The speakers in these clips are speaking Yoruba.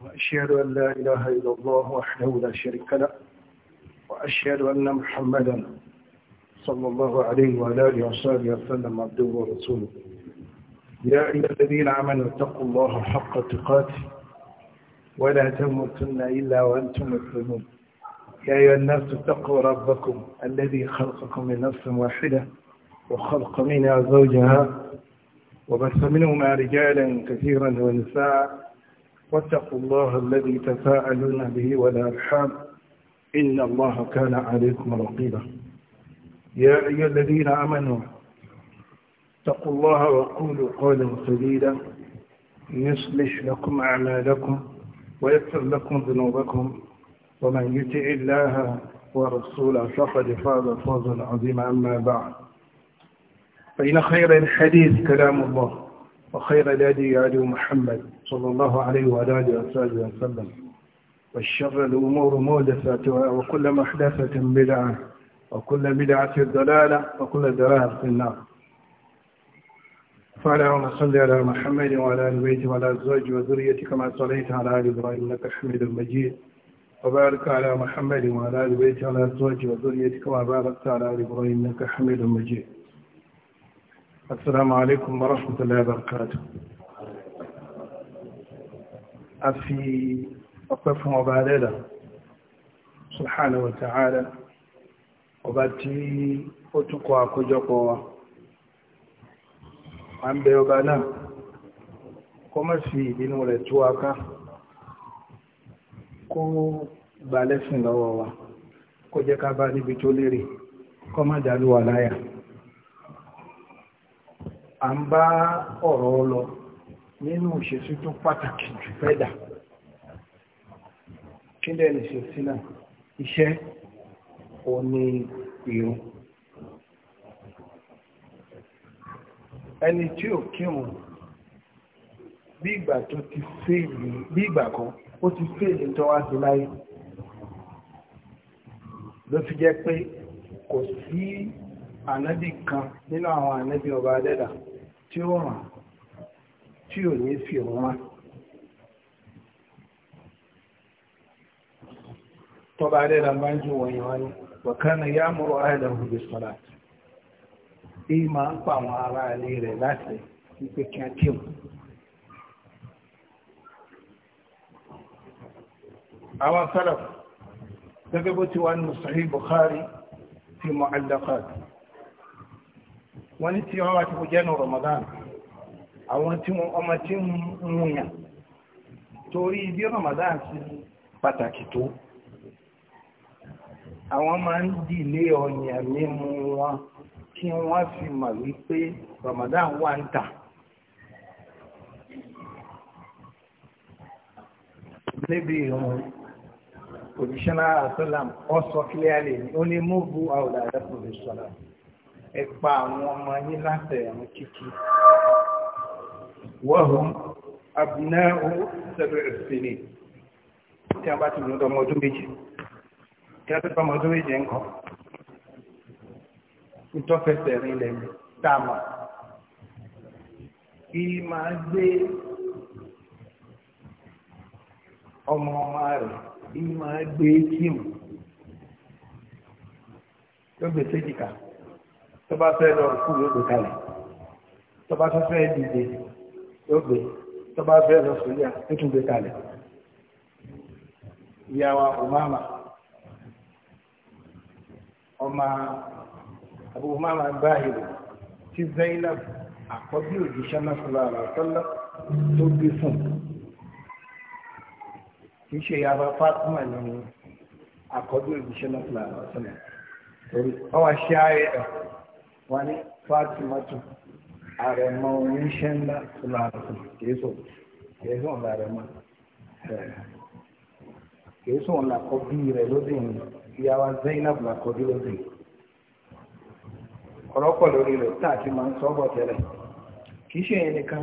وأشهد أن لا إله إلا الله وحده لا شريك له وأشهد أن محمدا صلى الله عليه وعلى آله وصحبه وسلم عبده ورسوله يا أيها الذين آمنوا اتقوا الله حق تقاته ولا تموتن إلا وأنتم مسلمون يا أيها الناس اتقوا ربكم الذي خلقكم من نفس واحدة وخلق منها زوجها وبث منهما رجالا كثيرا ونساء واتقوا الله الذي تفاعلون به والأرحام إن الله كان عليكم رقيبا يا أيها الذين آمنوا اتقوا الله وقولوا قولا سديدا يصلح لكم أعمالكم ويغفر لكم ذنوبكم ومن يطع الله ورسوله فقد فاز فوزا عظيما أما بعد فإن خير الحديث كلام الله وخير الهدي هدي محمد صلى الله عليه وعلى اله وصحبه وسلم وشر الامور محدثاتها وكل محدثه بدعه وكل بدعه ضلاله وكل ضلاله في النار فاللهم صل على محمد وعلى ال بيته وعلى الزوج وذريته كما صليت على ال ابراهيم انك حميد مجيد وبارك على محمد وعلى ال بيته وعلى الزوج وذريته كما باركت على ال ابراهيم انك حميد مجيد السلام عليكم ورحمة الله وبركاته أفي أقف مبادلة سبحانه وتعالى وباتي أتقوى كجقوى عن بيوبانا كما في بنو لتواكا kó gbalẹ́sìn lọ́wọ́ wa kó jẹ́ ká bá níbi à ń bá ọ̀rọ̀ lọ nínú ìṣesí tó pàtàkì jù fẹ́dà kí lẹ́ lè ṣe sí náà iṣẹ́ ò ní ìrun ẹni tí ò kírun bí ìgbà tó ti fèèlì bí ìgbà kan ó ti fèèlì tó wá sí láyé ló fi jẹ́ pé kò sí ànábì kan nínú àwọn ànábì ọba adẹ́dà tí ó hàn tí ò ní fi òun wá. tọ́ba adéra máa ń ju wọ̀nyí wá ní wọ̀kánà yá mọ̀rọ̀ àìdáhùn bí sọ́lá. èyí máa ń pa àwọn ará ilé rẹ̀ láti wípé kí á kéwù. àwọn sálàfù gẹ́gẹ́ bó ti wà nínú Sahih Bukhari fi mu'allaqat wọ́n ní tí wọ́n bá ti kò jẹ́nu Ramadan àwọn tí wọ́n ọmọ tí ń múyàn torí bí Ramadan ti pàtàkì tó àwọn máa ń dìlé ọ̀yàn mímu wọn kí wọ́n fi mọ̀ wípé Ramadan wà ń tà níbi ìrùn òjíṣẹ́ náà àtọ́làm ọ̀sọ̀ kílẹ̀ àlè ní ó ní mú bú àwòrán àdàkùnrin sọ̀rọ̀ ẹ pa àwọn ọmọ yín láti ẹ̀rùn kíkí wọ́n abúná owó sẹ́bẹ̀ ìsinmi tí a bá ti lọ́dọ̀ ọmọ ọdún méjì tí a ti bá ọmọ ọdún méjì ń kọ́ ìtọ́fẹsẹ̀ rìn lẹ́nu dáàmà kí máa gbé ọmọ ọmọ rẹ̀ kí máa gbé kíìmù tó gbèsè jìkà tó bá fẹ́ lọ kú yóò gbé kalẹ̀ tó bá fẹ́ fẹ́ dìde yóò gbé tó bá fẹ́ lọ sórí àtúntò gbé kalẹ̀ ìyàwó ọmọọmọ ọmọ abúmọọmọ báyìí tí Zainab àkọ́bí òjíṣẹ́ mọ́sálà àlàtọ́lá tó gbé fún kì í ṣe ìyàwó Fatima ní àkọ́bí òjíṣẹ́ mọ́sálà àlàtọ́lá torí ọwọ́ ṣe ààrẹ wọ́n ní Fatimatu àrẹ̀mọ oníṣẹ́ ńlá lọ́rùn kìí sọ kìí sọ ọ̀la àrẹ̀mọ kìí sọ ọ̀la kọbí rẹ̀ lóde yìí ìyàwó Zainab la kọbí lóde yìí ọ̀rọ̀pọ̀ lórí rẹ̀ tá a ti máa ń sọ́bọ̀ tẹ́lẹ̀ kìí ṣe yẹn nìkan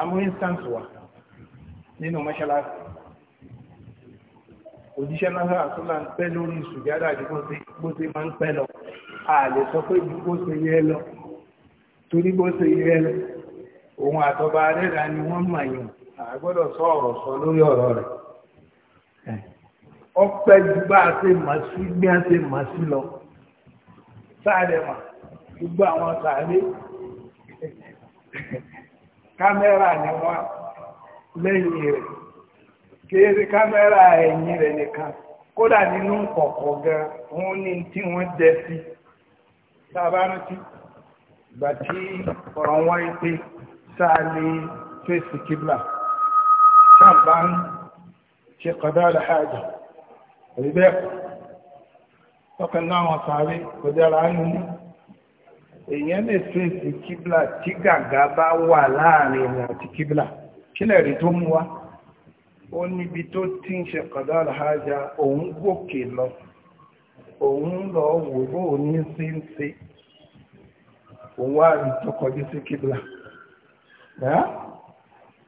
amú instance wa nínú mọ́ṣáláṣí òjíṣẹ́ náà sọ́la ń pẹ́ lórí ìsùjádà àdúgbò tí máa ń pẹ́ lọ àlè sọ pé ju bó ṣe yẹ lọ torí bó ṣe yẹ lọ òun àtọba rẹ̀ra ni wọ́n mọ̀ yàn àgbọ́dọ̀ sọ ọ̀rọ̀ sọ lórí ọ̀rọ̀ rẹ̀ ọpẹ́ ju bá a ṣe mọ̀ sí bí a ṣe mọ̀ sí lọ sáré mà gbogbo àwọn sáré kámẹ́rà ni wọ́n lẹ́yìn rẹ̀ kéèrè kámẹ́rà ẹ̀yìn rẹ̀ nìkan kódà nínú kọ̀kọ̀ gan-an ní tí wọ́n jẹ sí tàbá rántí ìgbà tí ọ̀rọ̀ wọ́n yí pé sáà lè fèsì kíblà sáàbá ń ṣe kọ̀dá àlàájá rí bẹ́ẹ̀ tọ́kàn náà wọn sàárè kọjá ara ń mú èèyàn lè fèsì kíblà tí gàgà bá wà láàrin ìrìn àti kíblà kílẹ̀ rí tó mú wa ó níbi tó ti ń ṣe kọ̀dá àlàájá òun gòkè lọ òun lọ wò bó o ní sí ń ṣe òun wá rí tó kọjú sí kíbla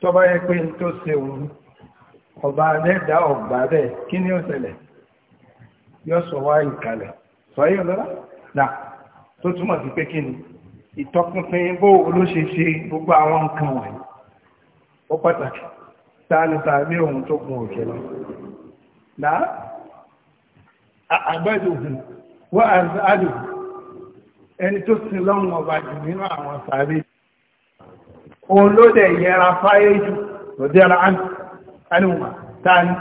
tọ́ba yẹ pé tó ṣe òun ọba alẹ́dá ọ̀gbà rẹ̀ kí ṣẹlẹ̀ sọ wá ìkàlẹ̀ sọ yìí lọ́la nà tó túmọ̀ sí pé kí ni bó gbogbo àwọn nǹkan wọ̀nyí ó pàtàkì ní tó gun òkè lọ. àgbẹ́dùn wọ́n àdù ẹni tó sin lọ́wọ́ ọba jù nínú àwọn sàárè òun ló dẹ̀ yẹra fáyé jù lọ́dí ara ánìwà tani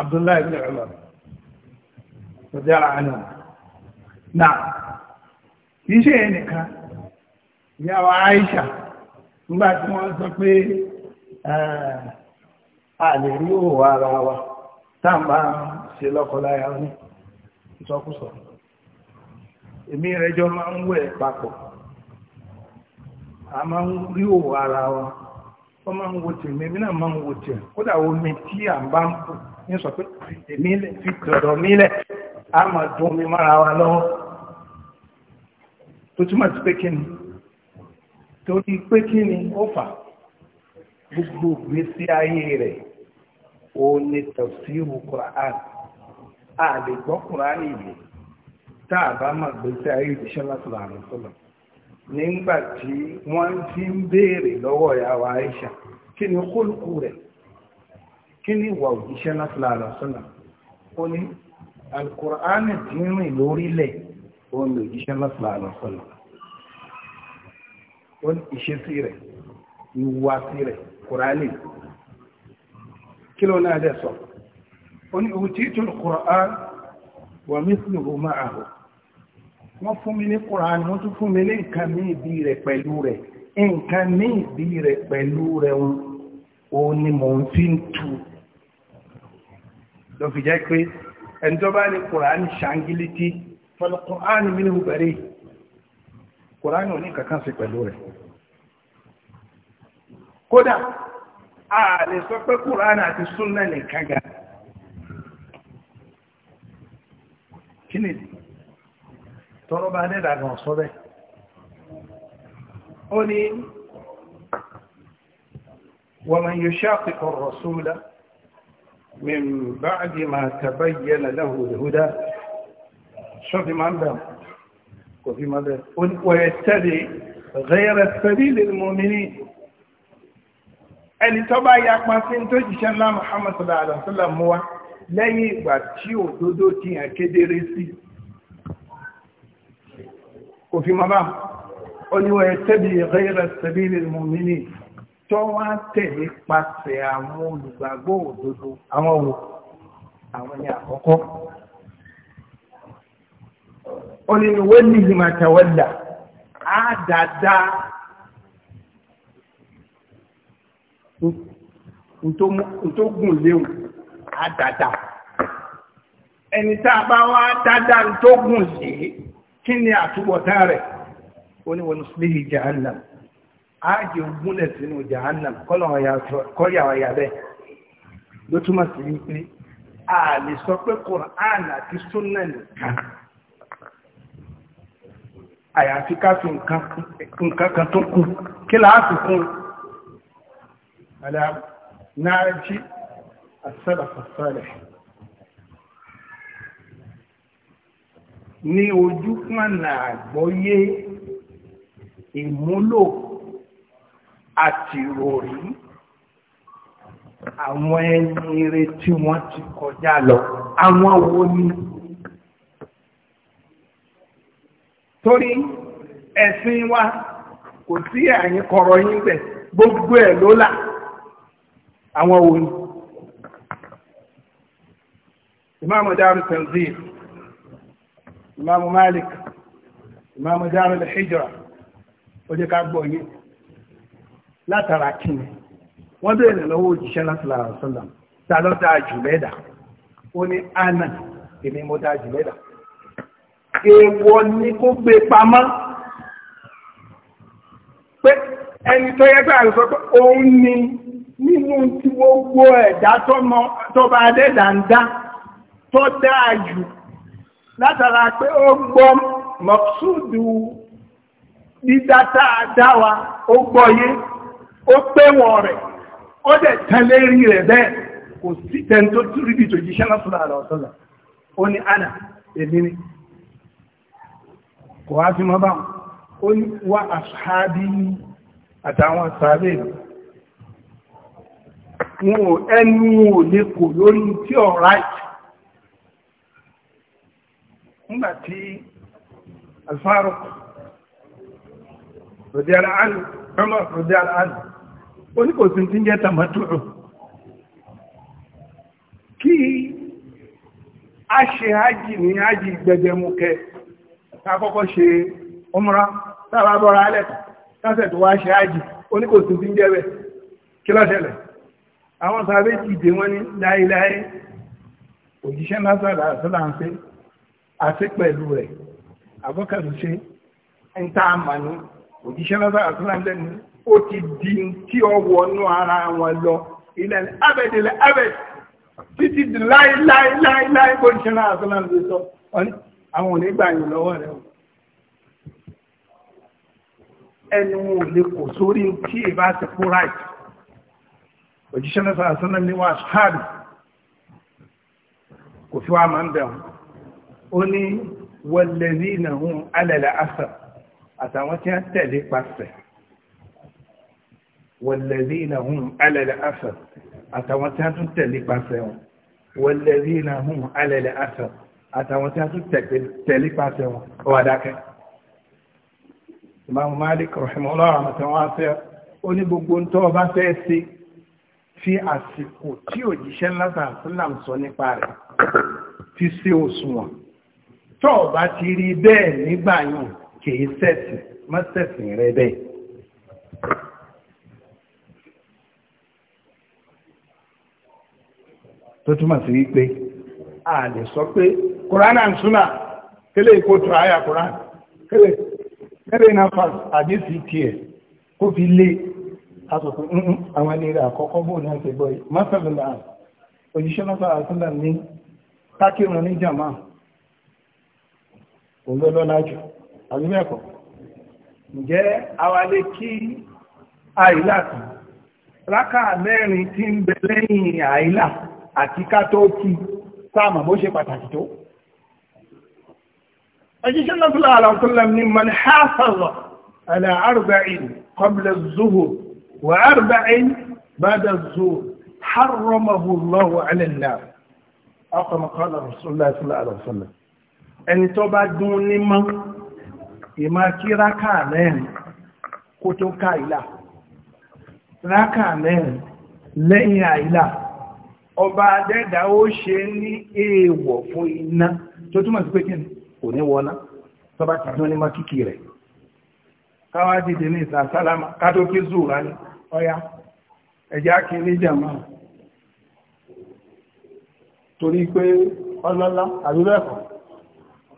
Abdullahi ibn Umar lọ́dí ara ánìwà náà kìí ṣe ẹnìkan ìyàwó Aisha nígbà tí wọ́n sọ pé a òwò ara wa táàbà ṣe lọ́kọláya ní ìsọkúsọ èmi rẹ̀ jọ máa ń wẹ̀ papọ̀ a máa ń rí òwò ara wa wọ́n máa ń wo tèmi èmi náà máa ń wo tèmi kódà omi tí à ń bá ń kú ní sọ pé èmi lẹ̀ fi kọ̀dọ̀ mi lẹ̀ a máa dùn mi mára wa lọ́wọ́ tó túmọ̀ sí pé kí ni torí pé kí ni ó fà gbogbo gbèsè ayé rẹ̀ ó ní a lè gbọ́ kùránì ìlú tá a bá máa gbèsè ayé ìṣẹ́ láti lànà sọ́lọ̀ nígbà tí wọ́n ti ń béèrè lọ́wọ́ ìyàwó Aisha kí ni kólùkù rẹ̀ kí ni ìwà òjíṣẹ́ láti lànà sọ́lọ̀ ó ní alkùránì ti ń rìn lórílẹ̀ òun lè jíṣẹ́ láti lànà sọ́lọ̀ ó ní ìṣesí rẹ̀ ìwà sí rẹ̀ kùránì kí ló náà dẹ̀ sọ̀rọ̀ oní òtítù Qur'an wà mithluhu ma'ahu wọ́n fún mi ní Qur'an wọ́n tún fún mi ní nǹkan ní ìbí rẹ̀ pẹ̀lú rẹ̀ nǹkan ní ìbí rẹ̀ pẹ̀lú rẹ̀ o ni mò ń fi ń tu ló fi jẹ́ pé ẹnjọba ní Qur'an ṣàngílítí fal Qur'an minhu bari Qur'an ò ní kankan sí pẹ̀lú rẹ̀ kódà a lè sọ pé Qur'an àti súnà nìkan gan kí nìdí tọ́rọ bá dẹ́dà gan sọ bẹ́ ó ní ومن يشاقق الرسول من بعد ما تبين له الهدى شو في معنى وفي معنى ويتبع غير سبيل المؤمنين ẹni tó bá yapa sí tó jíṣẹ́ ńlá Muhammad sallallahu alaihi wasallam mú wa lẹ́yìn ìgbà tí òdodo ti hàn kedere sí kò fi máa bá oníwọ̀ ẹ̀tẹ́bì ghayra sabilil mu'minin tó wá tẹ̀lé pàṣẹ àwọn olùgbàgbọ́ òdodo àwọn òun àwọn ni àkọ́kọ́ oníwọ̀ níhi ma tawalla á dáadáa ntó gùn léwu àdàdà ẹni tá a bá wá dáadáa tó gùn sí kí ni àtúbọ̀tán rẹ̀ ó ní wọn sílé jahannam á jẹ ogúnlẹ̀ sínú jahannam kọ́yà ọ̀yà bẹ́ẹ̀ ló túmọ̀ sí wípé a lè sọ pé Qur'an àti sunna nìkan àyàfi ká fi nǹkan kan tó kù kí láàfikún aláàbò náà as-salaf as-salih ní ojú pànà àgbọ́yé ìmúlò àti ìròrí àwọn ẹni ire tí wọ́n ti kọjá lọ àwọn wo ni torí ẹ̀sìn wa kò sí àyínkọrọ yín bẹ̀ gbogbo ẹ̀ ló là àwọn wo ni. إمام دار التنزيل إمام مالك إمام دار الحجرة ojú ká gbọ́ yé látara kíni wọ́n bèèrè lọ́wọ́ òjíṣẹ́ látara sọ́lá ta ló dáa jù lẹ́dà ó ní ana èmi mo dáa jù lẹ́dà èèwọ̀ ni kó gbé pamọ́ pé ẹni tó yẹ pé àrùn sọ pé òun ni nínú tí wọ́n gbọ́ ẹ̀dá tọ́ba adẹ́dà ń dá tó dáa jù látara pé ó gbọ́ mọ̀súdù dídá tá a dá wa ó gbọ́ yé ó pé rẹ̀ ó dẹ̀ tẹ̀lé rí rẹ̀ bẹ́ẹ̀ kò sí tẹ́ni tó tún rí bí náà fúnra rẹ̀ ó ní ni kò wá wọn ò lè kò lórí tí ọ̀ráìtì nígbà tí Al-Faruq rọ̀dí ara àlù Umar rọ̀dí ara àlù ó ní kò sí ti ń jẹ́ tàmátùrù kí a ṣe ájì ní ájì gbẹdẹmukẹ àkọ́kọ́ ṣe ọmọra tàbí abọ́ra alẹ́ tàbí wá ṣe ájì ó ní kò sí ti ń jẹ́ bẹ́ẹ̀ kí ló ṣẹlẹ̀ àwọn sàbẹ́ ti dè wọ́n ní láéláé òjíṣẹ́ lásàlá àṣílà àti pẹ̀lú rẹ̀ abọ́kàtù ṣe ń tá a mà ní òjíṣẹ́ lọ́sà àtúnláńdẹ́ ni ó ti di tí ó wọnú ara wọn lọ ilẹ̀ abẹ́d ilẹ̀ abẹ́d títí di láíláíláíláí bójíṣẹ́ náà àtúnláńdẹ́ sọ àwọn ò ní gbà yín lọ́wọ́ rẹ̀ o ẹnu wọn kò ti kú ráìtì òjíṣẹ́ lọ́sà àtúnláńdẹ́ wà ṣáàdì kò fi wá máa ń bẹ̀rù ó ní wọ́lẹ̀lì ìnáhùn alẹ́lẹ̀ àṣà àtàwọn tí wọ́n tẹ̀lé pasẹ̀ wọ́lẹ̀lì ìnáhùn alẹ́lẹ̀ àṣà àtàwọn tí wọ́n tún tẹ̀lé pasẹ̀ wọn wọ́lẹ̀lì ìnáhùn alẹ́lẹ̀ àṣà àtàwọn tí wọ́n tún tẹ̀lé pasẹ̀ wọn ó wà dákẹ́. ìmáàmù Malik rahimahullah àtàwọn afẹ́ ó ní gbogbo ń tọ́ ọba fẹ́ ṣe fi àsìkò tí òjíṣẹ́ ńlá sàásìlám sọ nípa rẹ̀ fi ṣe òṣùwọ̀n tó ti rí bẹ́ẹ̀ nígbà yàn kìí sẹ̀sìn má sẹ̀sìn rẹ bẹ́ẹ̀. tó sí wípé a lè sọ pé kòránà ń súnà kélé ìkótó àyà kòrán kélé kélé iná fa àdísì tiẹ̀ kó fi lé asòfin nínú àwọn ẹlẹ́rìí àkọ́kọ́ bóun náà ṣe gbọ́ yìí má sọ̀rọ̀ làá òjíṣẹ́ náà sọ̀rọ̀ àtúndà òun ló lọ́lá jù àbíbẹ̀kọ̀ ǹjẹ́ awalé kí àìlà kan rákà mẹ́rin tí ń bẹ lẹ́yìn àìlà àti ká tó kí sáàmà bó ṣe pàtàkì tó ẹjíṣẹ́ náà tó láàrín ọ̀tọ́lẹ̀m ní man hafaza ala arba'in qabla zuhur wa arba'in bada zuhur harramahu Allahu ẹni tó bá dún ní mọ́ ìmá kí rákà mẹ́rin kó tó ká ìlà rákà mẹ́rin lẹ́yìn àìlà ọba adẹ́dà ó ṣe ní èèwọ̀ fún iná tó túnmọ̀ sí pé kí kò ní wọ́ná tó bá ti ní mọ́ kíkì rẹ̀ káwá dìde ní ìsàsálámà kátó kí zùrá ní ọya ẹ̀já kí ní jàmáà torí pé ọlọ́lá àbúrẹ́kọ̀ọ́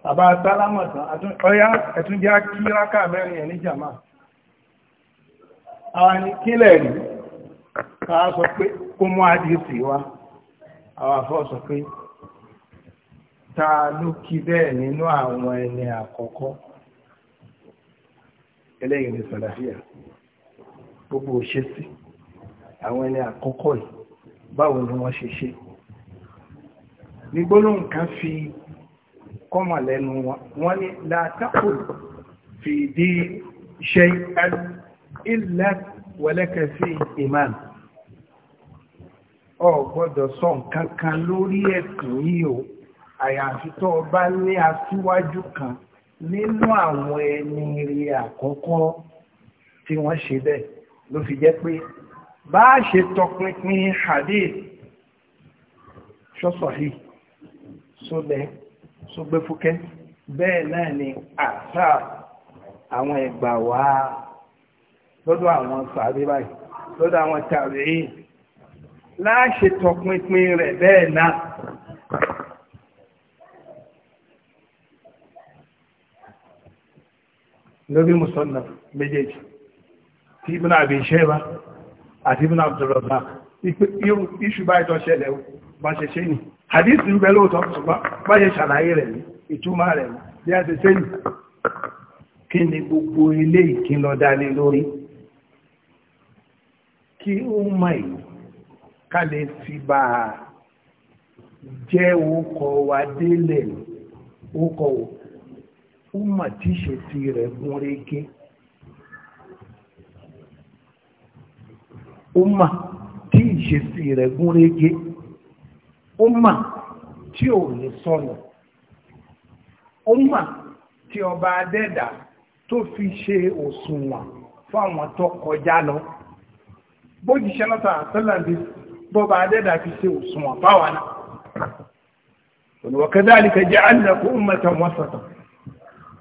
bàbá sálámọ̀tàn ọyá ẹ̀tún jẹ́ kí rákà mẹ́rin ẹ̀ ní jàmá àwọn ni kílẹ̀ rí káà sọ pé kó mú àdìsí wá àwọn àfọ́ sọ pé ta ló kí bẹ́ẹ̀ nínú àwọn ẹni àkọ́kọ́ eléyìí ni sàlàfíà gbogbo òṣèṣì àwọn ẹni àkọ́kọ́ yìí báwo ni wọ́n ṣe ṣe ní gbólóhùn kan fi kọ́mà lẹ́nu wọn wọ́n ní látàkùn fìdí ṣe ilẹ̀ wẹ̀lẹ́kẹ̀ sí imam ọ gbọ́dọ̀ sọ nǹkan kan lórí ẹ̀sìn yìí o àyàfi tó o bá ní aṣíwájú kan nínú àwọn ẹni rí àkọ́kọ́ tí wọ́n ṣe bẹ́ẹ̀ ló fi jẹ́ pé bá a ṣe tọpinpin hadith ṣọ́sọ̀ yìí sólẹ̀ sógbé fúkẹ́ bẹ́ẹ̀ náà ni àṣà àwọn ẹgbà wá lọ́dọ̀ àwọn sàárè báyìí lọ́dọ̀ àwọn tààrí láàṣẹ tọpinpin rẹ̀ bẹ́ẹ̀ náà lórí musulman méjèèjì tí ibùn àbí iṣẹ́ bá àti ibùn àbdùrọ̀bá ìṣù báyìí tó bá ṣe nìí hadith ń bẹ lóòtọ́ ṣùgbọ́n báyẹ ṣàlàyé rẹ̀ ní ìtumá rẹ̀ ní bí a ti sẹ́yìn kí ni gbogbo ilé ìkínlọ́dálé lórí kí ó mọ̀ èyí ká lè fi bá a jẹ́ òkọ̀ wa délẹ̀ òkọ̀ wò ó mọ̀ tí ṣe ti rẹ̀ gún régé ó mọ̀ tí ìṣesí rẹ̀ gún régé. umma tí ò lè sọnù umma tí ọba adẹ́dà tó fi ṣe òṣùwọ̀n fáwọn tó kọjá lọ bójíṣẹ́ lọ́ta àtọ́làbí bọ́ba adẹ́dà fi ṣe òṣùwọ̀n fáwọn náà وكذلك جعلناكم أمة وسطا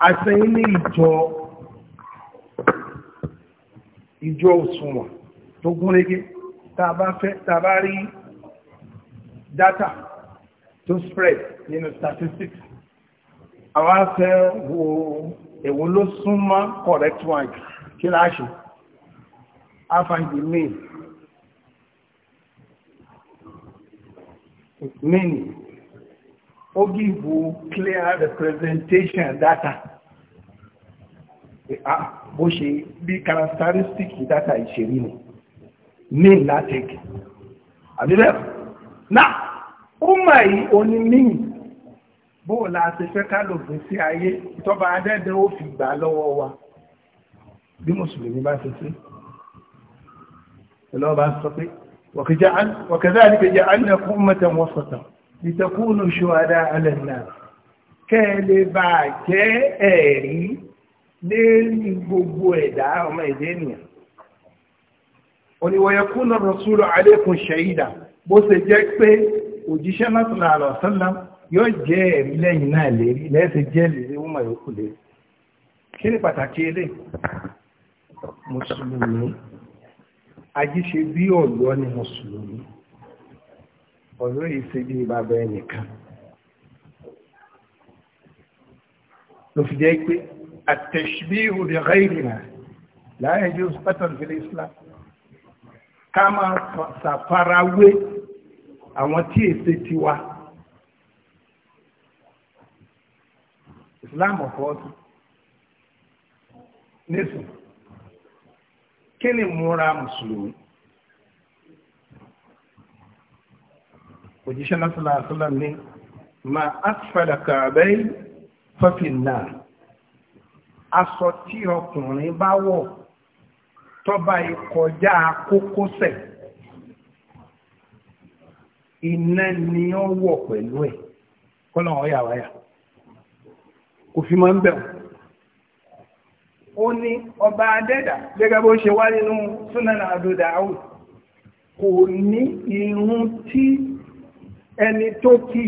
àṣẹ́yìnlẹ̀ ìjọ ìjọ òṣùwọ̀n tó gúnrégé tàbá rí data to spread nínú statistics àwọn afẹ́ wo èwo ló súnmọ́ correct one kí láṣẹ afáǹdì mail meaning ó give you clear representation data bó ṣe bí characteristic data ìṣèrí ni main latin àbí bẹ́ẹ̀ náà ọmọ yìí òní níyìn bóò la ṣe fẹ́ ká lòfin sí ayé ìtọ́ba adẹ́dẹ́ ó fi gbà lọ́wọ́ wa bí mùsùlùmí bá ṣe sí ọlọ́ba sọ pé وكذلك جعلناكم أمة وسطا لتكونوا شهداء على الناس kẹ́ẹ̀lẹ́bà jẹ́ ẹ̀rí lérí gbogbo ẹ̀dá ọmọ ìdẹ́nìyàn. oníwọ̀yẹ̀kúnà rọ̀súlọ̀ alékùn ṣẹ̀yìdà bó ṣe jẹ́ pé òjíṣẹ́ lásìlá àlọ́sọ́lá yóò jẹ́ ẹ̀rí lẹ́yìn náà lérí lẹ́sẹ̀ jẹ́ lérí wọ́n mọ̀ yòókù lérí kí ni pàtàkì ilé mùsùlùmí ajíṣe bí ọ̀yọ́ ni mùsùlùmí ọ̀yọ́ yìí ṣe bí bàbá ẹnìkan ló fi jẹ́ pé àtẹ̀ṣbíhù bi ghayrina la yajuz pátánù Islam ká máa ṣàfarawé àwọn tí èsè tiwa Islam ọ̀kọ́ ọ̀tún nísìn kí ni múra mùsùlùmí òjíṣẹ́ lásìlá àtúlá ní ma asfala kàbẹ́ fọ́fin náà aṣọ tí ọkùnrin bá wọ̀ tó bá kókósẹ̀ iná ni ó wọ̀ pẹ̀lú ẹ̀ kọ́nà ọ̀yà wáyà kò fi máa ń bẹ̀rù ó ní ọba adẹ́dà gẹ́gẹ́ bó ṣe wá nínú súnánà àdúdà áwù kò ní irun tí ẹni tó kí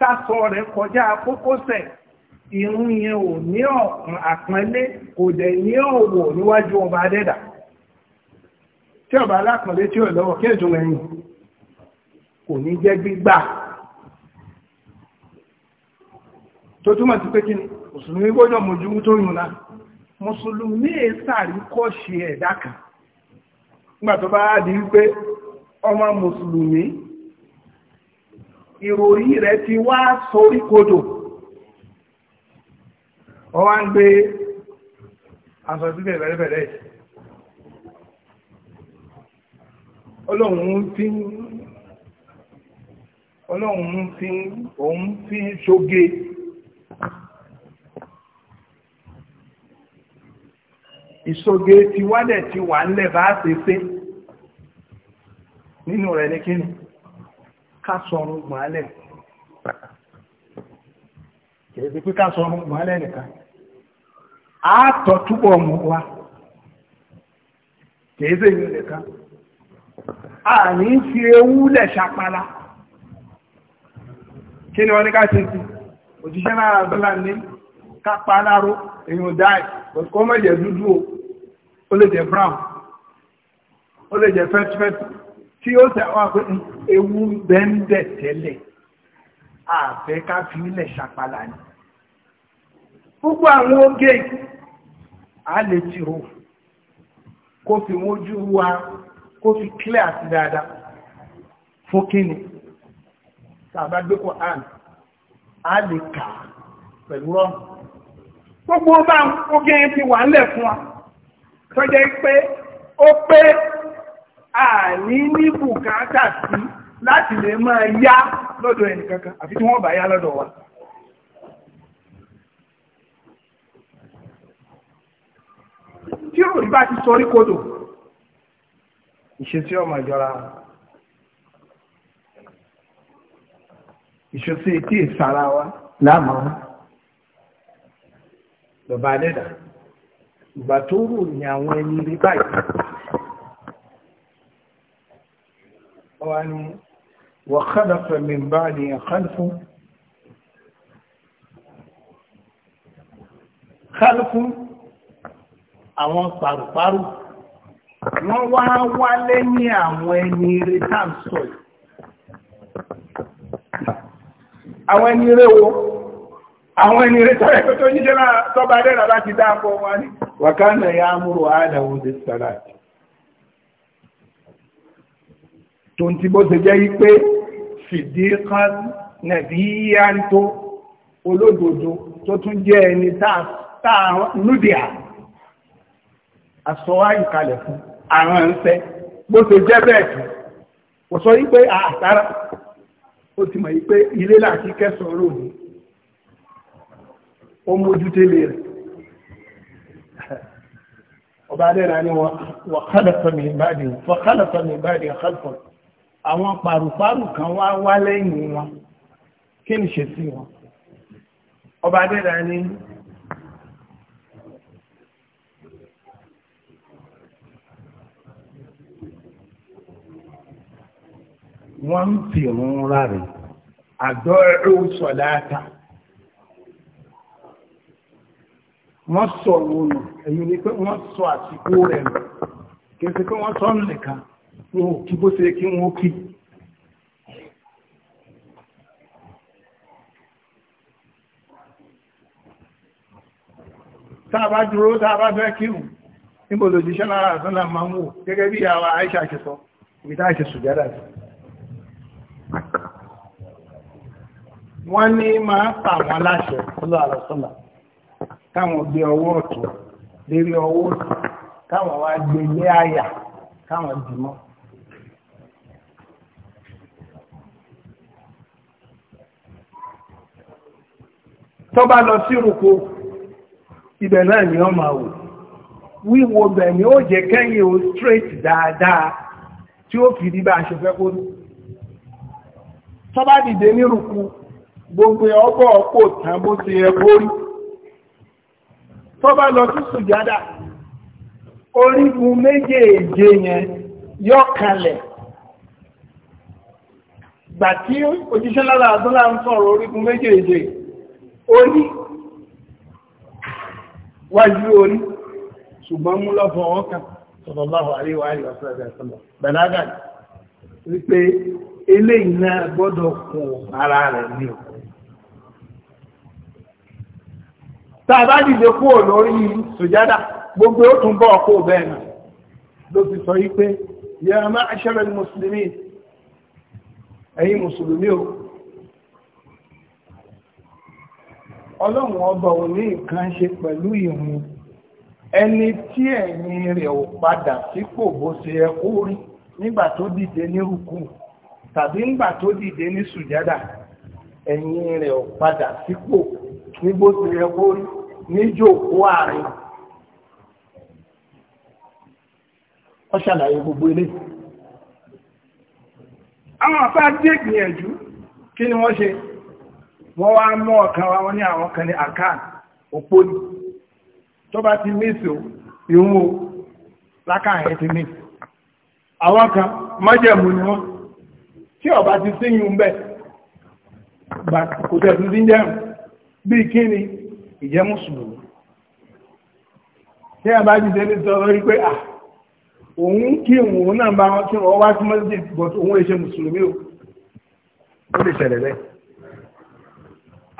tásọ rẹ̀ kọjá kókósẹ̀ irun ọba adẹ́dà tí ọba tí ò lọ́wọ́ kí kò ní jẹ́ gbígbà tó túmọ̀ sí pé kí ni mùsùlùmí gbọ́dọ̀ mojú tó yùn náà mùsùlùmí sàrí kọ́ ṣe ẹ̀dá kan nígbà tó bá di wípé ọmọ mùsùlùmí ìròyìn rẹ̀ ti wá sórí kodò ọ wá ń gbé aṣọ sílẹ̀ bẹ̀rẹ̀bẹ̀rẹ̀ olóhun ti ń ọlọ́run fi òun fi ṣoge ìṣoge ti wálẹ̀ ti wà ń lẹ̀ bá ṣe pé nínú rẹ̀ ní kíni ká sọrun gbọ́nlẹ̀ kèèsì pé ká sọrun gbọ́nlẹ̀ nìkan àátọ̀ túbọ̀ mú wa kèèsì yìí nìkan a ní fi ewúlẹ̀ ṣapala kí ni wọ́n ní ká ṣe sí òjíṣẹ́ náà àbúlà ní kápá aláró èyàn dáì kó mọ̀ dúdú o ó lè jẹ́ brown ó lè jẹ́ fẹ́tífẹ́tí tí ó tẹ̀ wá pé ewu bẹ́ńdẹ̀ tẹ́lẹ̀ àfẹ́ ká fi ilẹ̀ ṣàpàlà ni gbogbo àwọn oge a lè ti hù kó fi wójú wa kó fi clear àti dáadáa fún kíni tàbá gbé Quran á lè kà á pẹ̀lú rọ́n gbogbo bá ogin ti wà ń lẹ̀ fún wa tó jẹ́ pé ó pé àní ní bùkátà sí láti lè máa yá lọ́dọ̀ ẹnìkankan àfi tí wọ́n bá yá lọ́dọ̀ wa tí òrì bá ti sọrí kodò ìṣesí ọmọ ìjọra ìṣòsí tí ìsara wa láàmú lọ́ba adẹ́dà ìgbà tó rò ní àwọn ẹni rí báyìí ọwọ́ ni wọ́n kọ́dọ̀fẹ́ mi bá ní ẹ̀kọ́ kálukú àwọn pàrùpàrù wọ́n wá wá lẹ́yìn àwọn ẹni retán sọ̀rọ̀ àwọn ẹni rẹ̀ wo àwọn ẹni rẹ̀ tọ́rẹ̀ tó tó yíṣẹ́ náà tọ́ba dẹ́rà láti dáàbò wọn ni wàkánà ya múrò ala dé sàláàtì tó ń ti bó ṣe jẹ́ yí pé fìdíkan nàbíyàn tó olódodo tó tún jẹ́ ẹni táà lúdìá àsọwá ìkalẹ̀ fún bó ṣe jẹ́ bẹ́ẹ̀ ah, ó ti mọ̀ yí pé ilé láti kẹsàn-án rò ní ó mójú télé rẹ̀ ọba adẹ́ra ni wọ́n kálẹ̀fẹ́ mi ìbádìí wọ́n kálẹ̀fẹ́ mi ìbádìí kálẹ̀fẹ́ àwọn pàrùpàrù kan wá wá lẹ́yìn wọn kí ni ṣe sí wọn ọba adẹ́ra ni wọ́n ń fi òun rárẹ̀ àdọ́ ẹ̀rọ sọ̀láàtà wọ́n sọ òun ẹ̀yìn ni pé wọ́n sọ àsìkò rẹ̀ kìí pé wọ́n sọ nìkan wọn ò kí bó ṣe kí wọ́n kí tàbá dúró tàbá fẹ́ kírùn níbo lòdìṣẹ́ lára àtúnlá máa ń wò gẹ́gẹ́ bí àwọn àìṣà ṣe sọ ìbítà ṣe sùjádà sí wọ́n ní máa pa àwọn aláṣẹ ọlọ́ àlọ́sọ́là káwọn gbé ọwọ́ ọ̀tún lérí ọwọ́ ọ̀tún káwọn wá gbé ilé àyà káwọn dìmọ́. tó bá lọ sí rúkú ibẹ̀ náà ni wọ́n máa wò wíwo bẹ̀ ni ó jẹ́ kẹ́yìn o straight dáadáa tí ó fi rí bá a ṣe fẹ́ kó tọ́bá dìde ní gbogbo ọgbọ́ ọ̀pọ̀ tán ti yẹ kórí tọ́bá lọ sí sùjádà orígun méjèèje yẹn yọ kalẹ̀ gbà tí òjíṣẹ́ lára àdúrà ń sọ̀rọ̀ orígun méjèèje orí wájú orí ṣùgbọ́n mú lọ́fọ̀ ọkàn sallallahu eléyìí náà gbọ́dọ̀ kun ara rẹ̀ ní o. tá a bá dìde kúrò lórí sùjádà gbogbo ó tún bọ́ ọkọ̀ bẹ́ẹ̀ náà ló fi sọ yí pé ya ma'ashara mùsùlùmí ẹ̀yin mùsùlùmí o ọlọ́run ọba ò nǹkan ṣe pẹ̀lú ìrun ẹni tí ẹ̀yin rẹ̀ ò padà sípò bó ṣe nígbà tó dìde ní rúkú tàbí ńgbà tó dìde ní sùjádà ẹ̀yìn rẹ̀ ò padà sípò nígbó ti rẹ̀ kó níjòkó àárín wọ́n ṣàlàyé gbogbo ilé àwọn àpá dé gbìyànjú kí ni wọ́n ṣe wọ́n wá mú ọ̀kan wa wọ́n ní àwọn kan ní àkáà òpó ni tó bá ti mísò ìhun o lákàáyẹ ti mí àwọn kan májẹ̀mú ni wọ́n tí ọba ti síyún bẹ́ kò tẹ̀sí sí jẹun bí kí ni ìjẹ́ mùsùlùmí tí ọba ti tẹ́lẹ̀ sọ rí pé à òun kí òun náà bá wọn kí wọ́n wá sí mọ́sídì but òun èṣe mùsùlùmí o ó lè ṣẹlẹ̀ bẹ́ẹ̀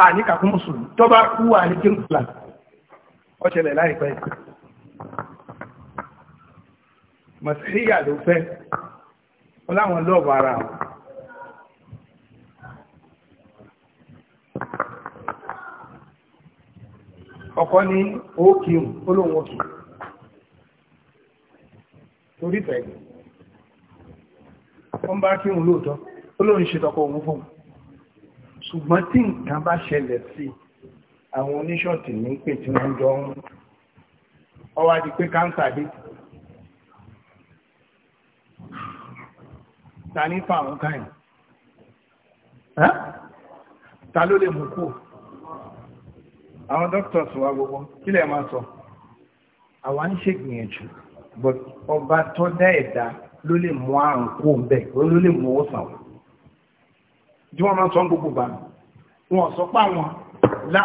àníkà mùsùlùmí tó bá kú àníkí mùsùlùmí ó ṣẹlẹ̀ láìpẹ́ mọ̀síríyà ló fẹ́ ọláwọn lọ́ọ̀bù ara wọn ọkọ ní ókìun olóhun òkè torí fẹ́ wọ́n bá kí òun lóòtọ́ olóhun ṣe tọkọ òun fún ṣùgbọ́n tí nǹkan bá ṣẹlẹ̀ sí àwọn oníṣọ́ọ̀tì ní pè tí wọ́n jọ ń ọwá di pé káńsà dé ta ní fáwọn káyìn ta ló lè mú kúrò àwọn doctors wa gbogbo kí lè máa sọ àwa ń ṣègbìyànjú but ọba tó dá ẹ̀dá ló lè mú àrùn kó bẹ́ẹ̀ ló lè mú ọ̀sán wa tí wọ́n máa sọ gbogbo gbà wọn sọ pé àwọn la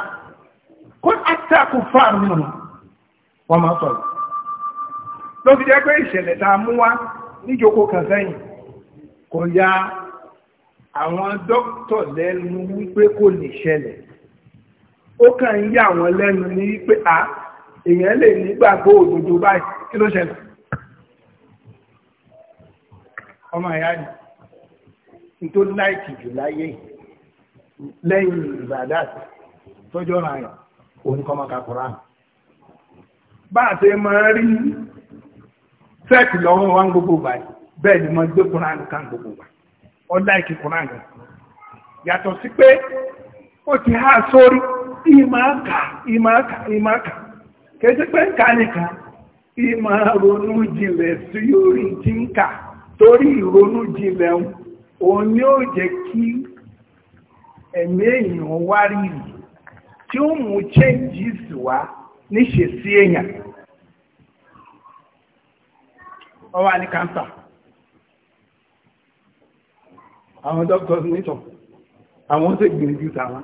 kó àtàkù fáàrù nínú wọn máa sọ yìí ló fi jẹ́ pé ìṣẹ̀lẹ̀ tá a mú wá níjókòó kan sẹ́yìn kò ya àwọn dókítà lẹ́nu wípé kò lè ṣẹlẹ̀ ó kàn ń yà wọ́n lẹ́nu ní pé à èèyàn lè nígbàgbọ́ báyìí kí ló ṣẹlẹ̀ ọmọ ìyá yìí nítorí láìkì jù láyé lẹ́yìn ìbàdàn tọ́jọ́ ra yàn oníkọ́mọ́ka kura bá a ṣe máa rí sẹ́ẹ̀kì wa gbogbo báyìí bẹ́ẹ̀ ni mo gbé gbogbo ọ láìkì yàtọ̀ sí pé ó ti há ìmọ̀ aka ìmọ̀ aka ìmọ̀ aka kẹjẹ́ nka ń ká nìkan ìmọ̀ ronú jinlẹ̀ sí orí tí ń kà torí ìronú jinlẹ̀ òun ni ó àwọn nítọ̀ àwọn tó gbìyànjú tàwọn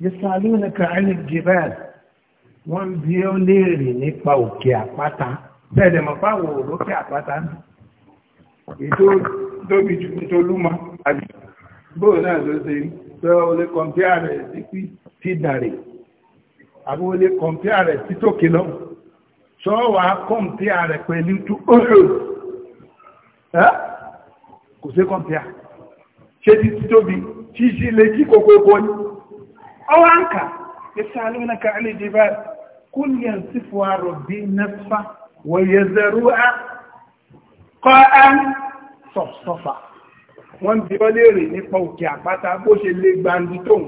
yasalunaka anil jibal wọ́n bí ó léèrè nípa òkè àpáta bẹ́ẹ̀dẹ̀ mọ̀ fáwọn òrókè àpáta ètò tóbi jù tó lúmọ àbí bóò náà ló ṣe pé ó lè kọ̀m̀píà rẹ̀ sí ti dàrè àbí ó lè kọ̀m̀píà rẹ̀ sí tòkè lọ sọ́wọ́ kọ̀m̀píà rẹ̀ pẹ̀lú tó ọ̀rọ̀ kò sí kọ̀m̀píà ṣé ti tóbi ṣíṣí lè jí kókó kó ní ọwọ́ àǹkà yasalunaka alẹ́ jibal kul yansifu rabbi nasfa wa yazru'a qa'an sọ̀sọ̀fà wọ́n bí ọ léèrè nípa òkè àpáta bó ṣe lé gbandu tóun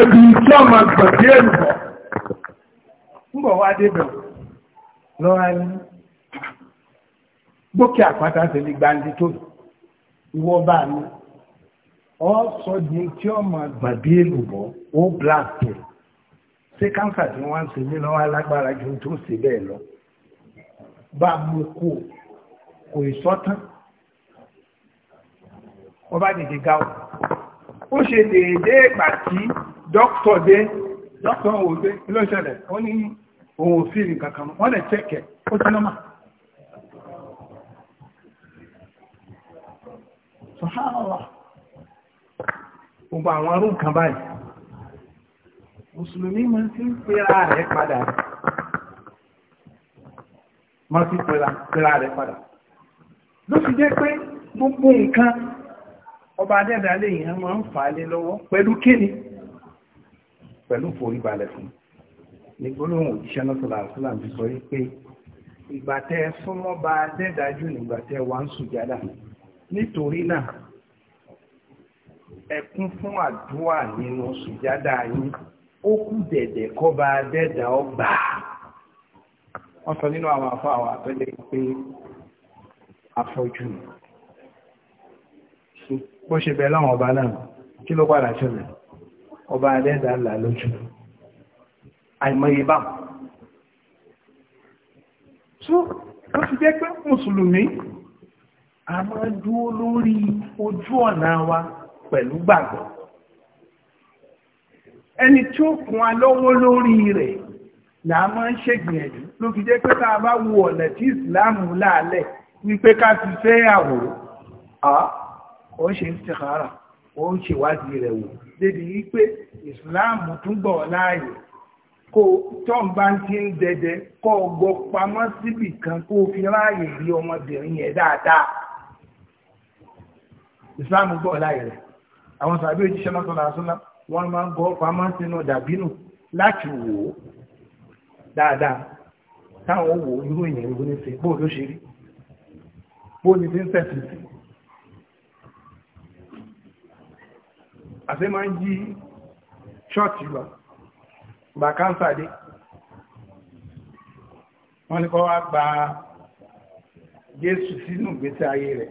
Ẹbí tí a máa gbàgbé gbókè àpáta ṣe lè gbandi tó ìwọ bá mi ọ sọ di tí ọ máa gbàgbé èlùbọ ó blast ẹ ṣé káńsà tí wọn ń ṣe ní lọ́wọ́ alágbára ju tó ṣe bẹ́ẹ̀ lọ bá mú kó kò ìsọtán wọn bá dìde ga ọ ó ṣe déédéé ìgbà tí dókítà dé dókítà òwe ló ṣẹlẹ̀ ó ní òun ò sí nǹkan kan wọn lè ṣẹkẹ ó ti nọ́mà. Subhanallah gbogbo àwọn arún kan báyìí mùsùlùmí ma ti ń pera rẹ̀ padà ma ti pera rẹ̀ padà ló fi jẹ́ pé gbogbo nǹkan ọba adẹ́dàlẹ̀ èèyàn máa ń fà á lé lọ́wọ́ pẹ̀lú kíni pẹ̀lú foríbalẹ̀ fún ní gbólóhùn òjíṣẹ́ lọ́sọ̀lá àṣìlá ti sọ pé ìgbà nítorí náà ẹ kún fún àdúrà nínú sùjádà yín ó kù dẹ̀dẹ̀ kọ́ bá dẹ́dà ọgbà wọ́n sọ nínú àwọn afọ àwọn àtọ́jẹ́ pé afọ́jú bó ṣe bẹ̀ láwọn ọba náà kí ló padà ṣẹlẹ̀ ọba dẹ́dà là lójú àìmọye báwọn tó fi jẹ́ pé mùsùlùmí a máa dúró lórí ojú ọ̀nà wa pẹ̀lú gbàgbọ́ ẹni tí ó kún wa lọ́wọ́ lórí rẹ̀ là á máa ń ṣègbìyànjú ló fi jẹ́ pé tá a bá wo ọ̀nà tí ìsìláàmù láàlẹ̀ wípé ká fi fẹ́ àwò ó ṣe ń tẹ̀kárà ó ń ṣèwádìí rẹ̀ wò débi wípé ìsìláàmù túbọ̀ láàyè kó tọ́n bá ti ń dẹdẹ kó o pamọ́ síbì kan kó fi ráàyè rí ọmọbìnrin yẹn dáadáa islam gbọ́ láyé rẹ̀ àwọn sàbí òjíṣẹ́ náà sọ̀rọ̀ àṣọ́lá wọ́n máa ń gọ́ pamọ́ sínú dàbínú láti wò ó dáadáa táwọn wò irú èèyàn ìwé ní ṣe bó ló ṣe rí bó ni ti ń tẹ̀sí sí àti máa ń yí ṣọ́ọ̀tì lọ gba káńsà dé wọ́n ní kọ́ wá gba jésù sínú ìgbésí ayé rẹ̀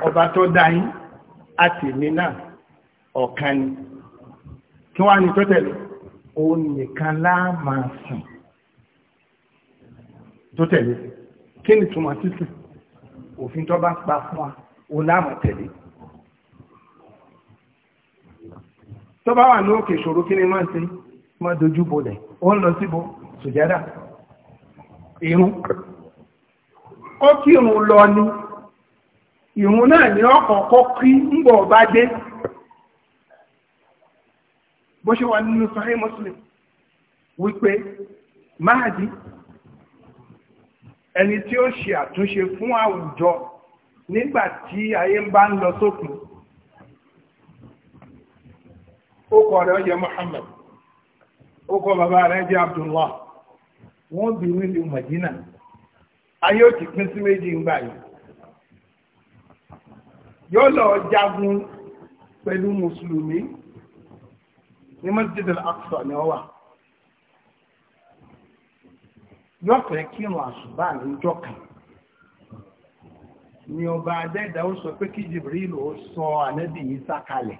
ọba tó dá yín àti èmi náà ọ̀kan ni kí wọ́n á ní tó tẹ̀lé òun nìkan láàmà sùn tó tẹ̀lé kí ni túmọ̀ títù òfin tó bá pa fún wa òun láàmà tẹ̀lé. tó bá wà ní òkè ìṣòro kí ni máa ń ṣe máa dojú bolẹ̀ ó ń lọ síbo sùjádà irun ó kírun lọ ni. ìrun náà ni ọkọ̀ọ̀kọ́ kí ń bọ̀ bá dé bó ṣe wà nínú Sahih Muslim wípé ẹni tí ó ṣe àtúnṣe fún àwùjọ nígbà ayé ń bá ń lọ sókun ó rẹ̀ ọjẹ́ ó kọ bàbá rẹ̀ jẹ́ Abdullah wọ́n bí Madina ayé ò ti pín sí yóò lọ jagun pẹ̀lú mùsùlùmí ní masjid al-aqsa ni ó wà yóò fẹ́ kírun àṣùbà níjọ́ kan ni ọba adẹ́dà ó sọ pé kí jibril ó sọ ànábì yìí sákalẹ̀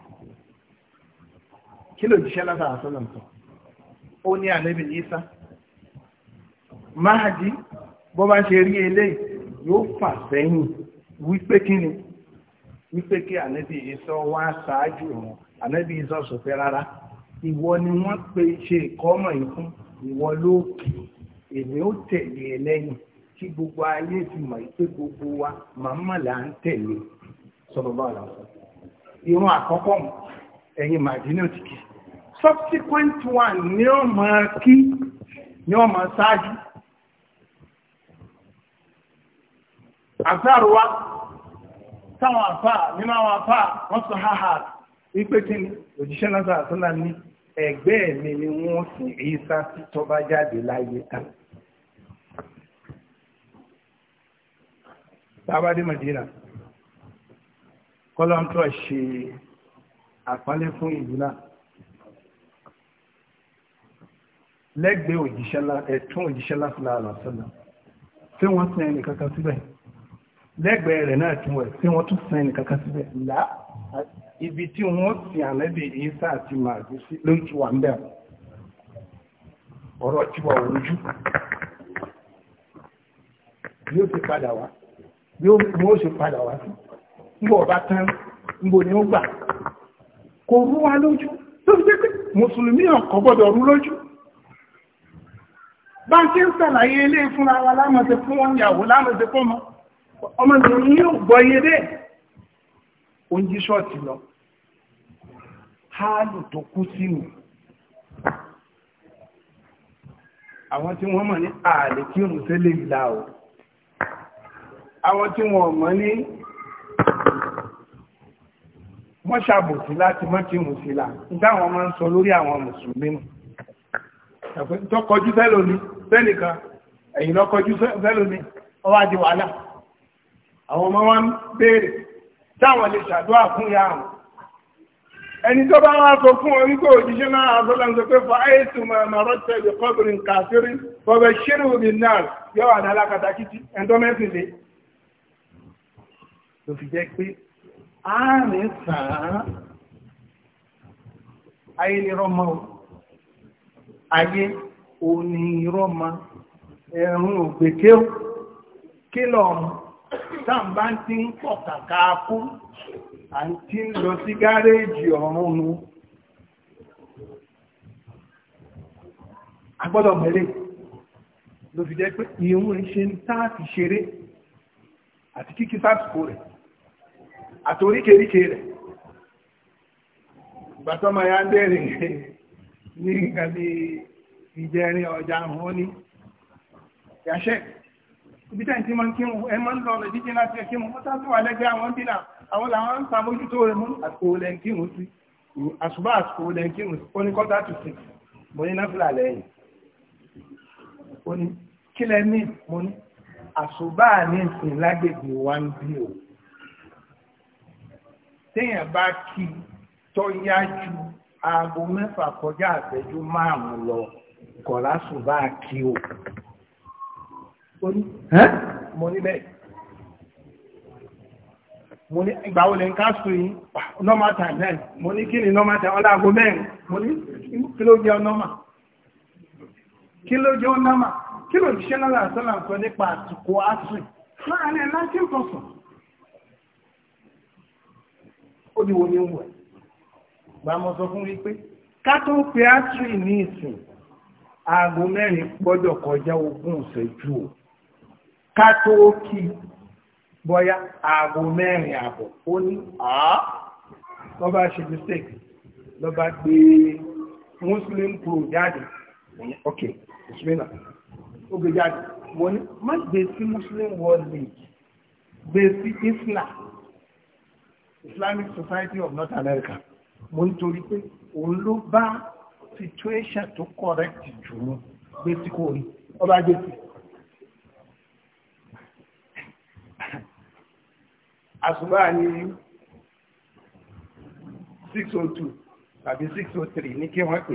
kí ló jíṣẹ́ látara sọ́nà tó ó ní ànábì yìí sá máàdì bó bá ṣe rí eléyìí yóò fà sẹ́yìn wípé kí ni wípé kí ànábì ìsọ wá ṣáájú òun ànábì ìsọ sọpẹ rárá ìwọ ni wọ́n pe ṣe ìkọmọ ìfún ìwọ ló kì èmi ó tẹ̀lé ẹ lẹ́yìn kí gbogbo ayé fi mọ̀ pé gbogbo wa màmá là ń tẹ̀lé sọ̀rọ̀ bá ọ̀la sọ. irun àkọ́kọ́ ẹ̀yin màdínà ti subsequent one ni ó máa kí ni ó máa ṣáájú. àgbàrò wa táwọn àfà nínú àwọn àfà wọ́n sọ háhà wípé kí ni òjíṣẹ́ náà sọ̀rọ̀ sọ́lá ní ẹ̀gbẹ́ mi ni wọ́n sin Ìsá sí tó bá jáde láyé tán. tábàdé Madina kọ́lọ́ntọ́ ṣe àpálẹ́ fún ìlú náà lẹ́gbẹ̀ẹ́ òjíṣẹ́ ẹ̀tún òjíṣẹ́ lásìlá àlọ́sọ́lá tí wọ́n sin ẹnì kankan síbẹ̀ lẹ́gbẹ̀ẹ́ rẹ̀ náà tún wẹ̀ tí wọ́n tún sẹ́ni kankan síbẹ̀ là ibi tí wọ́n sin ànábì Ìsá àti màdì sí ló ti wà ń bẹ̀ ọ̀rọ̀ ti wà òrùjú bí ó ti padà wá bí ó ṣe padà wá sí nígbà ọba tán níbo ni ó gbà kò rú wa lójú tó fi jẹ́ pé mùsùlùmí ọ̀kọ́ gbọ́dọ̀ rú lójú bá ń ṣe ń sàlàyé ilé fúnra wa lámọ̀ ṣe fún wọn ìyàwó lámọ̀ ṣe fún wọn ọmọbìnrin yóò gbọ́ iye bẹ́ẹ̀ ó ń jí ṣọ́ọ̀tì lọ háàlù tó kú sínú àwọn tí wọ́n mọ̀ ní ààlè kí òun tẹ́lẹ̀ ìlà o àwọn tí wọ́n mọ̀ ní wọ́n ṣàbòsí láti mọ́ kí òun sí ń sọ lórí àwọn mùsùlùmí nù fẹ́lò ní fẹ́nìkan ẹ̀yìn lọ́kọjú fẹ́lò ní ọwá di wàhálà àwọn ọmọ wọn béèrè táwọn lè ṣàdúrà fún ya àwọn ẹni tó bá wá sọ fún orí kó òjíṣẹ́ náà àzọ́lá ń sọ pé fàáyèsù màmá rọ́tẹ̀ lè kọ́bìrì kàfírí bọ̀bẹ̀ ṣírù òbí náà yóò wà ní alákatakítí ẹ̀ńdọ́mẹ́sì lé ló fi jẹ́ pé àárín sàn ayé ni rọ́mọ ayé òní rọ́mọ ẹ̀rùn ògbèké kí lọ́rùn tàbá tí ń pọ̀ kàkà fún àti lọ sí gáréèjì ọ̀run nu agbọ́dọ̀ mẹ́lẹ̀ ló fi jẹ́ pé ìhun ṣe ń táàtì ṣeré àti kíkí sásìkò rẹ̀ àti oríkèríkè rẹ̀ ya ń bẹ̀rẹ̀ ní nǹkan ìjẹrin ọjà ọ̀hún ní yàṣẹ́ ibi tẹ́ tí wọ́n kírun ẹ máa ń lọ rẹ̀ díje láti ẹkí mu mọ́tà tó wà lẹ́gbẹ̀ẹ́ àwọn dínà àwọn làwọn ń sàmójútó rẹ̀ mú àsìkò lẹ́ ń kírun sí àṣùbà àsìkò lẹ́ ń kírun sí ó ní kọ́tà tù sí mo ní náfìlà lẹ́yìn ó ní kí lẹ́ ní mo téèyàn bá kí tọ́ yá ju aago mẹ́fà kọjá àṣẹ́jú márùn-ún lọ kọ̀ láṣùbà kí o mo ní mo ní bẹ́ẹ̀ mo ní ìgbà wo lè ń ká sùn yìí normal time náà mo ní kí ni normal time ọ̀la aago mẹ́rin mo ní kí ló jẹ́ normal kí ló jẹ́ normal kí ló ṣiṣẹ́ náà láti sọ́nà sọ nípa àsìkò àsùn láàárín ẹ̀ láti ń pọ̀sùn ó di wo ni ń wọ̀ gbà mọ́ sọ fún wípé ká tó pe àsùn ní ìsìn aago mẹ́rin gbọ́dọ̀ kọjá ogún ìṣẹ́jú o ká tó kí bọ́yá aago mẹ́rin àbọ̀ ó ní àá lọ́ bá ṣe mistake lọ́ bá gbé muslim pro jáde ok ìṣúná ó gbé jáde mo ní má gbé sí muslim world league gbé sí isla islamic society of north america mo ń torí pé òun ló bá situation tó correct jù ú gbé sí kò rí ọba gbé sí i. àṣùbá ní 602 tàbí 603 ní kí wọ́n pè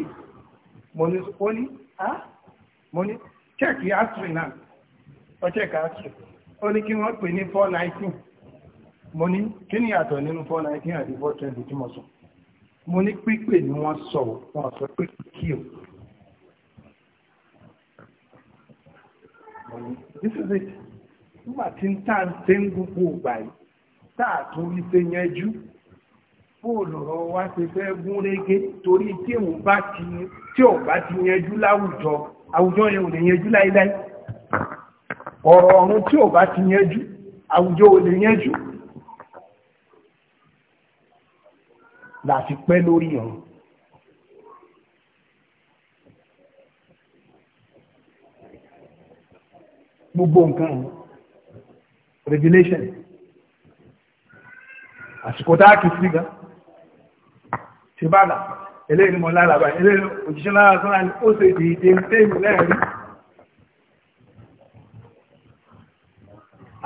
mo ní ó ní á mo ní chẹ́ẹ̀kì astri náà ó chẹ́ẹ̀kì astri ó ní kí wọ́n pè ní 419 mo ní kí ni àtọ̀ nínú 419 àti 420 tí mo sọ mo ní pípè ni wọ́n sọ wọ́n sọ pé kí o this is it nígbà tí ń tà ń tẹ́ ń gbogbo ògbà yìí táàtún rí pé yanjú fóònù ọ̀rọ̀ wa ti fẹ́ gún régé torí tí ò bá ti yanjú láwùjọ àwùjọ yẹn ò lè yanjú láíláí ọ̀rọ̀ ọ̀run tí ò bá ti yanjú àwùjọ ò lè yanjú láti pẹ́ lórí ọ̀run gbogbo nǹkan regulation àsìkò a kì sí gan ṣe bá là eléyìí mọ lára báyìí eléyìí òjíṣẹ́ lára sọ́nà ni ó ṣe dìde ń tẹ́yìn lẹ́ẹ̀rí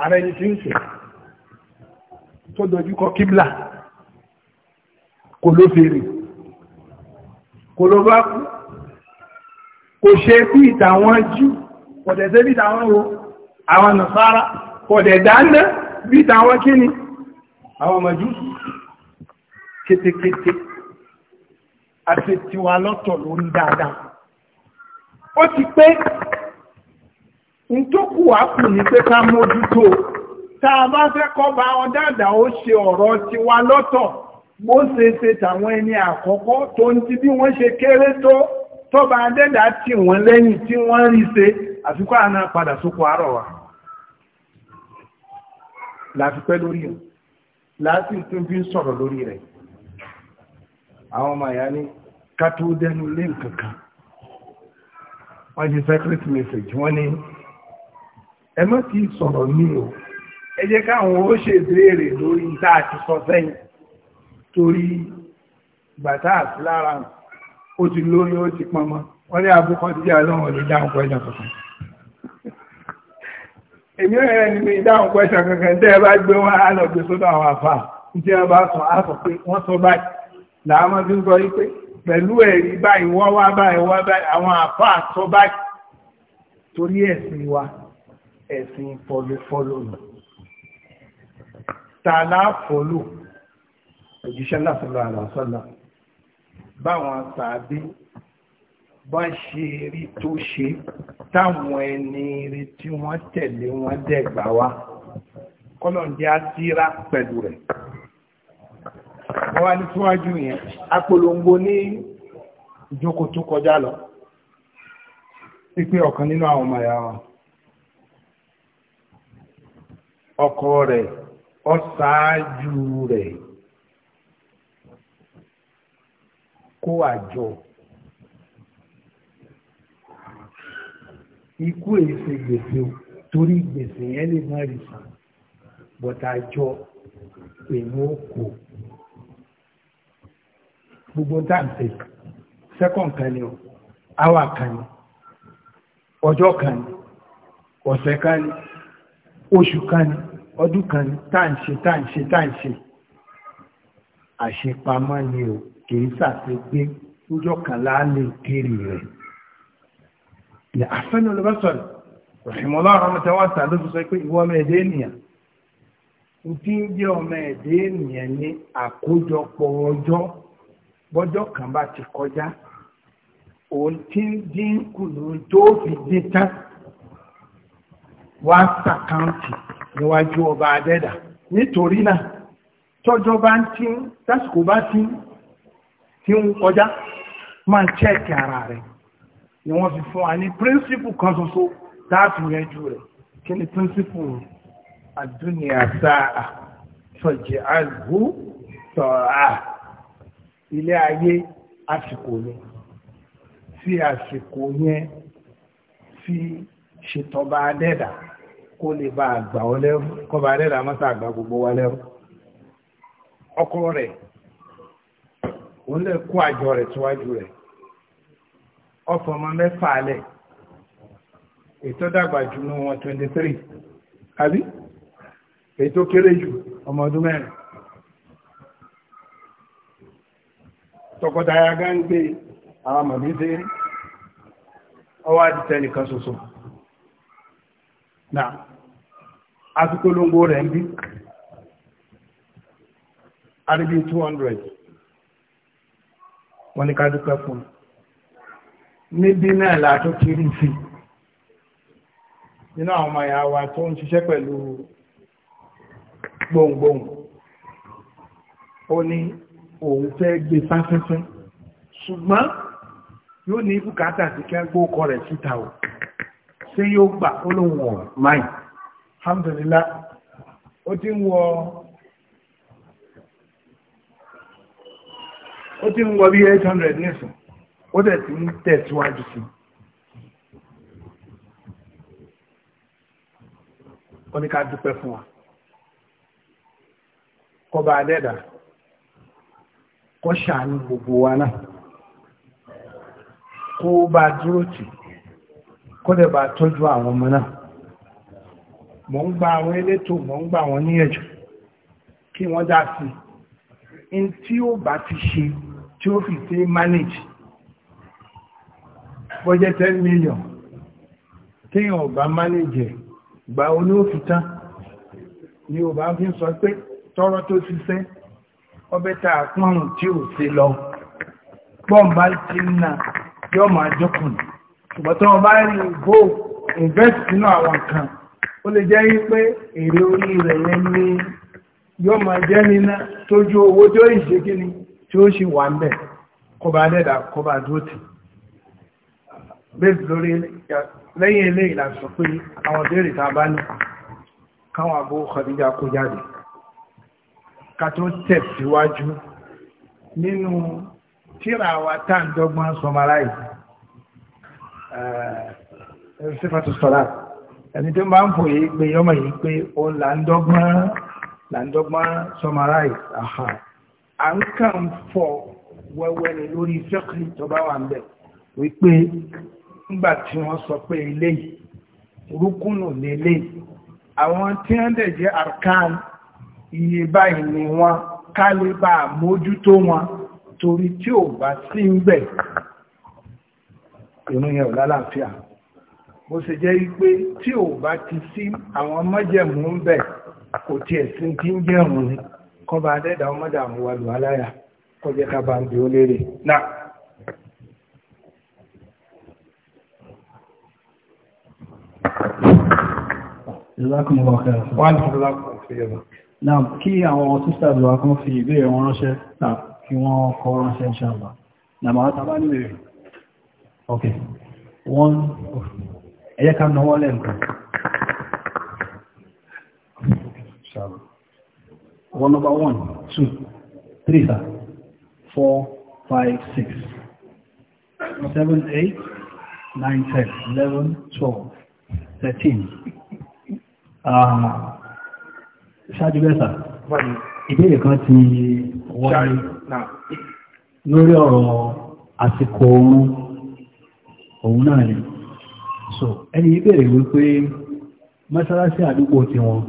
ara ẹni tí ń ṣe tó dojú kọ kíbla kò ló fèrè kò ló bá kú kò ṣe bí ìtàwọn jù kò dẹ̀ bí ìtàwọn wo àwọn nàfàrà kò dẹ̀ dáná bí ìtàwọn kíni àwọn Májúsì kétékété àti tiwa lọ́tọ̀ ló ń dáadáa ó ti pé n tó kù wá kù ní pé ká mójútó tá a bá fẹ́ kọ́ bá wọn dáadáa ó ṣe ọ̀rọ̀ tiwa lọ́tọ̀ bó ṣe ṣe tàwọn ẹni àkọ́kọ́ tó ń ti bí wọ́n ṣe kéré tó tọ́ba adẹ́dà tì wọ́n lẹ́yìn tí wọ́n rí ṣe àfikún àná padà sóko àárọ̀ wa láti pẹ́ lórí ọ̀ láti tún fi ń sọ̀rọ̀ lórí rẹ̀ àwọn ọmọ ìyá ní ká tó dẹnu lé nǹkankan wọ́n ti secret message wọ́n ní ẹ má ti sọ̀rọ̀ ní o ẹ jẹ́ káwọn ó ṣe ìbéèrè lórí tá a ti sọ sẹ́yìn torí bàtà àti lára ó ti lóyún ó ti pọnmọ́ wọ́n ní abúkọ́ ti jẹ́ àlọ́wọ̀n lè dáhùn pẹ́jà tuntun èmi rẹ̀ ni mi dáhùn pẹ́ṣà kankan tẹ́ ẹ bá gbé wọn á lọ gbé sódò àwọn àfà tí wọ́n bá sọ á sọ pé wọ́n sọ báyìí làwọn tí ń sọ yí pé pẹ̀lú ẹ̀rí báyìí wọ́n wá báyìí wọ́n báyìí àwọn àfà sọ báyìí torí ẹ̀sìn wa ẹ̀sìn bá ṣe rí tó ṣe táwọn ẹni rí tí wọ́n tẹ̀lé wọn dẹ̀gbà wá kọ́lọ̀dé àtírá pẹ̀lú rẹ̀ wọ́n ní síwájú yẹn apolongo ní ìjókòó tó kọjá lọ pípé ọ̀kan nínú àwọn ọmọ ìyá wọn rẹ̀ ọ̀sáájú rẹ̀ kó àjọ ikú ṣe gbèsè o torí gbèsè yẹn lè má rí san bọ́tà jọ gbogbo dáǹtẹ̀ sẹ́kọ̀n kan ni o kan ni ọjọ́ kan ni ọ̀sẹ̀ kan ni oṣù kan ni ọdún kan ni táǹṣe táǹṣe táǹṣe àṣepamọ́ ni o kìí sàfẹ́ gbé lójọ́ kan láà lè rẹ̀. ní àfẹ́nù olùbẹ́sọ̀rọ̀ rọ̀hìmọ́lá ọ̀rọ̀mọ̀tẹ́ wà tà ló fi sọ pé ìwọ ọmọ ẹ̀dẹ́ ènìyàn ń tí ń jẹ́ ọmọ ẹ̀dẹ́ ènìyàn ní àkójọpọ̀ ọjọ́ bọ́jọ́ kan bá ti kọjá òun tí ń dínkù lóun tó fi dín tán wá sàkáǹtì níwájú ọba adẹ́dà nítorí náà tọ́jọ́ bá ń tí tásìkò bá ti ń kọjá máa ń chẹ́ẹ̀kì ara rẹ̀ ni wọ́n fi fún wa ní príncipù kan ṣoṣo láti rẹjú rẹ̀ kí ni príncipù àdúnyà sáà sọ̀jẹ̀ àgbò sọ̀rọ̀ ilé ayé àsìkò ni fi àsìkò yẹn fi ṣètọba adẹ́dà kó lè bá àgbà ọ lẹ́rú kọba adẹ́dà mọ́sá àgbà gbogbo wa lẹ́rú ọkọ rẹ̀ òun lè kó àjọ rẹ̀ tíwájú rẹ̀ ọ̀fọ̀ ọmọ mẹ́fà alẹ̀ ètò dàgbà jù nù wọn 23 àbí ètò kéré jù ọmọ ọdún mẹ́rin tọkọtaya gáńgbé àwọn mọ̀bí ọwọ́ àdìtẹ́ nìkan ṣoṣo náà àtúkólógbó rẹ̀ ń bí àríbí 200 wọ́n ní ká fún níbí náà látó kiri fi nínú àwọn ọmọ ìyá wa tó ń ṣiṣẹ́ pẹ̀lú gbohùngbohùn ó ní òun fẹ́ gbé sáfẹ́fẹ́ ṣùgbọ́n yóò ní bùkátà sí kí gbó kọ rẹ̀ síta o ṣé yóò gbà ó ló wọ̀ máì alhamdulillah ó ti ń wọ ó ti ń wọ bí 800 nísìn ó dẹ̀ ti ń tẹ̀síwájú sí ó ní ká dúpẹ́ fún wa kọba adẹ́dà kó ṣàánú gbogbo wa náà kó bá dúró tì kó dẹ̀ bá tọ́jú àwọn ọmọ náà mọ̀ ń gba àwọn elétò mọ̀ ń gba àwọn níyànjú kí wọ́n dá sí in tí ó bá ti ṣe tí ó fi ṣe manage bọ́jẹ́ 10 million tíyàn ọ̀bá mánéjẹ̀ gba olóòfitán ni ọba fi ń sọ pé tọ́rọ tó ṣiṣẹ́ ọbẹ̀ tá a pọ́nrùn tí ò sí lọ pọ́ǹbá ti ń na yọ́ máa jọ́kùn ṣùgbọ́n tó wọ́n bá rí go invest nínú àwọn kan ó lè jẹ́ wípé èrè orí rẹ̀ yẹn ní yọ́ máa jẹ́ níná tójú owó tó ìṣe kíni tí ó sì wà ń bẹ̀ kọba dẹ́dà kọba dúró tì í bẹ́ẹ̀ lórí lẹ́yìn ilé ìlàṣọ pé àwọn béèrè tá a bá ní káwọn àbó Khadija kó jáde ká tó tẹ̀síwájú nínú tíra wa tá ń dọ́gbọ́n sọmọlá yìí sífàtú sọlá ẹni tó máa ń fò yìí pé yọmọ yìí pé ó là ń dọ́gbọ́n là ń dọ́gbọ́n sọmọlá yìí à ń kàn fọ wẹ́wẹ́ ni lórí fẹ́kì tó wà ń bẹ̀ wípé nígbà tí wọ́n sọ pé eléyìí rúkúnù lélẹ́yìí àwọn tí wọ́n dẹ̀ jẹ́ arkan iye báyìí ni wọ́n kálébà mójútó wọn torí tí ò bá sí ń bẹ̀ inú yẹn ò lálàáfíà bó ṣe jẹ́ wípé tí ò bá ti sí àwọn mọ́jẹ̀mú ń bẹ̀ kò tiẹ̀ sí kí ń jẹ́rùn ni kọ́ba adẹ́dàá ọmọdé àmúwalù aláyà kọjá bá ń bi ó lérè náà. Náà kí àwọn sisters wa kan fi ìbéèrè One. ránṣẹ́ One. kí wọ́n kọ ránṣẹ́ ṣàmà. Nàmà àtàbà ní bèèrè. Ok. Wọ́n ẹyẹ ká náwọ́ lẹ́nkan. Ṣàmà. Wọ́n nọ́bà 1, 2, 3, 4, 5, 6, 7, 8, 9, 10, 11, 12. 13 ah, ṣáájú bẹ́sà ìbéèrè kan ti wọ́n lórí ọ̀rọ̀ àsìkò òun náà ni so ẹni ìbéèrè wípé àdúgbò ti wọn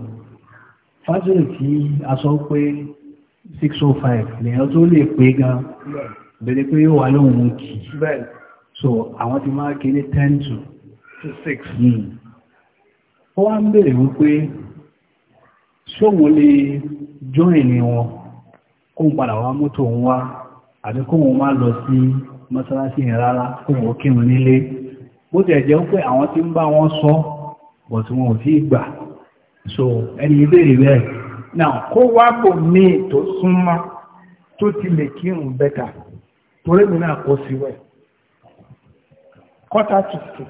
tí 605 lèyàn tó lè pé gan bẹ̀rẹ̀ pé yóò wà lóhun so àwọn ti máa kéré 10 to to six. Hmm. ó wá ń bèèrè wípé ṣóhun lè join wọn kó ń padà wá mọ́tò ń wá àbí kó wọn má lọ sí mọ́sálásí yẹn rárá kó wọn kírun nílé bó ti ẹ̀jẹ̀ pé àwọn tí ń bá wọn sọ bọ̀ tí wọn ò tí ì gbà so ẹni ìbéèrè bẹ́ẹ̀ náà kó wá kò ní tó súnmọ́ tó ti lè kírun bẹ́tà torí mi náà kó sí wẹ̀ quarter to six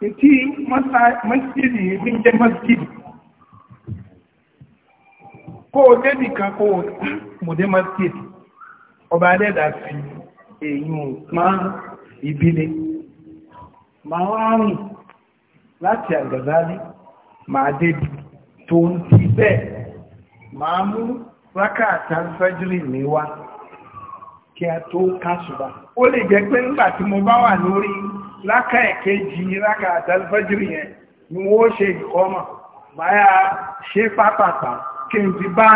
tí masjidi ní jẹ́ masjidi kó o débì kan kó o mò dé masjidi ọba adẹ́dà fi èyàn máa ìbílẹ̀ máa wá rìn láti àgàzálí máa débì tó ń ti bẹ́ẹ̀ máa mú rákàtà fẹ́jìrì mi wá kí a tó kásùbà ó lè jẹ́ pé nígbà tí mo bá wà lórí lákà ẹ̀kejì lákà àtàlfẹ́jìrì yẹn ni wọ́n ṣe ìkọ́mọ̀ báyá ṣe pápápá kí n ti bá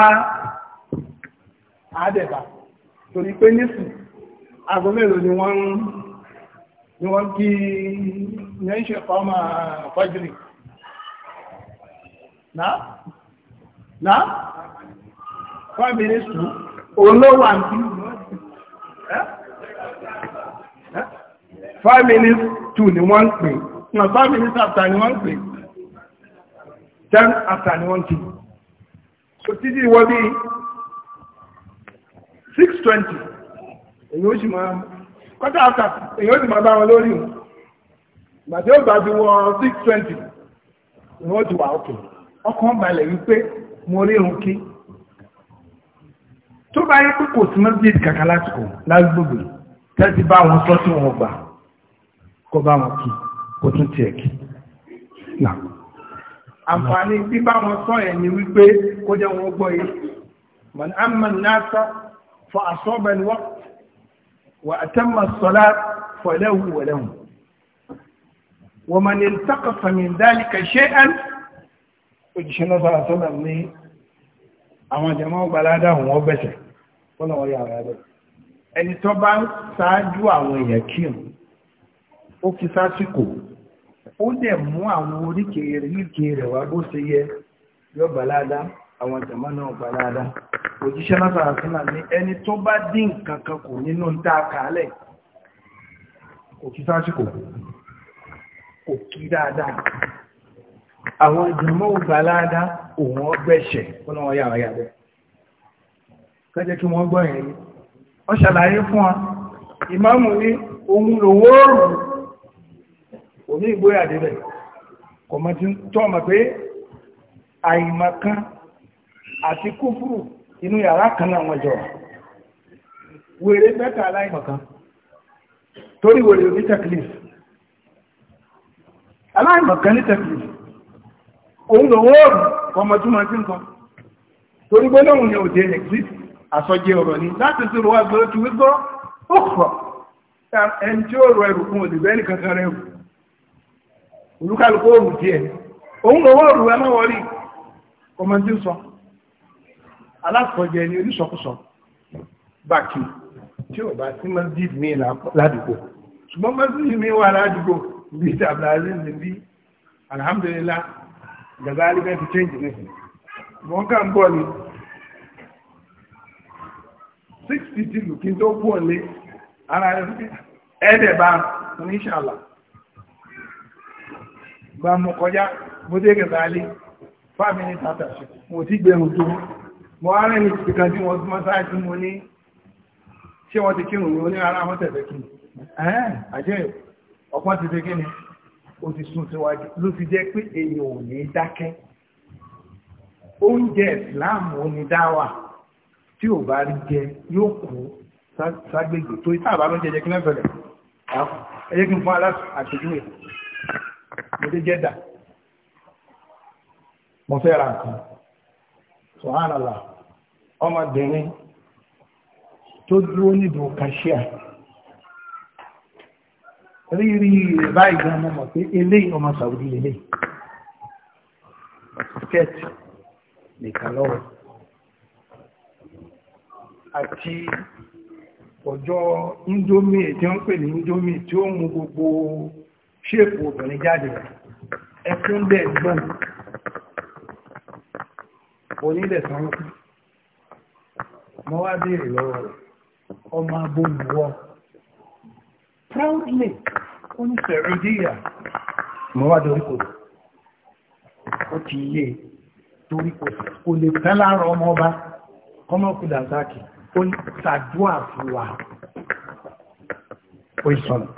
àádẹ́bà torí pé nísìn aago mélòó ni wọ́n ni wọ́n kí ní ṣe kọ́mọ̀ fẹ́jìrì náà náà five minutes to olówó àǹtí ẹ́ five minutes to ni wọ́n ń pè na five minutes after ni wọ́n ń pè ten after ni wọ́n ń pè so títí wọ́n bí six twenty èyí ó sì máa quarter after èyí ó sì máa bá wọn lórí o gbàdé ó gbàdé wọ six twenty ni wọ́n ti wà òkè ọkàn balẹ̀ wípé mo rí irun kí tó bá yẹ pé kò sí mọ́sídìí kàkà lásìkò lágbègbè tẹ́tí bá wọn sọ sí wọn gbà kó bá wọn kí kó tún tiẹ̀ kí. àǹfààní bíbá wọn sọ ẹ̀ ni wípé kó jẹ́ wọn gbọ́ yìí man amma nasa fa asaba alwaqt wa atamma as-salat fa lahu wa lahu wa man iltaqafa min náà sára sọ́nà ní àwọn jẹmọ́ gbaládà wọn bẹ̀sẹ̀ ẹni tó bá ń ṣáájú àwọn èèyàn kírun ó fi sásìkò ó dẹ̀ mú àwọn oríkèé rẹ̀ wá bó ṣe yẹ yọ bàláadá àwọn jàmá náà bàláadá òjíṣẹ́ látara ní ẹni tó bá dín kankan kò nínú ń tá a kàálẹ̀ kò sásìkò kí dáadáa àwọn ò wọn yàrá ní ìgbóyà débẹ̀ kọ̀mọ̀ tí tọ́mà pé àìmọ̀kan àti kúfùrù inú yàrá kan náà wọ́n jọ wèrè mẹ́ta aláìmọ̀kan torí wèrè ní tẹ́kìlìf aláìmọ̀kan ní tẹ́kìlìf òun lò wọ́n kọmọ túnmọ̀ sí nǹkan torí gbọ́lọ́hùn ni òde exist àsọjẹ́ ọ̀rọ̀ ni láti sí rọ ẹgbẹ́ ẹni tí ó rọ ẹrù fún olúkálùkù òòrùn díẹ̀ òun lọ́wọ́ òòrùn ẹ ọmọ tí ń sọ alákọ̀ọ́jẹ ni oníṣọkúsọ báàkì tí ò bá sí masjid mi ládùúgbò ṣùgbọ́n masjid mi wà ládùúgbò bí gazali bẹ́ẹ̀ ti change ní wọ́n kà ń bọ̀ ni six fifty lù kí n inshallah. bá mú kọjá bó dé gẹ̀ẹ́gà alé fáàmìlì tàtà mo ti gbẹ̀rùn tó mọ́ ara ẹni ti kan tí wọ́n tún mọ́sáà tí mo ní ṣé wọ́n ti kírun ní ara wọn tẹ̀fẹ́ kí ẹ̀hẹ́n àjẹ́ ọ̀pọ̀ ti fẹ́ kí ni ó ti sún síwájú ló fi jẹ́ pé èèyàn ò ní dákẹ́ oúnjẹ ìsìláàmù onídáwà tí ò bá rí jẹ yóò kú ságbègbè tó ìtàbá ló ń jẹ kí lẹ́fẹ̀ẹ́ rẹ̀ kí n fún aláṣẹ àpèjúwe mo dé jẹ́dà mo fẹ́ ra nǹkan sọ̀hánàlá ọmọbìnrin tó dúró nídò kàṣíà rírí rẹ̀ báyìí gan mọ́ pé ilé ọmọ Saudi ilé nìkan àti indomie tí pè ní indomie tí gbogbo ṣéèpù obìnrin jáde ẹkún bẹ́ẹ̀ gbọ́n onílẹ̀ sanwó mo wá béèrè lọ́wọ́ rẹ̀ ọmọ abóyúwọ́ proudly ó ní sẹ̀rọ̀díyà mo wá dorí kò ó ti yé torí e. kò kò lè fẹ́ láàárọ̀ ọmọ ọba kọ́mọ́kùdà sáàkì ó ní ṣàdúà fún wa ó ìsọ̀nà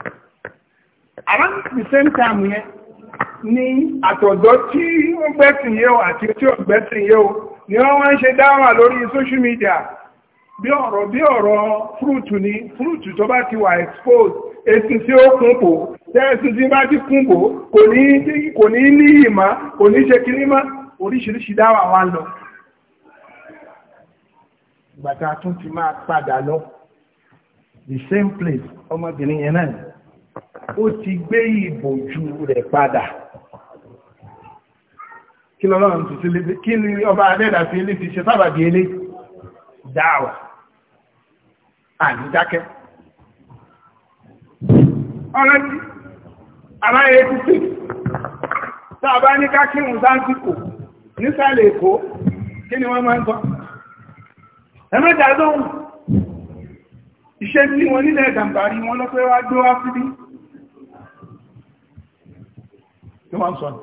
around the same time yẹn ni àtọ̀dọ́ tí ó gbẹ́sìn o àti tí ó ni wọ́n wá ń ṣe dáwà lórí social media bí ọ̀rọ̀ bí ọ̀rọ̀ fúrùtù ni fúrùtù tó bá ti wà exposed èsì tí ó kún kò tẹ́ẹ̀sì tí bá ti kún kò kò ní ní ìmá kò ní ṣe kiri má oríṣiríṣi ti máa padà lọ the same place ọmọbìnrin yẹn náà ó ti gbé ìbòjú rẹ̀ padà kí lọ́lọ́run tó sílé kí ni ọba adẹ́dà sí ilé fi ṣe sábàbí ilé dáwà àdídákẹ́ ọlọ́tí àbáyé títí tàbá ní kákírùn sáńtìkò nísàlẹ̀ èkó kí ni wọ́n máa ń sọ ẹmẹ́ta lóhun iṣẹ́ tí wọ́n nílẹ̀ ìdàmbàrí wọn lọ́pẹ́ wá gbé wá síbí máa ń sọ ní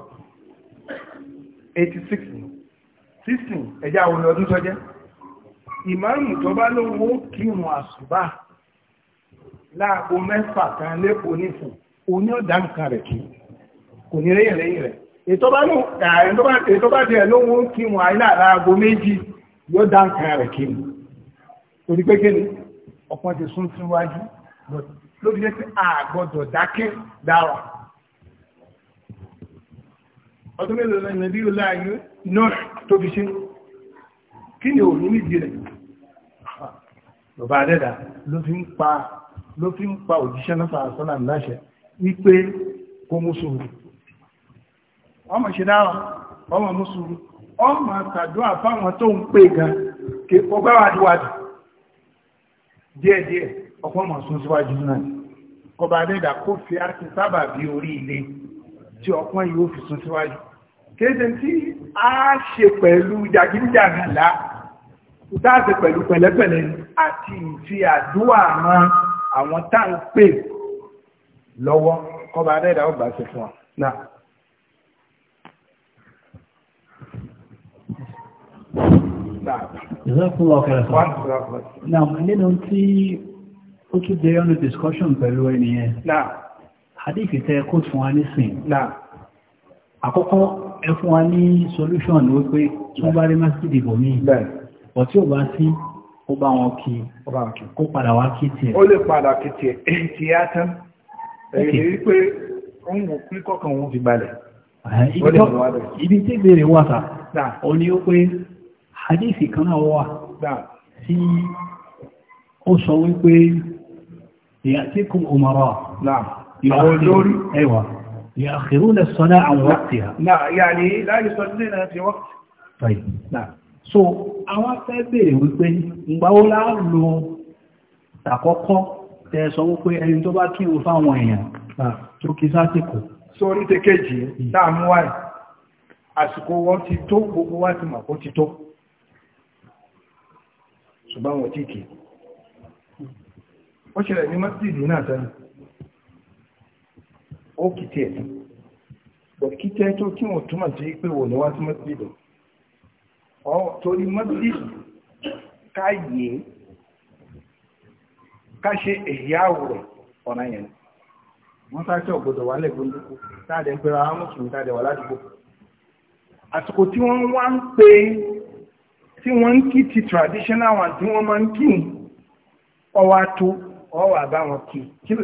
86 16 ẹ̀já àwọn ọdún tó jẹ́ ìmáàmù tó bá lówó kírun àsùbá láago mẹ́fà kan lẹ́kọ̀ọ́ nífun oní ọ̀dá nǹkan rẹ̀ kí kò ní lẹ́yìn lẹ́yìn rẹ̀ ètò bá tiẹ̀ lówó kírun àìlà láago méjì yóò dá nǹkan rẹ̀ kí mu torí pé kí ni ọ̀pọ̀ ti sún síwájú lóbi jẹ́ sí àgbọ̀dọ̀ dákẹ́ dáwà ọdún mélòó lọ ìnàbí ò láàyè náà tó fi ṣe kí ni òní nídìí rẹ̀ bàbá adẹ́dà ló fi ń pa ló fi ń pa òjíṣẹ́ náà sàásọ́nà láṣẹ wípé kó mú sùúrù ọmọ ṣe dáwà ọmọ mú sùúrù ọmọ àtàdó àfáwọn tó ń pè gan kí ọgbà wàdíwàdì díẹ̀díẹ̀ ọkọ̀ mọ̀ sún síwájú náà kọba adẹ́dà kó fi á ti sábà bí orí ilé tí ọkọ̀ yóò fi sún síwájú kéde tí a ṣe pẹ̀lú jàgídíjàgàlá ìtàṣe pẹ̀lú pẹ̀lẹ́pẹ̀lẹ́ àti ìfi àdúrà ran àwọn tá ń pè lọ́wọ́ kọba adẹ́dà ọgbà ṣe fún wa náà. Now, nínú tí ó tún jẹ́ ọ̀nà discussion pẹ̀lú ẹnìyẹn. Hadith tẹ kóòtù wọn nísìn. Àkọ́kọ́, ẹ fún wa ní solution wípé tí wọ́n bá rí masjid ìbò míì bọ̀ tí ò bá sí ó bá wọn kí kó padà wá kí tiẹ̀. ó lè padà kí tiẹ̀ tí á tán èyí wípé òun wò pé kọ́kàn òun fi balẹ̀. ibi tí ìbéèrè wà sá ó ní ó pé hadith kan náà wà tí ó sọ wípé ìyàtíkùn òmàrà ìwọ̀n olórí ẹwà يأخرون الصلاة عن وقتها لا يعني لا يصلون في وقت طيب نعم so àwọn fẹ́ bèèrè wípé ìgbàwó láàrùn àkọ́kọ́ tẹ́ sọ wípé ẹni tó bá kí o fáwọn èèyàn tó kí sásìkò sórí tẹ kéjì dáàmú wáyé àsìkò wọn ti tó gbogbo wá ti màkó ti tó ṣùgbọ́n wọn tí kì ó ṣẹlẹ̀ ní mọ́sídìí náà sẹ́yìn ó kì í tiẹ̀ bọ̀ kí tiẹ̀ tó kí wọ́n túmọ̀ sí pé wò ní wá sí mọ́sídìdì ọ torí mọ́sídìdì ká yé ká ṣe ìyáwó rẹ̀ ọ̀nà yẹn wọ́n sáré tí ọ̀gbọ́dọ̀ wà lẹ́gbẹ̀ẹ́ lóko táàdẹ̀ ń traditional one tí wọ́n máa ń kí ọwọ́ àtó ọwọ́ àbáwọn kí kí ló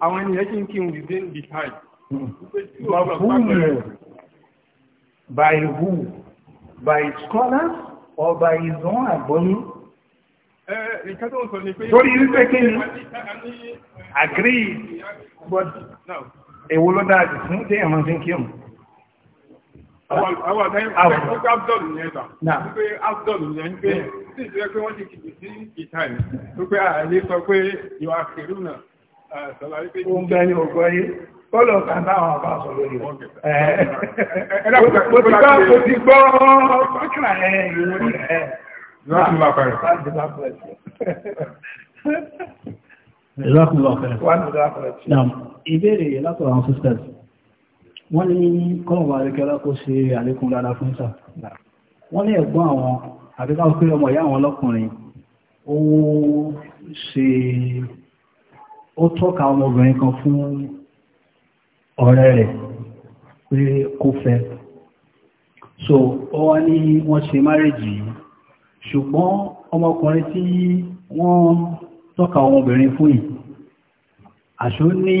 àwọn ènìyàn kí n kí n within the time by who by scholars or by his own agbóyún nǹkan tó torí wípé kí ni agree but èwo ló dáa jù fún déyàn máa fi ń kírun àwọn àtàyè pé afdol yẹn gbà wípé afdol yẹn pé sí ìṣẹ́ pé wọ́n ti kìkì sí ìtàn wípé àlè sọ pé ìwà kìrù náà Oúnjẹ ni ògbọ́ yé, kọ́lọ̀ kan táwọn àbá sọ lórí rẹ̀. Mo ti gbọ́ ọ́kìnà ẹ̀ ìwọ̀n rẹ̀. Ìbéèrè látọ̀rọ̀ àwọn sisters. Wọ́n ní kọ́nà wà rẹ̀kẹ́ lákó ṣe àlékún dára fún sà. Wọ́n ní ẹ̀gbọ́n àwọn àbíká pé ọmọ ìyá àwọn ọlọ́kùnrin, ó ṣe ó tọ́ka ọmọbìnrin kan fún ọ̀rẹ́ rẹ̀ pé kó fẹ́ so ó wá ní wọ́n ṣe márèjì yìí ṣùgbọ́n ọmọkùnrin tí wọ́n tọ́ka ọmọbìnrin fún yìí àṣó ní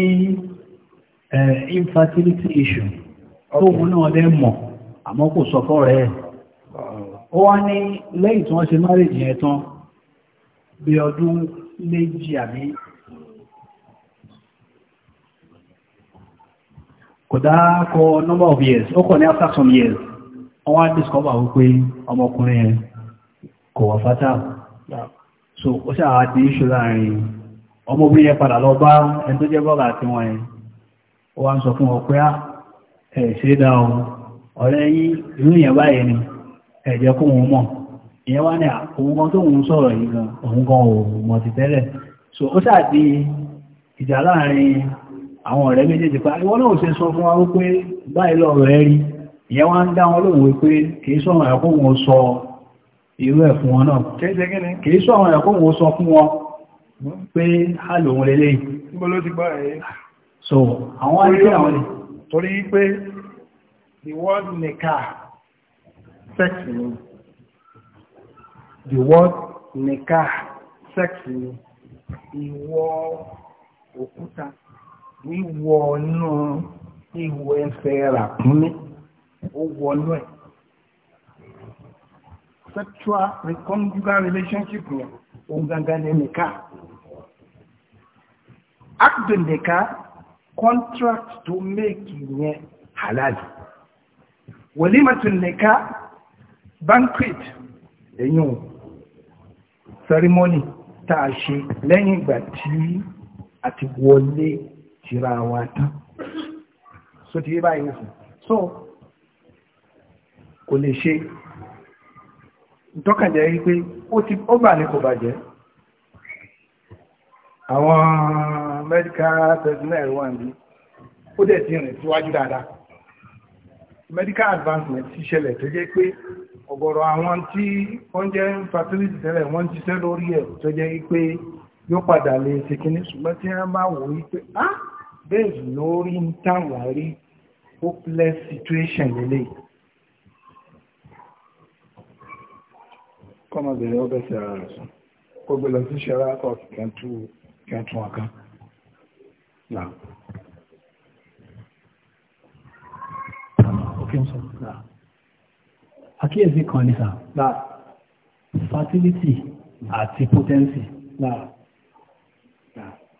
infertility issue tó wọn náà lẹ́ mọ̀ àmọ́ kò sọ fọ́rẹ̀ ẹ̀ ó wá ní lẹ́yìn tí wọ́n ṣe márèjì yẹn tán bí ọdún méjì àbí kò kọ number of years ó kọ̀ ní after some years wọ́n wá discover wípé ọmọkùnrin ẹ̀ kò wà fátà so ó ṣàwà tí ń ṣúra láàrin ọmọbìnrin ẹ̀ padà lọ bá ẹni tó jẹ́ bọ́gà tí ẹ̀ ó wá ń sọ fún ọpẹ́ ah, ẹ̀ ṣe dá o ọ̀rẹ́ yín ìyẹn báyìí ni kó wọn mọ̀ ìyẹn wá ní ah, tó so ó ìjà àwọn ọ̀rẹ́ méjèèjì pa ìwọ́n náà ṣe sọ fún wa wípé báyìí lọ́rọ̀ ẹ rí ìyẹn wá ń dá wọn lóhùn wípé kìí sọ àwọn ẹ̀kọ́ wọn sọ irú ẹ̀ fún wọn náà kìí sọ àwọn ẹ̀kọ́ wọn sọ fún wọn pé word nikah sex word nikah ìwọ òkúta wíwọ inú ìwọ ẹsẹ̀ ràkúnmí ó wọnú ẹ̀ sexual reconjugal relationship yẹn ohun gangan ní nìka act nìka contract tó méèkì yẹn halal walimatu nìka banquet èyàn ceremony tá a ṣe lẹ́yìn ìgbà tí a ti wọlé tìra wa tán so ti báyìí fún so kò lè ṣe tọ́kàjẹ́ wípé ó ti ó bà ní kò bàjẹ́ àwọn medical personnel wà ní ó dẹ̀ ti rìn síwájú dáadáa medical advancement ti ṣẹlẹ̀ tó jẹ́ pé ọ̀gọ̀rọ̀ àwọn tí wọ́n jẹ́ fertility tẹ́lẹ̀ wọ́n ti ṣẹ́ lórí ẹ̀ tó jẹ́ pé yóò padà lè ṣe kíní ṣùgbọ́n tí wọ́n bá wò wípé ah based lórí ń tàwà rí hopeless situation lélẹ̀ kọ́mọbìnrin ó bẹ̀sẹ̀ ara rẹ̀ sùn kó gbé lọ sí ṣẹ́ra court kẹtù ọ̀kan náà òfin sọ náà àkíyèsí kan ní sà náà fertility àti potency náà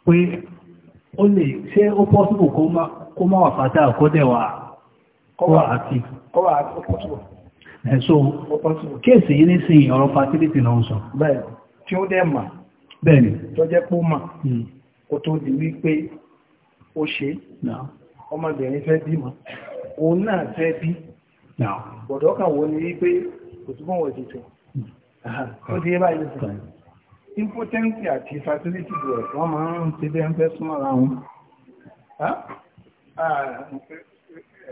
pé ó lè ṣe ó pọ́sùbù kó má wà fàtà àkọ́dẹ̀wà kọ́wà àti kọ́wà àti pọ́sùbù ẹ̀ṣọ́ kéèsì yìí ní sin ọ̀rọ̀ fertility náà sọ bẹ́ẹ̀ tí ó dẹ̀ mà bẹ́ẹ̀ni tó jẹ́ pó mà hmm. kó tó di wípé ó ṣe ọmọbìnrin fẹ́ bímọ òun náà fẹ́ bí bọ̀dọ̀ kan wo ni wípé òtúbọ̀wọ̀ ètùtù hmm. ó di ẹ báyìí impotence àti fertility rẹ̀ wọ́n máa ń ti bẹ́ ń fẹ́ súnmọ́ ara wọn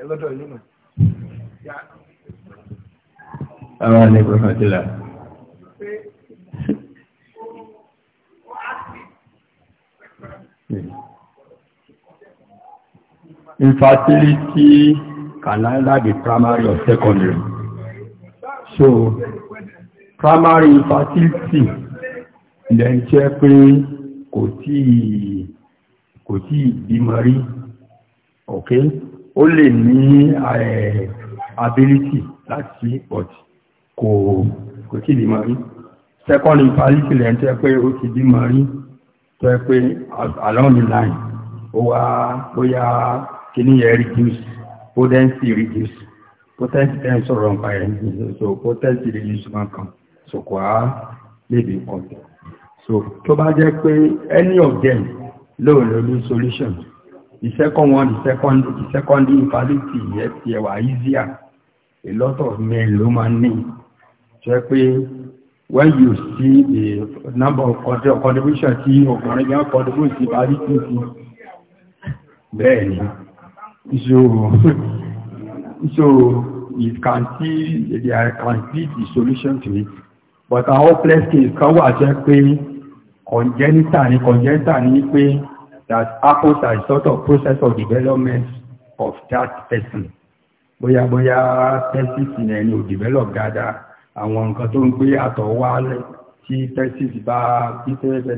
lọ́dọ̀ yìí nù. Àwọn àlejò kan Infertility can either be primary or secondary. So, primary infertility lẹ́yìn tí ẹ pé kò tí kò tí bímọ rí ok ó lè ní ability láti but kò kò tí bímọ rí second ability lẹ́yìn tí ẹ pé ó ti bímọ rí tó ẹ pé along the line ó wá bóyá kìníyẹ reduce potency reduce potency ten sọ̀rọ̀ nípa ẹ̀ so potency reduce máa kàn so kò á níbi ọ̀tọ̀. so tó bá jẹ́ pé any of them lóò lè ní solution the second one the second the second infertility yẹ ti ẹwà easier a lot of men ló máa ní jẹ́ pé when you see the number of contribution tí ọkùnrin yẹn contribute sí parity sí bẹ́ẹ̀ ni ìṣòro ìṣòro it can see they can see the solution to it but our hopeless case kan wà jẹ́ pé congenital ni congenital ni pé that happens as sort of process of development of that person bóyá bóyá testis yẹn ni ò develop dáadáa àwọn nǹkan tó ń gbé àtọ̀ wá tí testis bá tí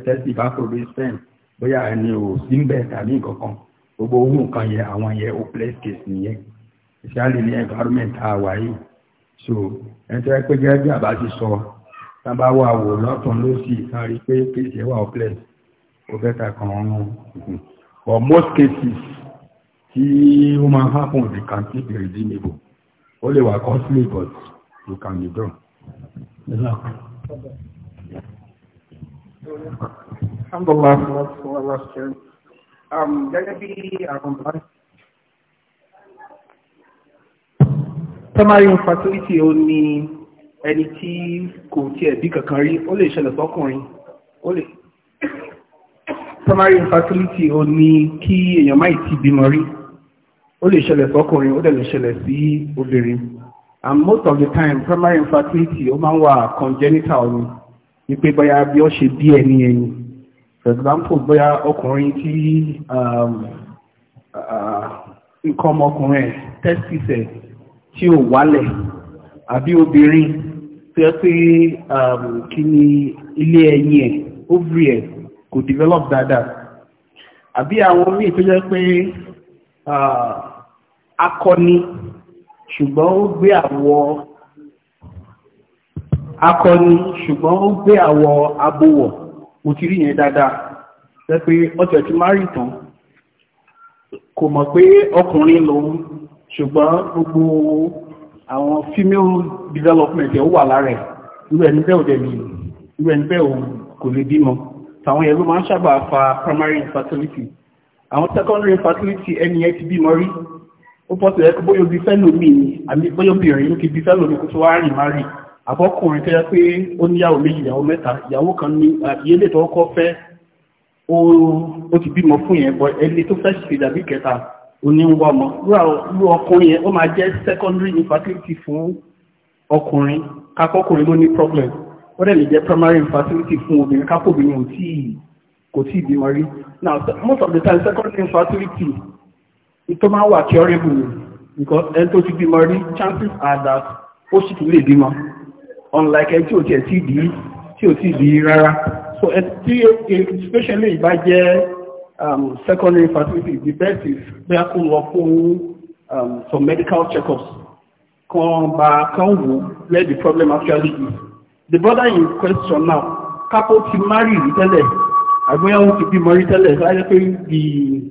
testis bá produce sperm bóyá ẹni ò sí ń bẹ̀ tàbí nǹkan kan gbogbo owó nǹkan yẹn àwọn yẹn hopeless case nìyẹn especially ní environment tá a wà so ẹni tó yẹ pé gẹ́gẹ́ bí àbá ti sọ tábà wà wò lọ́tún lósì kan rí pé kéèsì wà ọ́pẹ́lẹ̀ ó fẹ́ kan ọ̀run but most cases tí ó máa happen they can still be redeemable ó lè wà costly but you can be done. Alhamdulillah, um, gẹ́gẹ́ bí àwọn bá Primary infertility ó ní ẹni tí kò tiẹ̀ bí kankan rí ó lè ṣẹlẹ̀ sọ́kùnrin ó lè primary infertility ó ní kí èèyàn má ti bímọ rí ó lè ṣẹlẹ̀ sọ́kùnrin ó dẹ̀ lè ṣẹlẹ̀ sí obìnrin and most of the time primary infertility ó máa ń wà congenital ni wípé bóyá bí ó ṣe bí ẹni ẹni for example bóyá ọkùnrin tí um, uh, nǹkan ọmọkùnrin ẹ̀ testis ẹ̀ tí ò wálẹ̀ àbí obìnrin tó yẹ pé um, kí ni ilé ẹyin ẹ̀ ovary ẹ̀ kò develop dada. àbí àwọn míì tó yẹ pé uh, akọni ṣùgbọ́n ó gbé àwọ̀ akọni ṣùgbọ́n ó gbé àwọ̀ abowọ̀ mo ti rí yẹn dáadáa jẹ́ pé ọjọ́ ti má rí tán kò mọ̀ pé ọkùnrin lòun ṣùgbọ́n gbogbo àwọn female development ẹ̀ wà lára ẹ̀ irú ẹni bẹ́ẹ̀ ò dẹ̀ lè irú ẹni bẹ́ẹ̀ ò kò lè bímọ tàwọn ẹ̀rọ máa ń sábà fa primary infertility àwọn secondary infertility ẹni ẹ ti bímọ rí ó pọ̀ sí ẹ̀kọ́ bóyá obi fẹ́lò mi ni àbí bóyá obìnrin ló ti bí fẹ́lò mi kó tó wá rìn má rí àbọ́kùnrin tó yẹ pé ó níyàwó méjì ìyàwó mẹ́ta ìyàwó kan ní ìyélè tó kọ́ fẹ́ ó ti bímọ fún yẹn bọ ẹni tó fẹ́ ṣe dàbí kẹta oníwọ́mọ rú ọkùnrin yẹn ó máa jẹ́ secondary infertility fún ọkùnrin kakọ́kùnrin ló ní problem ó dẹ̀ lè jẹ́ primary infertility fún obìnrin kápòbìnrin kò tí ìbímọ rí now most of the time secondary infertility ìtọ́ máa wà curable ni because ẹni tó ti bímọ rí chances are that ó sì tún lè bímọ unlike ẹni tí ò tí ì bí tí ò tí ì bí rárá so ẹni tí eh, especially ìbá jẹ́ um, secondary facility. the best is bí a kó lọ fún um, some medical checkups. Come back kan wo where the problem actually is. The brother in question now, couple to marry I'm going to be married rí tẹ́lẹ̀, láyé pé the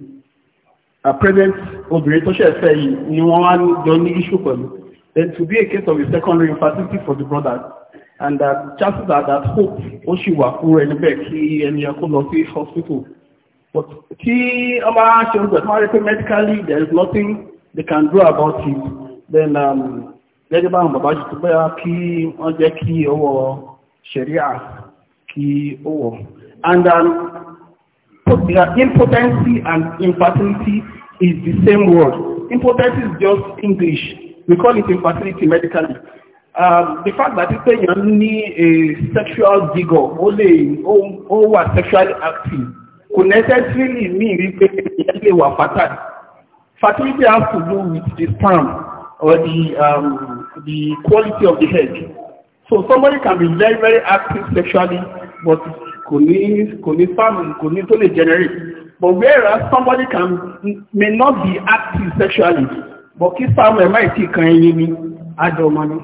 uh, present obìnrin tó ṣẹ̀ fẹ́ yìí ni wọ́n wá jọ ní issue pẹ̀lú. Then to be a case of a secondary facility for the brother and uh, chances are that hope ó ṣì wà fún ẹni bẹ́ẹ̀ kí ẹni ẹkó see hospital. But he, aṣọ ọgbẹ̀ but medically there is nothing they can do about it then um, gẹ́gẹ́ bá àwọn bàbá ṣe tó bẹ́yà kí wọ́n jẹ́ kí owó ṣẹ̀ríà kí owó and um, impotency and infertility is the same word impotency is just English we call it infertility medically um, the fact that pé èèyàn ní a sexual vigor ó lè ó wà sexually active kò necessarily mean wípé ìyẹn lè wà fatal fertility has to do with the sperm or the um, the quality of the egg so somebody can be very very active sexually but kò ní kò ní sperm kò ní tó lè generate but whereas somebody can may not be active sexually but kí sperm ẹ̀ máa ti kan ẹyin ni àjọmọ ni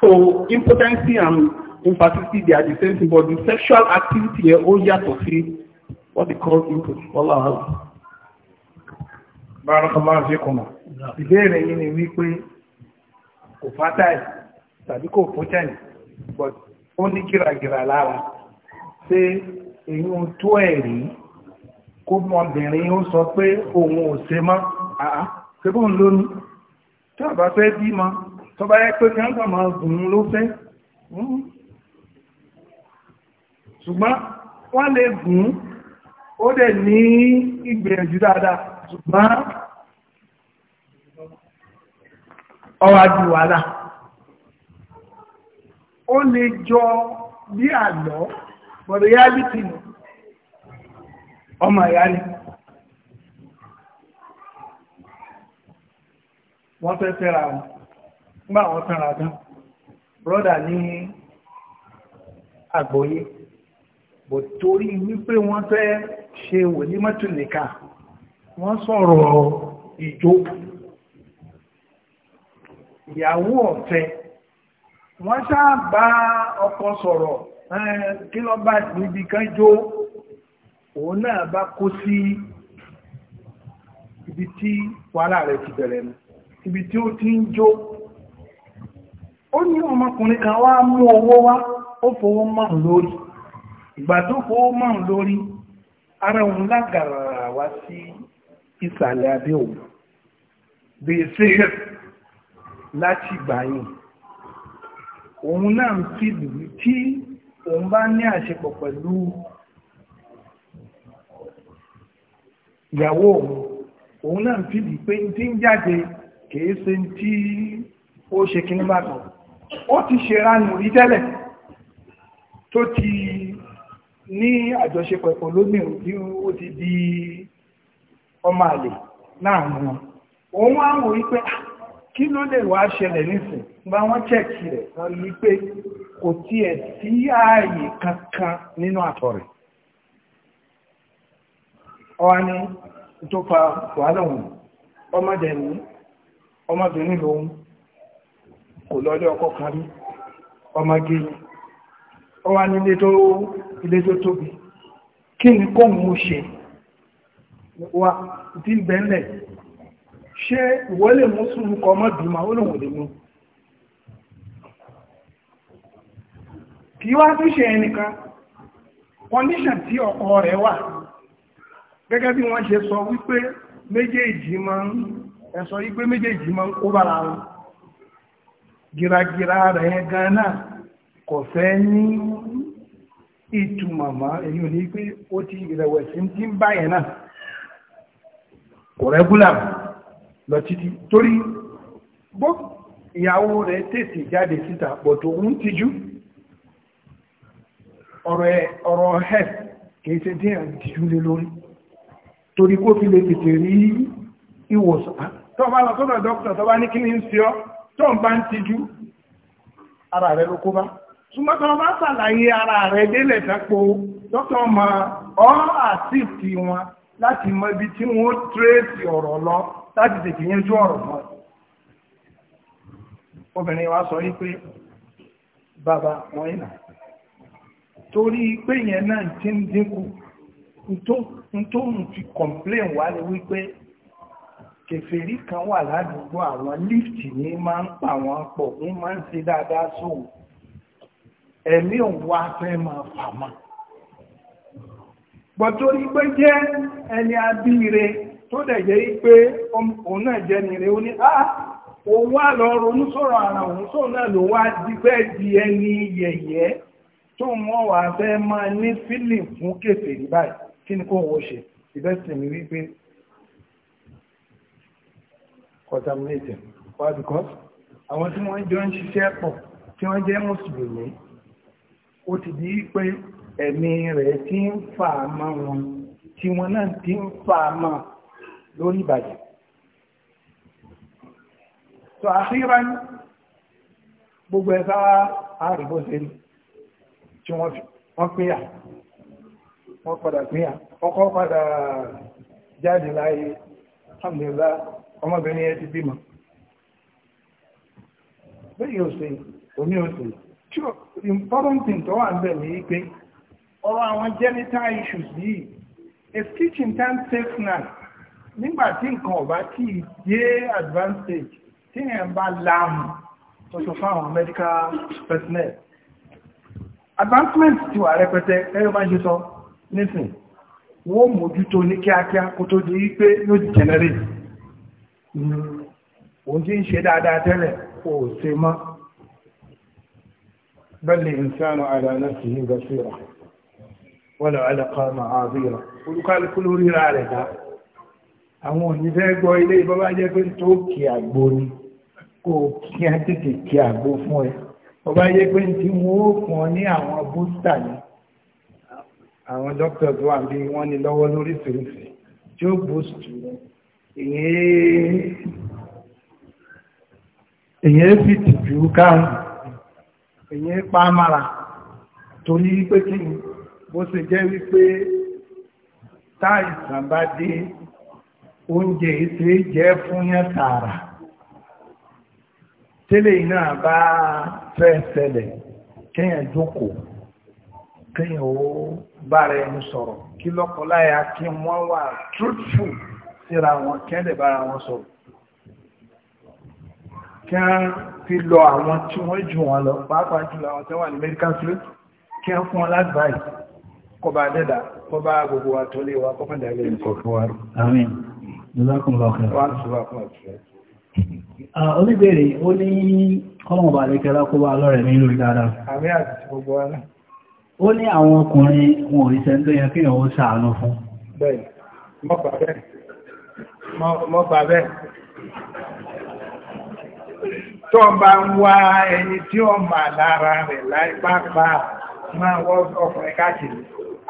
so impotency and infertility they are the same thing but the sexual activity yẹn ó yàtọ̀ sí. what they call input. Wallah. Barakallahu fikuma. Ìbéèrè yìí ni wípé kò fátáì tàbí kò fúnṣẹ́ni, but ó ní gíragìrà lára. to èyí ń tó ẹ̀rí kó mọ̀bìnrin ó sọ pé òun ò ṣe mọ́? Àá, ṣé bóun ló ní? Tí àbá fẹ́ bímọ, tó bá yẹ ó dẹ̀ ní ìgbìyànjú dáadáa ṣùgbọ́n ọwà jù wàhálà ó lè jọ bí àlọ́ but reality ni ọmọ ìyá ni wọ́n fẹ́ fẹ́ra nígbà wọn tán ra brọ́dà ní àgbọ́yé bò torí wípé wọ́n fẹ́ ṣe wòlímọ́tò nìka wọ́n sọ̀rọ̀ ìjó ìyàwó ọ̀fẹ́ wọ́n sáà bá ọkọ sọ̀rọ̀ kí lọ bá níbi kan jó òun náà bá kó sí ibi tí wàhálà rẹ̀ ti bẹ̀rẹ̀ m ibi tí ó ti ń jó ó ní ọmọkùnrin kan wá mú owó wá ó fowó márùn lórí ìgbà tó fowó márùn lórí ara òun lágàrà wá sí ìsàlẹ̀ abẹ́ òun bèèsè láti gbàyìn òun náà ń fi lùú tí òun bá ní àṣepọ̀ pẹ̀lú ìyàwó òun òun náà fi lùú pé tí ń jáde kìí ṣe tí ó ṣe kí ní bàtàn ó ti ṣe ránù rí tẹ́lẹ̀ tó ti ní àjọṣepọ̀ ìpòlómìnir bí ó ti di ọmọ àlè láàrin wọn òun wá wò wípé ah, kí ló lè wá ṣẹlẹ̀ nísìn bá wọ́n chẹ́kì rẹ̀ wọ́n rí pé kò tiẹ̀ sí ààyè kankan nínú àtọ̀ rẹ̀ ọwá ní tó fa wàhálà òun lòun ọwà wá ní ilé tó kí ni kóhun ṣe tí ń mú sùúrù kọ mọ́ bímọ ma lòun lè mú kì wá tún ṣe ẹnìkan kọndíṣàn tí ọkọ rẹ̀ wà gẹ́gẹ́ bí wọ́n ṣe sọ wípé méjèèjì ma ń ẹ̀sọ́ wípé kó kò fẹ́ ní ìtumọ̀ mọ́ èyí ò ní pé ó ti ìrẹ̀wẹ̀sì tí ń báyẹ̀ náà kò rẹ́gúlà lọ títí torí bó ìyàwó rẹ̀ tètè jáde síta pọ̀tò ń tijú ọ̀rọ̀ ẹ̀ kìí ṣe díẹ̀ tijú lé lórí torí kó fi lè tètè rí ìwòsàn ah, tó bá lọ sọ́dọ̀ dókítà tó bá ní kí ni súnmọ́tọ́ bá sàlàyé ara rẹ̀ délẹ̀ tẹ́pọ̀ dọ́tọ̀ ma ọ́ àtìtì wọn láti mọ ibi tí wọ́n tírèsì ọ̀rọ̀ lọ láti tètè yanjú ọ̀rọ̀ mọ́ obìnrin wa sọ wípé bàbá wọn ìnà torí pé yẹn náà ti ń dínkù nítorí fi complain wá ní wípé kèfèrí kan wà ládùúgbò àwọn lift ní máa ń pa wọn pọ̀ wọ́n máa ń ṣe dáadáa sóhùn ẹ̀mí òun wá fẹ́ máa fà gbọ́tórí pé jẹ́ ẹni abíire tó dẹ̀ jẹ́ pé òun náà jẹ́ nire ó ní ah òun wá lọ ronú sọ́rọ̀ ara òun náà ló wá di fẹ́ di ẹni yẹ̀yẹ́ tó wọ́n wà fẹ́ máa ní fílìm fún kèfè kí ni kò wọ́n ṣe mi àwọn tí wọ́n jọ ń pọ̀ tí wọ́n jẹ́ mùsùlùmí ó ti di pé ẹ̀mí rẹ̀ ti ń fà mọ́ wọn tí wọn náà ti ń fà mọ́ lórí ìbàjẹ́ so àfíran gbogbo ẹ̀sá àrìbó ṣe rí tí wọ́n pé à wọ́n padà pé à ọkọ̀ padà jáde láyé alhamdulilá ọmọbìnrin ẹ ti bímọ bẹ́ẹ̀ yóò ṣe oní òṣèlú sure important thing tó wà ń bẹ̀ ní pé ọ̀rọ̀ àwọn genital issues yìí a stitch in time takes nine nígbà tí nǹkan ọ̀bá tí ì dé advantage tí èèyàn bá láàmù tó sọ fáwọn medical personnel advancement ti wà rẹpẹtẹ ẹ̀rọ bá ń ṣe sọ nísìn wọ́n mójútó ní kíákíá kó tó di pé yóò generate òun ti ń ṣe dáadáa tẹ́lẹ̀ kò ṣe mọ́ بل الإنسان على نفسه بصيرة ولا علقة معاذيرة olùkálù kúlù ríra rẹ̀ dá àwọn òyìnbẹ́ gbọ́ ilé ìbọ́bá jẹ́ pé tó kí àgbò ni kò kí á tètè kí àgbò fún ẹ ọba jẹ́ pé tí wọ́n ó fún ọ ní àwọn bústà ni àwọn doctors wà bí wọ́n ní lọ́wọ́ lórí fèrèsé tí ó boost ìyẹn fi tìjú káàrùn èyí pa mara torí wípé kí ni bó ṣe jẹ́ wípé táìsàn bá dé oúnjẹ ìṣe jẹ́ fún yẹn tààrà tẹ́lẹ̀ iná bá fẹ́ ṣẹlẹ̀ kéèyàn jókòó kéèyàn ó bára ẹni sọ̀rọ̀ kí lọ́kọláya kí wọ́n wà truthful síra wọn kẹ́lẹ̀ bára wọn sọ̀rọ̀ kí wọ́n fi lọ àwọn tí wọ́n jù wọn lọ pàápàá jùlọ àwọn tó wà ní medical field kí wọ́n fún wọn lágbàáyì kọba dẹ́dà kọba gbogbo wa tó lè wa kọ́kọ́ dàgbé nǹkan fún wa. àmín lọ́kùnrin lọ́kùnrin. Ah, oníbèrè ó ní kọ́lọ̀mọ̀ bá lẹ́kẹ́lá kó bá lọ́rẹ̀ ní lórí dáadáa. àmín àti gbogbo wa náà. ó àwọn ọkùnrin wọn ò rí sẹ́ńtọ́ kí ìyàwó ṣàánú fún. bẹ́ẹ̀ mọ́ bẹ́ẹ̀ tó bá ń wá ẹni tí ó mà lára rẹ̀ láì pápá máa wọ́ ọkùnrin káàkiri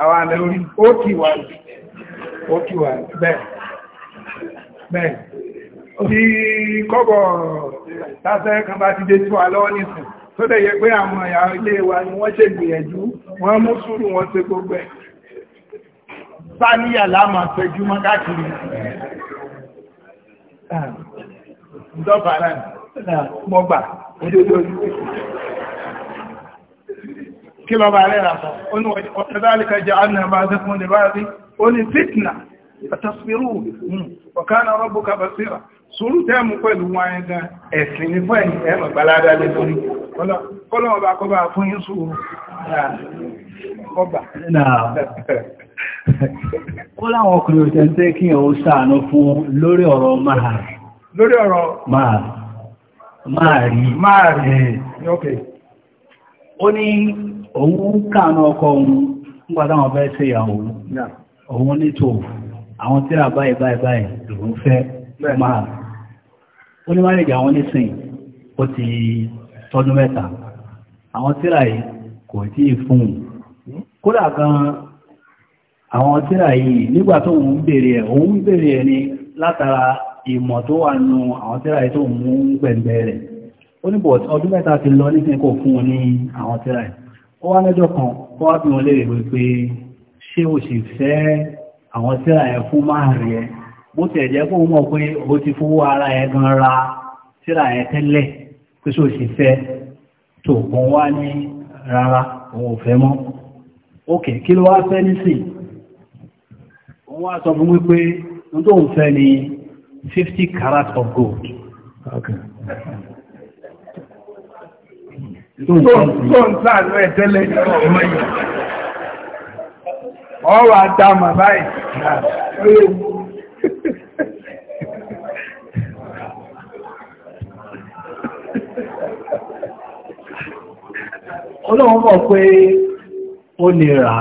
àwọn alẹ́ orí ó kì wà ó kì wà bẹ́ẹ̀ bẹ́ẹ̀ tí kọ́bọ̀ tásẹ́ kan bá ti dé tí wà lọ́wọ́ nìsìn tó dẹ̀ yẹ pé àwọn ìyá ilé wa ni wọ́n ṣe gbìyànjú wọ́n mú sùúrù wọn ṣe gbogbo ẹ̀ sáníyà láàmà fẹjú mọ́ káàkiri ah, ìjọba náà mọ́gbà kí lọ bá rẹ̀ ràtọ̀ ọ̀tọ̀dálìkà jẹ́ annà bá zẹ́ fún ìbárarí ó ní fitna àtàsírù ọ̀kánà hmm. rọ́bùka basira sùúrù tẹ́mù pẹ̀lú wáyé gan ẹ̀sìn ní fún ẹ̀yìn ẹ̀mọ̀ gbalada lè máa rí Ok. rí okay ó ní òun kàánà ọkọ òun nígbàtà wọn fẹ́ ṣe ìyàwó òun ní tó àwọn tíra báyìí báyìí báyìí lòun fẹ́ máa ó ní márìjì àwọn nísìn ó ti tọdún mẹ́ta àwọn tíra yìí kò tí ì fún kódà gan àwọn tíra yìí nígbà tó òun béèrè ẹ̀ òun béèrè ẹ̀ ní látara ìmọ̀ tó wà nù àwọn tírà tó mú pẹ̀lẹ̀ rẹ̀ ó ní bọ̀ ọdún mẹ́ta ti lọ ní kẹ́kọ̀ọ́ fún ní àwọn tírà ó wá lẹ́jọ́ kan ó wá bí wọn lè rí pé ṣé o sì fẹ́ àwọn tírà ẹ̀ fún márùn ẹ̀ òun wá sọ fún wípé ohun tó ń fẹ́ ni fifty carats of gold. Okay. tó ń sáàlú ẹ̀ tẹ́lẹ̀ ọmọ yìí ọwọ́ àdámà báyìí olóòwò mọ̀ pé ó lè rà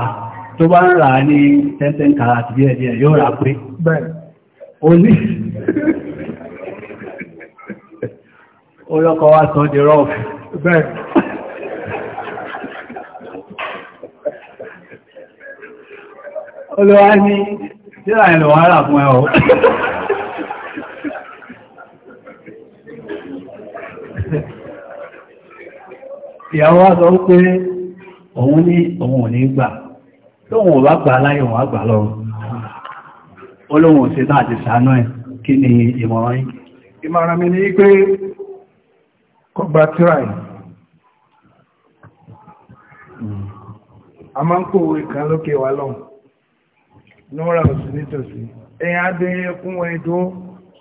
tó bá ń rà ní 10 10 karat díẹ̀díẹ̀ yóò rà pé bẹ́ẹ̀ oní olókọ wá sọ di rọ́ọ̀fù bẹ́ẹ̀ olówá ní sílà ìlò wàhálà fún ẹ̀ o ìyàwó wá sọ pé òun ní òun ò ní gbà tóun ò bá gbà láyé òun á lọ́rùn olóhun òṣèlú àti sàánú ẹ̀ kí ni ìmọ̀ràn yìí ìmọ̀ràn mi ni pé kò gba tíráì a máa ń kó owó ìkan lókè wa lọ núra òsì nítòsí èyàn adéyẹ kún ẹdó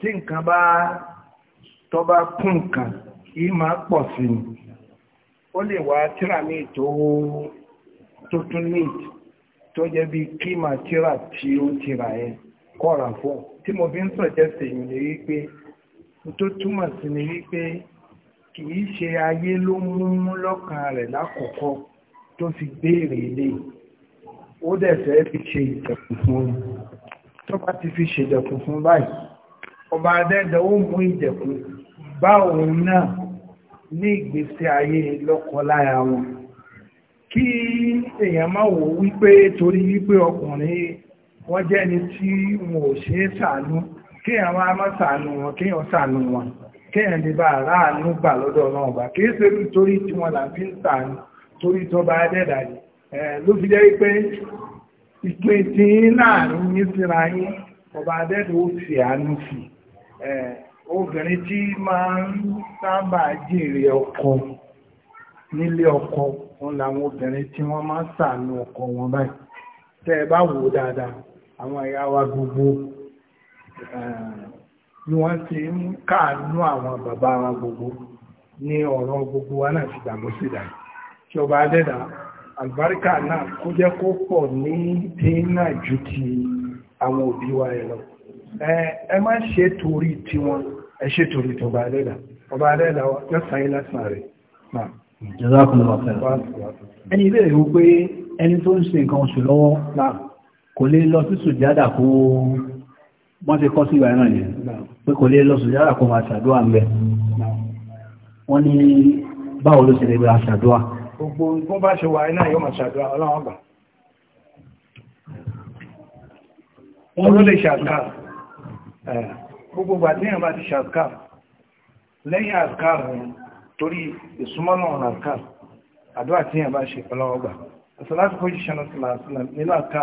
tí nǹkan bá tọ́ kún nǹkan yìí máa pọ̀ sí ni ó lè wá tíra míì tó tó tún tó jẹ́ bí kíma tíra tí ó tira yẹn kọ́ra fún tí mo fi ń sọ̀jẹ́sì èyàn lè rí pé tó túmọ̀ sí ni wípé kì í ṣe ayé ló mú mú lọ́kàn rẹ̀ lákọ̀ọ́kọ́ tó fi béèrè ilé ó dẹ̀ fẹ́ fi ṣe ìdẹ̀kùn fún un tó bá ti fi ṣèdẹ̀kùn fún báyìí ọba adẹ́dẹ̀ ó mú ìdẹ̀kùn bá òun náà ní ìgbésí ayé lọ́kọ wọn kí èèyàn má wò wípé torí wípé ọkùnrin wọ́n jẹ́ ni tí wọn ò ṣe é sàánú kí àwọn a máa sàánú wọn kí wọ́n sàánú wọn kí èèyàn lè bá aráàánú gbà lọ́dọ̀ náà bá kí é ṣerú torí tí wọ́n là ń fi ń sàánú torí tó bá dẹ́dà yìí ló fi jẹ́ pé ìpín tí láàrin yín síra yín ọba adẹ́dà ó fi àánú sí obìnrin tí máa ń sábà jèrè ọkọ nílé ọkọ wọn làwọn obìnrin tí wọ́n máa ń sàánú ọkọ wọn báyìí tẹ ẹ bá wò dáadáa àwọn ẹ̀yà wa gbogbo eh, ni wọ́n ti ń káàánú àwọn bàbá wa gbogbo ní ọ̀rọ̀ gbogbo wa náà ti dàgbò sí dà kí ọba adẹ́dà àlùbáríkà náà kó jẹ́ kó pọ̀ ní dínà ju ti àwọn òbí wa ẹ̀ lọ ẹ má ṣe torí tiwọn ẹ ṣe torí tọba adẹ́dà ọba adẹ́dà yóò sáyé lásán rẹ̀ náà. jẹ́lá kan lọ́wọ́ ẹni tó ń ṣe nǹkan oṣù lọ́wọ́ kò lè lọ sí sùjádà kó wọ́n ti kọ́ sí ìwà ìrìn yẹn pé kò lè lọ sùjádà kó máa ṣàdúrà mẹ́ wọ́n ní báwo ló ṣe lè gba ṣàdúrà gbogbo bó bá ṣe wà iná yóò máa ṣàdúrà ọlọ́wọ́n gbà wọ́n ló lè ṣàdúrà gbogbo gbà torí ìsúnmọ́nà ọ̀nà àdúrà àdúrà tí èèyàn bá ṣe ọlọ́wọ́n gbà láti kó jíṣẹ́ náà sí màá sí nínú àdúrà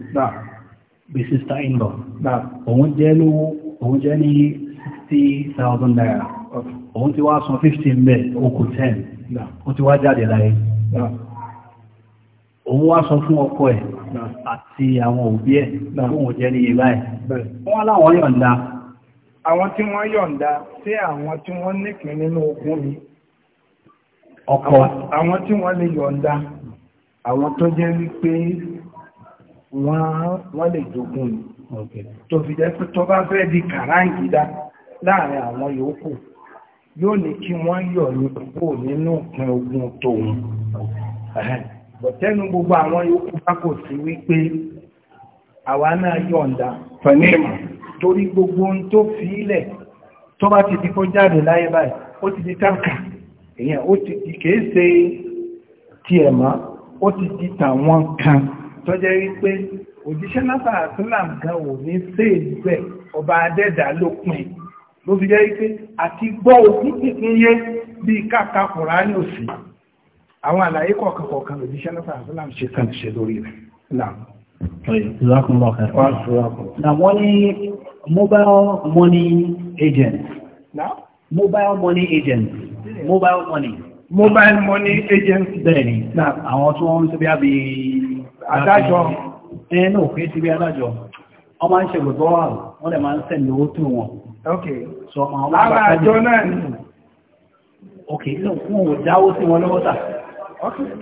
bí sísá ìlọ òun jẹ́ lówó òun jẹ́ ní 60,000 naira òun ti wá san 15 bẹ̀ okù 10 ó ti wá jáde láyé òun wá sọ fún ọkọ ẹ̀ àti àwọn òbí ẹ̀ fóun jẹ́ ní ìlà ẹ̀ wọ́n láwọn yọ̀ǹda àwọn tí wọ́n yọ̀ǹda sí àwọn tí wọ́n nípìn nínú ogún mi ọkọ àwọn tí wọ́n lè yọ̀ǹda àwọn tó jẹ́ wípé wọ́n lè jogun ni tó fi jẹ́ pé tó bá fẹ́ di kàráǹgídá láàrin àwọn yòókù yóò ní kí wọ́n yọ̀ ní púpọ̀ nínú òpin ogun tòun bọ̀tẹ́nu gbogbo àwọn yòókù bá kò sí wípé àwa náà yọ̀ǹda fẹ̀nìmọ̀ torí gbogbo ohun tó fi ilẹ̀ tó bá ti di kó jáde láyé báyìí ó ti di ó ti di tàwọn kan tó jẹ́ wípé òjíṣẹ́ lápá àtúnlàm gan ò ní séèlúgbẹ̀ ọba adẹ́dà ló pin ló fi jẹ́ wípé àti gbọ́ òfin pínpín yé bí káka Kùránì òsì àwọn àlàyé kọ̀ọ̀kan kọ̀ọ̀kan òjíṣẹ́ lápá àtúnlàm ṣe kàn ṣe lórí rẹ̀ money, mobile money agent. Now? Mobile money agent. Mobile money. Mobile money agent. Bẹ́ẹ̀ni. Now, àwọn tí wọ́n ń tó bí á bí adájọ́ ẹnu òfin ti bí adájọ́ wọ́n máa ń ṣe gbogbo wà wọ́n lè máa ń sẹ́ni owó tó wọn lára àjọ ok no wọn ò dáwó sí wọn lọ́wọ́ tà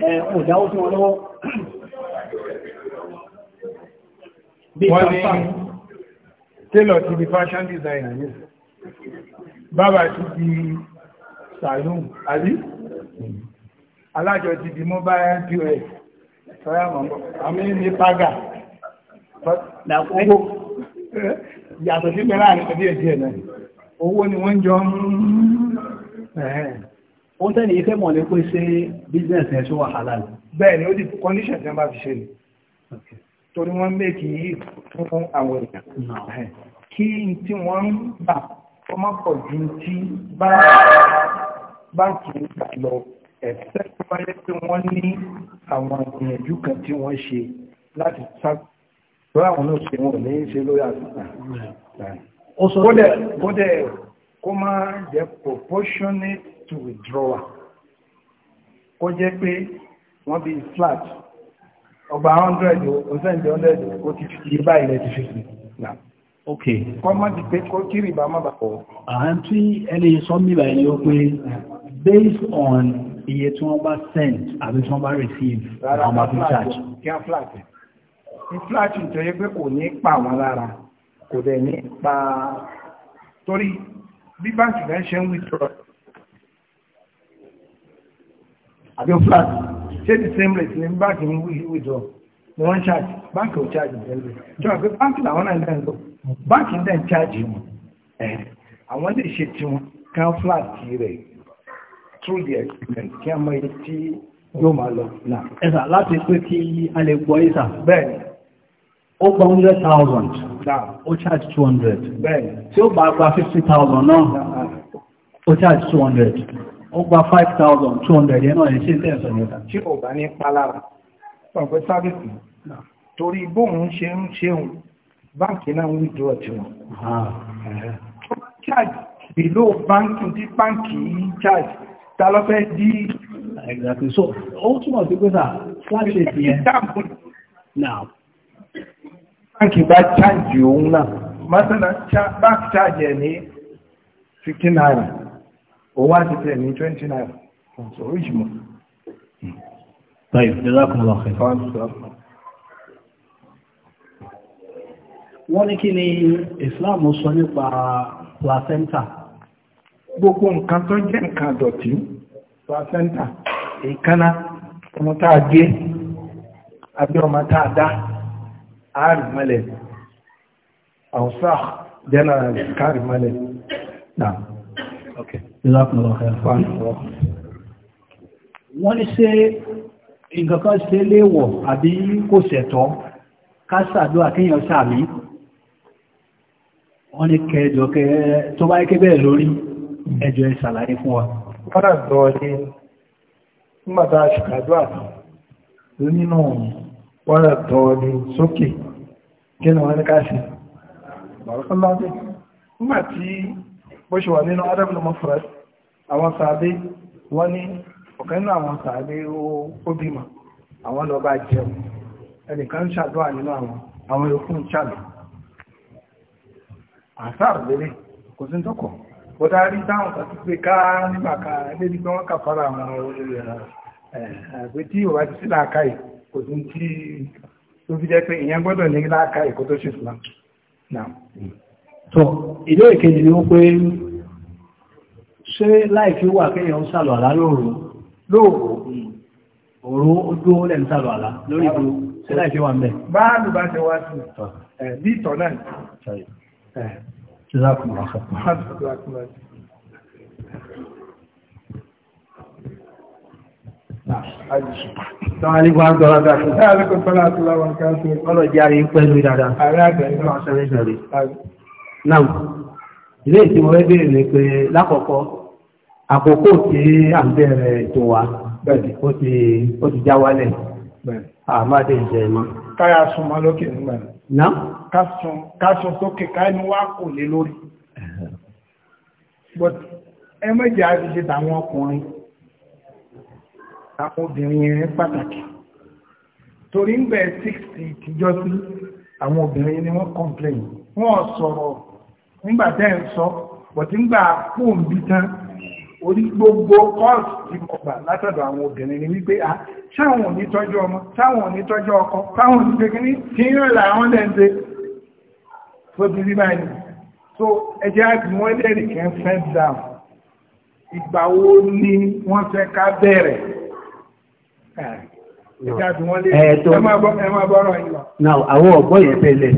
ẹ̀ wọn ò dáwó sí wọn lọ́wọ́ wọ́n ní télọ̀ fashion designer ní bàbá ti di saloon àbí alájọ ti di mobile pos sọ́yà mọ̀ bọ̀ àmì ní págà owó yàtọ̀ sí mẹ́rà ní ọdí ẹ̀dí ẹ̀nà owó ni wọ́n jọ ń tẹ́lẹ̀ ìfẹ́ mọ̀ ní pé ṣe business ẹ̀ ṣó wà halal bẹ́ẹ̀ ni ó di condition tí wọ́n bá fi ṣe ni torí wọ́n mẹ́kì fún àwọn èèyàn kí tí wọ́n ń gbà ọmọ pọ̀ ju tí ẹ̀fẹ́ tó wáyé pé wọ́n ní àwọn ìgbìyànjú kan tí wọ́n ṣe láti sáàbọ̀ àwọn náà ṣe wọ́n ní ṣe lórí àtúntà kódẹ̀ kó máa jẹ́ proportionate to withdrawal kó jẹ́ pé wọ́n bí flat ọgbà 100 o sẹ́ǹdì 100 o ti fi báyìí rẹ̀ ti fi sí náà ok kọ́mọ́ ti pé kó kírì bá má à ń tí ẹni sọ́mìlà ẹni ó pé based on iye tí wọ́n bá send àbí tí wọ́n bá receive àwọn bá fi charge. kí á flat ní flat tó yẹ pé kò ní pa wọn lára kò dẹ̀ ní pa torí bí báńkì kan ṣe ń withdraw àbí flat ṣé the same rate ní báńkì ń withdraw ni wọ́n charge báńkì ò charge ìjẹ́lẹ̀ jọ pé báńkì làwọn náà ń dẹ̀ ń lò báńkì ń dẹ̀ ń charge wọn àwọn lè ṣe tiwọn kan flat rẹ̀ through the experience kí a mọ ibi tí yóò máa lọ náà. ẹ̀sà láti pé kí a lè gbọ́ ìsà. bẹ́ẹ̀ni. ó gba hundred thousand. náà ó charge two hundred. bẹ́ẹ̀ni. tí ó bá gba fifty thousand náà ó charge two hundred. ó gba five thousand two hundred yẹn náà lè ṣe ilé ẹ̀sọ̀ yẹn. tí ò bá ní palára pàpẹ sábìsì torí bóun ṣe ń ṣeun báńkì náà ń withdraw tiwọn. Ah. charge below banking tí báńkì yìí charge ta dí exactly so ó túnmọ̀ sí pé sà flagship yẹn now báńkì bá chájì òun náà mọ́sánà báńkì chájì ẹ̀ ní 15 naira òun á ti tẹ̀ ní 20 naira so oríṣi mọ́ طيب جزاكم الله خير wọ́n ní kí ni Islam sọ nípa placenta gbogbo nǹkan tó jẹ́ nǹkan àdọ̀tí placenta èékánná ọmọ tá a gé àbí ọmọ tá a dá àárí mọ́lẹ̀ àwùsá jẹ́nà kárí mọ́lẹ̀ náà. Okay. Wọ́n ní ṣe nǹkan kan ṣe léèwọ̀ àbí kò ṣẹ̀tọ́ ká ṣàdúrà kéèyàn sàmí. Wọ́n ní kẹjọ kẹ tó bá yẹ kébẹ̀ lórí ẹjọ́ ìṣàlàyé fún wa. Fọ́nà gbọ́ ọdí, nígbàtà ṣùgbàdó àtà nínú wọ́nà tọ́ ọdí sókè kí ni wọ́n ní káṣí. Bàrọ́kọ́lọ́dé, nígbà tí bó ṣe wà nínú Adébùlọ́mọ́ Fred, àwọn sàábé wọ́n ní ọ̀kan nínú àwọn sàábé ó bímọ, àwọn lọ bá jẹun, ẹnìkan ń ṣàdúrà nínú àwọn, àwọn yòókù ń ṣàlù. Àṣà àrùlélẹ̀ kò sí ń bọ́dá rí dáhùn tàbí pé ká nígbàká lé ní pé wọ́n kà fara àwọn àgbé tí ò bá ti sí làákàyè kò tún tí ó fi jẹ́ pé ìyẹn gbọ́dọ̀ so ilé ìkejì ni ó pé ṣé láìkí wà kéèyàn ń sàlọ̀ àlá lóòrò lóòrò òòrò ó dúró lẹ́nu sàlọ̀ àlá lórí ìlú ṣé láìkí wà ń bẹ̀ báàlù bá ṣe wá sí bí ìtọ̀ náà جزاكم الله خير جزاكم الله Sọ́wọ́lẹ́gbọ́n àgbọ̀rọ̀ àgbàkì. Láàrínkù sọ́lá àti láwọn kan sí. Ọlọ́jẹ́ àrí pẹ̀lú ìdàdà. Àrí àgbẹ̀rẹ̀ náà ṣẹlẹ̀ ṣẹlẹ̀. Náà, ilé ìtìmọ̀ rẹ̀ bèèrè ní pé lákọ̀ọ́kọ́, àkókò tí à ń bẹ̀rẹ̀ ètò wa, ó ti já Àmáde ìjẹ ìmọ̀ káyà súnmọ́ lókè nígbà náà kásùn sókè káyà wá kò lé lórí but ẹ méjì á ti ṣe tàwọn ọkùnrin àwọn obìnrin yẹn pàtàkì torí ń bẹ̀ 60 tíjọ́ sí àwọn obìnrin ni wọ́n complain wọ́n sọ̀rọ̀ nígbà tẹ́ ń sọ bọ̀tí ń gbà bí tán orí gbogbo kọ́ọ̀sì tí mo gbà látọ̀dọ̀ àwọn obìnrin ni wípé a ṣáwọn ò ní tọ́jú ọmọ ṣáwọn ò ní tọ́jú ọkọ ṣáwọn ò ní pẹ́kíní tí ń rà wọ́n lẹ́ǹde tó ti rí báyìí so ẹjẹ́ àgbìmọ́ ẹlẹ́rìí kẹ́ fẹ́ dáa ìgbà wo ni wọ́n fẹ́ ká bẹ̀rẹ̀ Now, àwọn ọ̀gbọ́ yẹn tẹ́lẹ̀,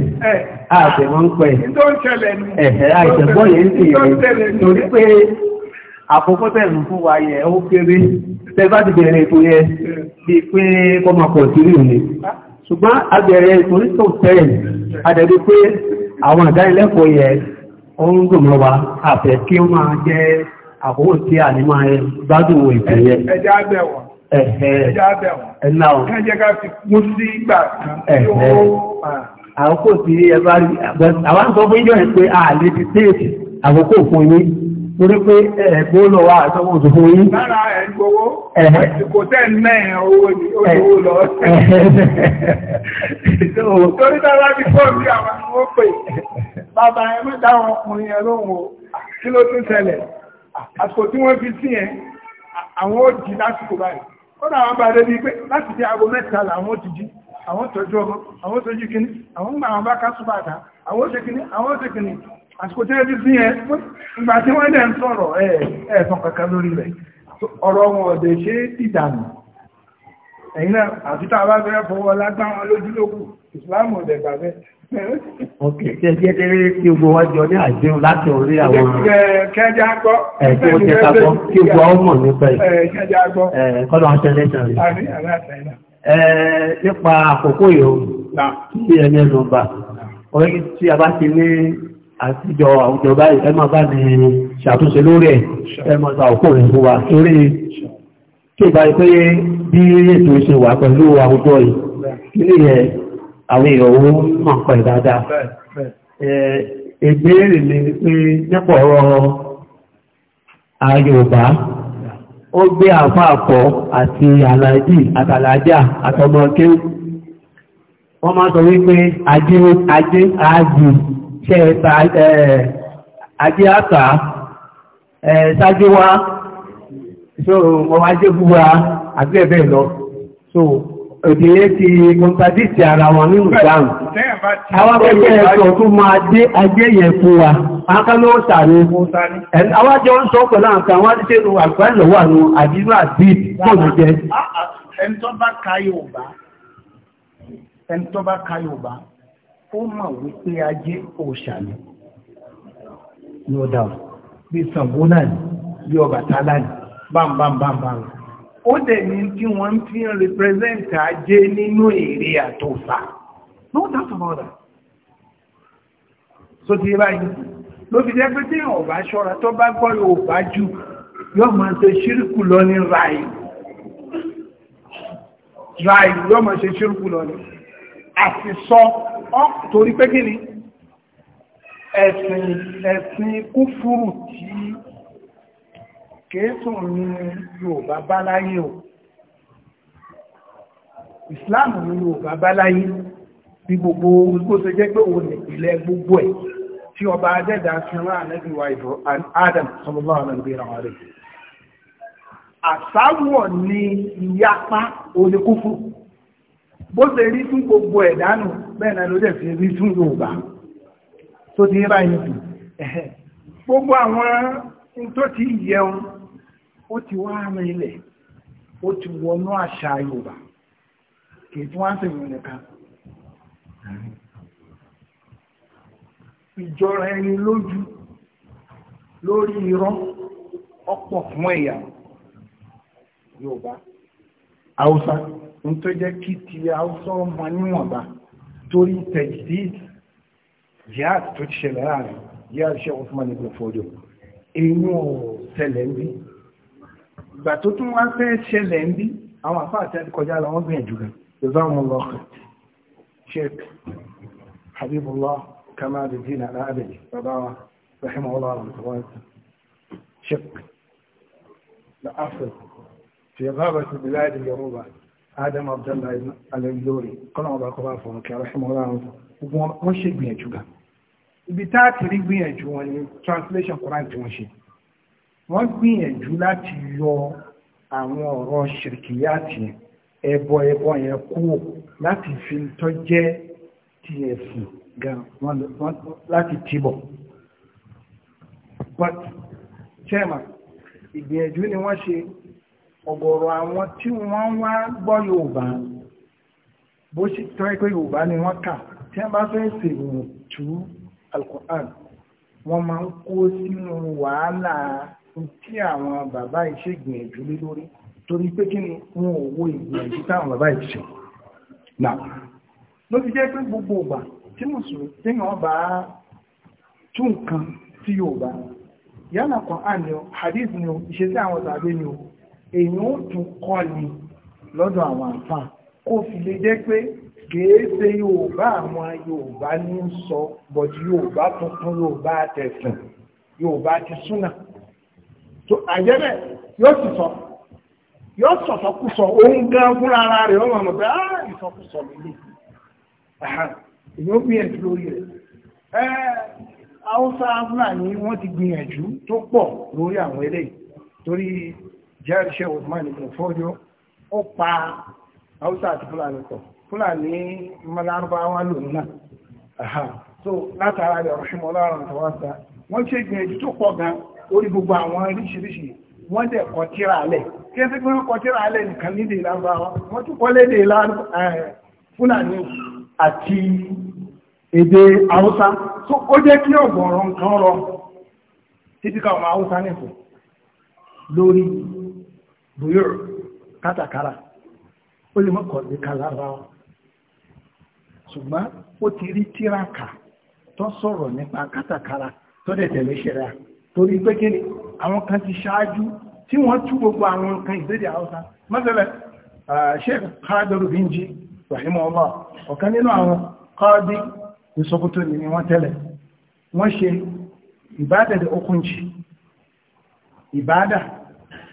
ààbẹ̀ wọ́n ń pẹ̀, ẹ̀ẹ̀ àìsẹ̀gbọ́ yẹn ń tẹ́lẹ̀, torí pé àkókò tẹ̀lú fún wa yẹ ó kéré tẹ́gbà ti bẹ̀rẹ̀ ètò yẹ bí pé kọmọ pọ̀ sí rí òní ṣùgbọ́n a bẹ̀rẹ̀ ètò nítò tẹ́yìn adẹ̀bí pé àwọn ìdánilẹ́kọ̀ọ́ yẹ oún gòmọ̀ wa àfẹ́ kí ó máa jẹ́ àkókò tí a ní máa gbádùn ìfẹ́ yẹ ẹjá bẹ̀wọ̀ ẹjá bẹ̀wọ̀ ẹ̀nà ọ̀ àkókò tí ẹ bá rí àwọn àkókò ìjọ ẹ̀ pé àlè ti tẹ́ẹ̀tì àkókò fún yín torí pé ẹ̀ẹ̀kó lọ wá àtọwọ́ òṣòfò yìí lára ẹ̀gbówó kò tẹ́ mẹ́rin owó ní owó lọ torí dára ní fọ́ọ̀rí àwọn owó pè bàbá ẹ mẹ́ta ọkùnrin ẹ lóhun o kí ló tún ṣẹlẹ̀ àsìkò tí wọ́n fi sí ẹ àwọn ó jí lásìkò báyìí ó dà wọn bá dé bíi pé láti di aago mẹ́ta làwọn ó ti jí àwọn tọ́jú ọmọ àwọn tọ́jú kínní àwọn ń gbà bá kásùbàdà àwọn ó àwọn ó ṣe kínní àsìkò tí rẹ́bí sí ẹ nígbà tí wọ́n dẹ̀ ń sọ̀rọ̀ ẹ̀ẹ̀sán kankan lórí rẹ̀ ọ̀rọ̀ wọn ọ̀dẹ̀ ṣe ìdànù ẹ̀yìn náà àti tá a fọwọ́ lágbáwọn lójúlókù ìsìláàmù ọ̀dẹ̀ gbàgbẹ́ Okay, ṣe jẹ́ tẹ́rẹ́ kí gbogbo wá jọ ní àdéhùn láti orí àwọn kẹjá gbọ́. Ẹ̀ tí ó jẹ́ ká gbọ́ kí gbogbo wa mọ̀ nípa ẹ̀. Kẹjá gbọ́. Ẹ̀ kọ́lọ̀ wọn tẹ́lẹ̀ tẹ̀lé. Ẹ̀ nípa àkókò yòó. Kí ẹ̀yẹ́ ló bá. Ọ̀rẹ́ tí a bá àtijọ́ àwùjọ báyìí ẹ máa bá ní ṣàtúnṣe lórí ẹ̀ ẹ máa ta òkú rẹ̀ fún wa torí kí ìbá pé bí ètò ìṣe wà pẹ̀lú àwùjọ yìí kí ní ẹ àwọn èèyàn owó máa pẹ̀ dáadáa ìbéèrè ni pé nípa ọ̀rọ̀ àyòbá ó gbé àfáàkọ́ àti àlàjì àtàlàjà àtọmọké wọ́n máa sọ wípé ajé ajé ajé ṣe ẹ̀ta ajé àkà ṣáájú wá so ọmọ ajé búwa àti ẹ̀bẹ̀ lọ so ti ara wọn nínú ìdáhùn àwọn akẹ́kẹ́ ẹ̀sọ̀ tó máa dé ajé yẹn fún wa akánú sàrí àwọn ajé ń sọ pẹ̀lú àǹkà ó mà wípé ajé òòṣà ni no doubt bí Ṣàngó náà ni bí Ọbàtálá ni bámbámbámbám ó dẹ̀ ní tí wọ́n ń fi represent ajé nínú èrè àtòfà no doubt about that so ti báyìí ló fi jẹ́ pé tí ọ̀bá ṣọ́ra tó bá gbọ́ Yorùbá jù yóò máa ṣe ṣírìkù lọ ní ráì ráì yóò máa ṣe ṣírìkù lọ ní àti sọ torí pé kí ni ẹ̀sìn ẹ̀sìn kúfúrù tí kéésùn ní Yorùbá bá láyé o ìsìláàmù ní Yorùbá bá láyé bí gbogbo gbogbo ṣe jẹ́ pé òun ìpìlẹ̀ gbogbo ẹ̀ tí ọba adẹ́dà fi rán ànẹ́bíwá ìbò Adam sọlọ́lá ànàbíra wọn rẹ̀ àsáwọ̀ ni ìyapa oníkúfúrù bó ṣe rí gbogbo ẹ̀dánù bẹ́ẹ̀ náà ló fi rí fún Yorùbá tó ti rá ìdù gbogbo àwọn tó ti yẹun ó ti wá rìn ilẹ̀ ó ti wọnú àṣà Yorùbá kìí tí wọ́n ń sèwọ̀n nìkan ìjọra ẹni lójú lórí irọ́ ọ̀pọ̀ fún ẹ̀yà ní tó jẹ́ kí ti haúsọ́ ọmọ níwọ̀nba torí tẹ̀jìdì jihad tó ti ṣẹlẹ̀ láàrin jihad ṣe Usman ibn Fodio èyí ò ṣẹlẹ̀ ń bí ìgbà tó tún wá fẹ́ ṣẹlẹ̀ ń bí àwọn àfáà àti ẹ̀dùkọjá lọ wọ́n gbìyànjú gan jazakumullahu khair sheikh habibullah kamaluddin alábẹ̀lẹ̀ bàbá wa rahimahullah alhamdulilayi sheikh la'afẹ́ fi ghabati biladi yorùbá Adam Abdullah Alayilori kọ́nà ọba kọ́ bá fọ̀rọ̀ kí aláṣẹ́mọ́ ọlọ́run wọ́n ṣe gbìyànjú gan. Ibi tá a ti rí gbìyànjú wọn ni translation Quran tí wọ́n ṣe. Wọ́n gbìyànjú láti yọ àwọn ọ̀rọ̀ ṣìrìkìyàtì ẹbọ ẹbọ yẹn kúrò láti fi tọ́ jẹ́ ti ẹ̀sìn gan láti tìbọ̀. But, Chairman, ìgbìyànjú ni wọ́n ṣe ọ̀gọ̀rọ̀ àwọn tí wọ́n wá gbọ́ Yorùbá bó ṣe tọ́ ẹ pé ni wọ́n kà tí wọ́n bá fẹ́ ṣèròyìn tú Al-Qur'an wọ́n máa ń kó sínú wàhálà tí àwọn bàbá ìṣègbìyànjú lé lórí torí pé kí ni wọn ò wo ìgbìyànjú táwọn bàbá ìṣe náà ló fi jẹ́ pé gbogbo ìgbà tí mùsùlùmí tí wọ́n bá tún nǹkan sí Yorùbá yálà Qur'an ni hadith ni o ìṣesí àwọn tàbí ni o èyàn ó tún kọ́ ni lọ́dọ̀ àwọn àfà kó fi lè jẹ́ pé kèése yorùbá àwọn yorùbá ní ń sọ bọ̀dì yorùbá tuntun yorùbá tẹ̀sán yorùbá ti súnà tó àjẹ́bẹ̀ yóò sì sọ yóò sọ̀sọ̀kúsọ ohun gan fúnra ara rẹ̀ ọmọ ọmọ pé áà ah, ìsọkúsọ lélẹ̀ èyàn gbìyànjú lórí rẹ̀ haúsá fúlàní wọ́n ti gbìyànjú tó pọ̀ lórí àwọn eléyìí torí jẹ́rìí ṣe Usman ibn Fodio ó pa Hausa àti Fúlàní pọ̀ Fúlàní Lárúbáwá lòun náà so látara rẹ̀ ọ̀ṣunmọ́ ọlọ́run àtàwọ́sá wọ́n ṣe gbìyànjú tó pọ̀ gan orí gbogbo àwọn oríṣiríṣi wọ́n dẹ̀ kọ tíra alẹ̀ kí ẹ sí pé wọ́n kọ tíra alẹ̀ nìkan nílé Lárúbáwá wọ́n tún kọ́ lédè Fúlàní àti èdè Haúsá so ó jẹ́ kí ọ̀gọ̀rọ̀ nǹkan rọ títí káwọn Haúsá nìkan lórí bùyọ̀ kátàkárà ó lè mọ́kọ̀ ní kálára ọ ṣùgbọ́n ó ti rí tíraka tó sọ̀rọ̀ nípa kátàkárà tó dẹ̀ tẹ̀lé ṣẹ̀rẹ̀ torí pé kí ni àwọn kan ti ṣáájú tí wọ́n tú gbogbo àwọn nǹkan ìdédé haúsá mọ́sẹ̀lẹ̀ sheikh kádọ́rù bíńjì rahimahullah ọ̀kan nínú àwọn kọ́ọ̀dí ìsọkútó ni wọ́n tẹ́lẹ̀ wọ́n ṣe ìbádà okùnjì ìbádà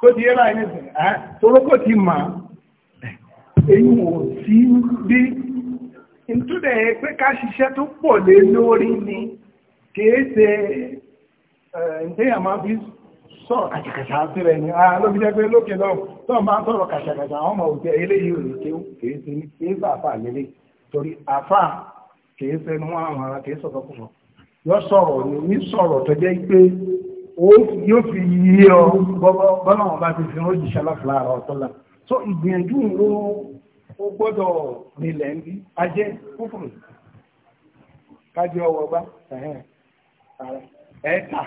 tó ti ma báyìí nìsìn ti mà pé ká ṣiṣẹ́ tó pọ̀ lé lórí ni máa fi sọ̀rọ̀ kàṣàkàṣà sí ah, pé lókè tó máa sọ̀rọ̀ kàṣàkàṣà ọmọ eléyìí ní ní ya àfà lélẹ̀ torí àfà ní àwọn yọ sọ̀rọ̀ ní yóò fi yí ọ bọ́lá wọn bá ti fi ó jìṣẹ́ láfìlára ọ̀tọ́lá so ìgbìyànjú ló ó gbọ́dọ̀ nílẹ̀ ń bí ajé kúfùrù kájí ọwọ́ bá ẹ̀ẹ́ta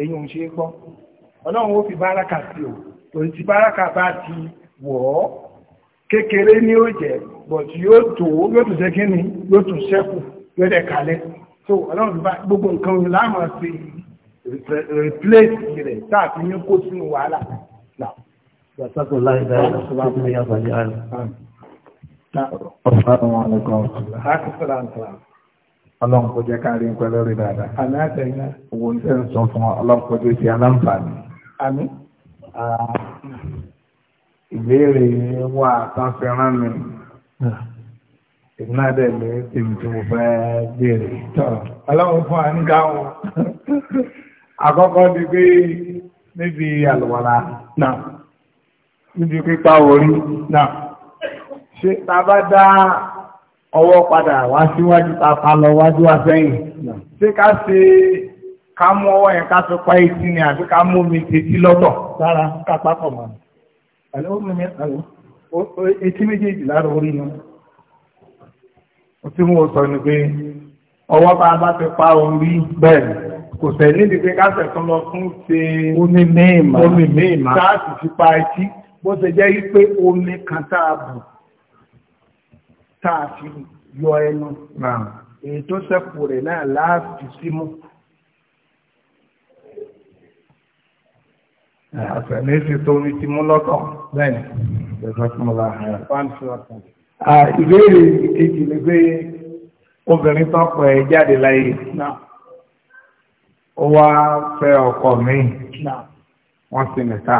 èyí ò ń ṣe é gbọ́ ọlọ́run ó fi báràkà sí o torí tí báràkà bá ti wọ̀ ọ́ kékeré ní ó jẹ́ bọ̀tí yóò tó yóò tó jẹ́ kí ni yóò tó sẹ́kù yóò dẹ̀ kalẹ̀ so ọlọ́run gbogbo nǹkan láàmú sí i replace rẹ̀ táàfin ní kó sínú wàhálà. Ìgbàsákò láì dáa lọ́sọ́ bá fún ìyá àbájá rẹ̀. Ọ̀sán àwọn àlẹ́kọ̀ọ́. Àkọsílẹ̀ àǹtàrà. Ọlọ́run kò jẹ́ ká rí ń pẹ́ lórí dáadáa. Àmì àtẹ̀yìn náà. Owó ń tẹ̀ ń sọ fún ọlọ́run kò jẹ́ ti aláǹfààní. Àmì. Ìbéèrè wà tán fi rán mi. Ìgbìnà dẹ̀ lè tèmi tí mo fẹ́ béèrè. Ọlọ́run fún àníkà wọn àkọ́kọ́ di pé níbi àlùwàlà náà níbi pípa orí náà ṣe ta bá dá ọwọ́ padà wá síwájú ta pa lọ wájú wá sẹ́yìn ṣé ká ṣe ká mú ọwọ́ yẹn ká tó pa etí ni àbí ká mú mi tètí lọ́tọ̀ sára ká pápọ̀ mọ́ etí méjèèjì lára orí náà tí mo sọ ni pé ọwọ́ bá bá ti pa orí bẹ́ẹ̀ kò fẹ́ níbi pé káṣẹ̀ kan lọ fún ṣe omi mẹ́ẹ̀mà omi mẹ́ẹ̀mà káàsì fi pa etí bó ṣe jẹ́ wípé omi kan tá a bù tá a fi yọ ẹnu èyí tó ṣẹ́kù rẹ̀ náà láàfin símú. àfẹ̀mẹ́sì tó ní ti mú lọ́tọ̀ bẹ́ẹ̀ni ìjọsọ́kúnmọ́lá ìbéèrè kejì ni pé obìnrin tó pẹ̀ jáde láyé náà ó wá fẹ́ ọkọ mi wọ́n sì nìka.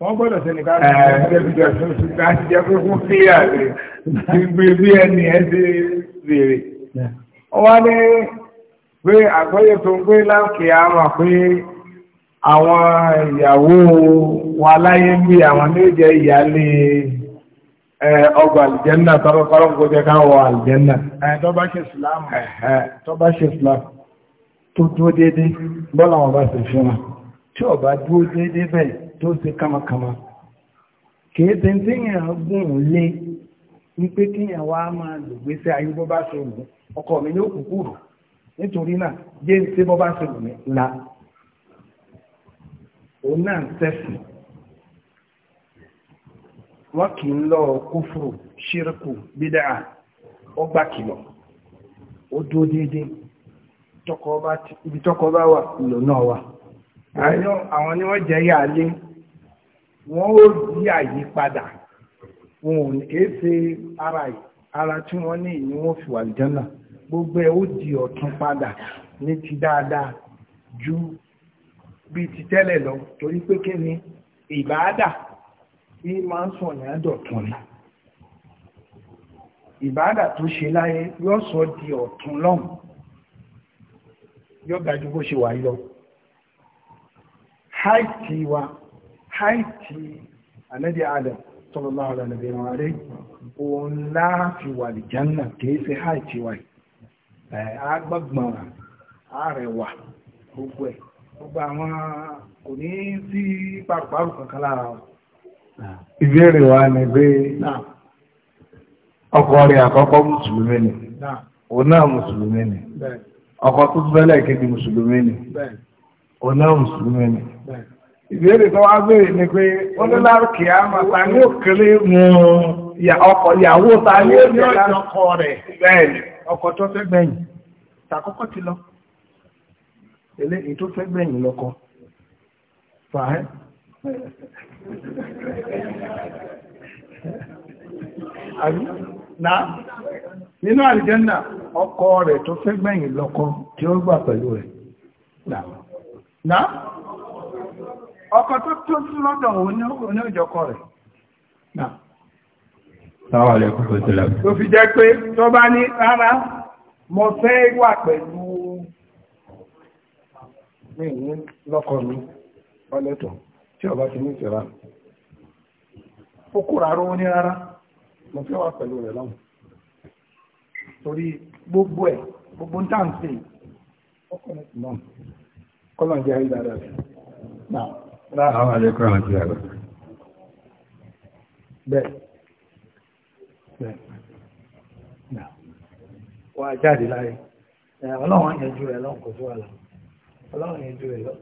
wọ́n gbọ́dọ̀ sí nìka. ẹ ẹ ṣe fi jọ sí oṣù ká jẹ́ pé fún kílíà rẹ̀ gbígbé bí ẹni ẹ ṣe rèrè. ó wá ní pé àgbọ́yé tó ń gbé láǹkì àmà pé àwọn ìyàwó wa láyé ń bí àwọn ní ó jẹ́ ìyáálé ọgbà àlìjẹ́nà tọ́lọ́kọ́lọ́ kó jẹ́ káwọ́ àlìjẹ́nà. tó bá ṣe ìsìlámù. tó bá ṣe ìsìlámù. tó dúó déédé bọ́lá wọn bá ṣe fi wọn tí ọba dúó déédé bẹ́ẹ̀ tó ṣe kámakama kìí ṣe tí yàn gùn lé wípé kí yàn wá máa lògbèsè ayé bó bá ṣe ọkọ mi ní nítorí náà jẹ́ ń bá la òun náà ń wọ́n kì í lọ ṣírkù bídà ibi tọ́kọ bá wà lò náà wà àwọn ni wọ́n jẹ́ yàálé wọ́n ó di àyípadà wọn ò ní kéé ṣe ara tí wọ́n ní ìní wọ́n fi wà gbogbo ó di ọ̀tún padà ní ti dáadáa ju bí ti tẹ́lẹ̀ lọ torí pé kí ni ìbáàdà bí máa ń sọ ìyádọ̀tún ni ìbáàdà tó ṣe láyé yóò sọ di ọ̀tún lọ́hùn yóò ga ju bó ṣe wà lọ haiti wa háìtì ànábì Adam sallallahu alaihi wa sallam òun láàfi wà lè jánà kìí ṣe háìtì wa agbọ́gbọ̀nrà àrẹwà gbogbo ẹ̀ gbogbo àwọn kò ní sí kankan lára ìbéèrè wa ni ọkọ mùsùlùmí ni òun náà mùsùlùmí ni. ọkọ tó fẹ́lẹ̀ kéde mùsùlùmí ni ọ̀nà mùsùlùmí ni ìbéèrè tó wá béèrè ni pé ó ní lárúkì àmà ta ni ó kéré mu ọkọ ìyàwó ta ni ó ní ọkọ rẹ̀ bẹ́ẹ̀ni ọkọ tó fẹ́ gbẹ̀yìn tàkọ́kọ́ ti lọ eléyìí tó fẹ́ gbẹ̀yìn lọ́kọ fàáhẹ́ àbí náà. nínú àlìjẹ́nà ọkọ rẹ̀ tó fẹ́ gbẹ̀yìn lọ́kọ́ tí ó gbà pẹ̀lú rẹ̀ náà ọkọ tó tó tún lọ́dọ̀ oníòjọkọ rẹ̀ náà tó fi jẹ́ pé tó bá ní rárá mo fẹ́ wà pẹ̀lú mi mi ọlẹ́tọ̀ tí ọba ti ní ìtẹ̀rá ó wà pẹ̀lú rẹ̀ lọ́wọ́ torí gbogbo ẹ̀ gbogbo ń tàn sí kọ́lọ̀ jẹ́ rí dáadáa sí náà àwọn àlékọ́ àwọn ti àgbà bẹ́ẹ̀ bẹ́ẹ̀ náà wà jáde láyé ọlọ́run yẹnjú rẹ̀ lọ́n kò tó wà láwọn ọlọ́run yẹnjú rẹ̀ lọ́n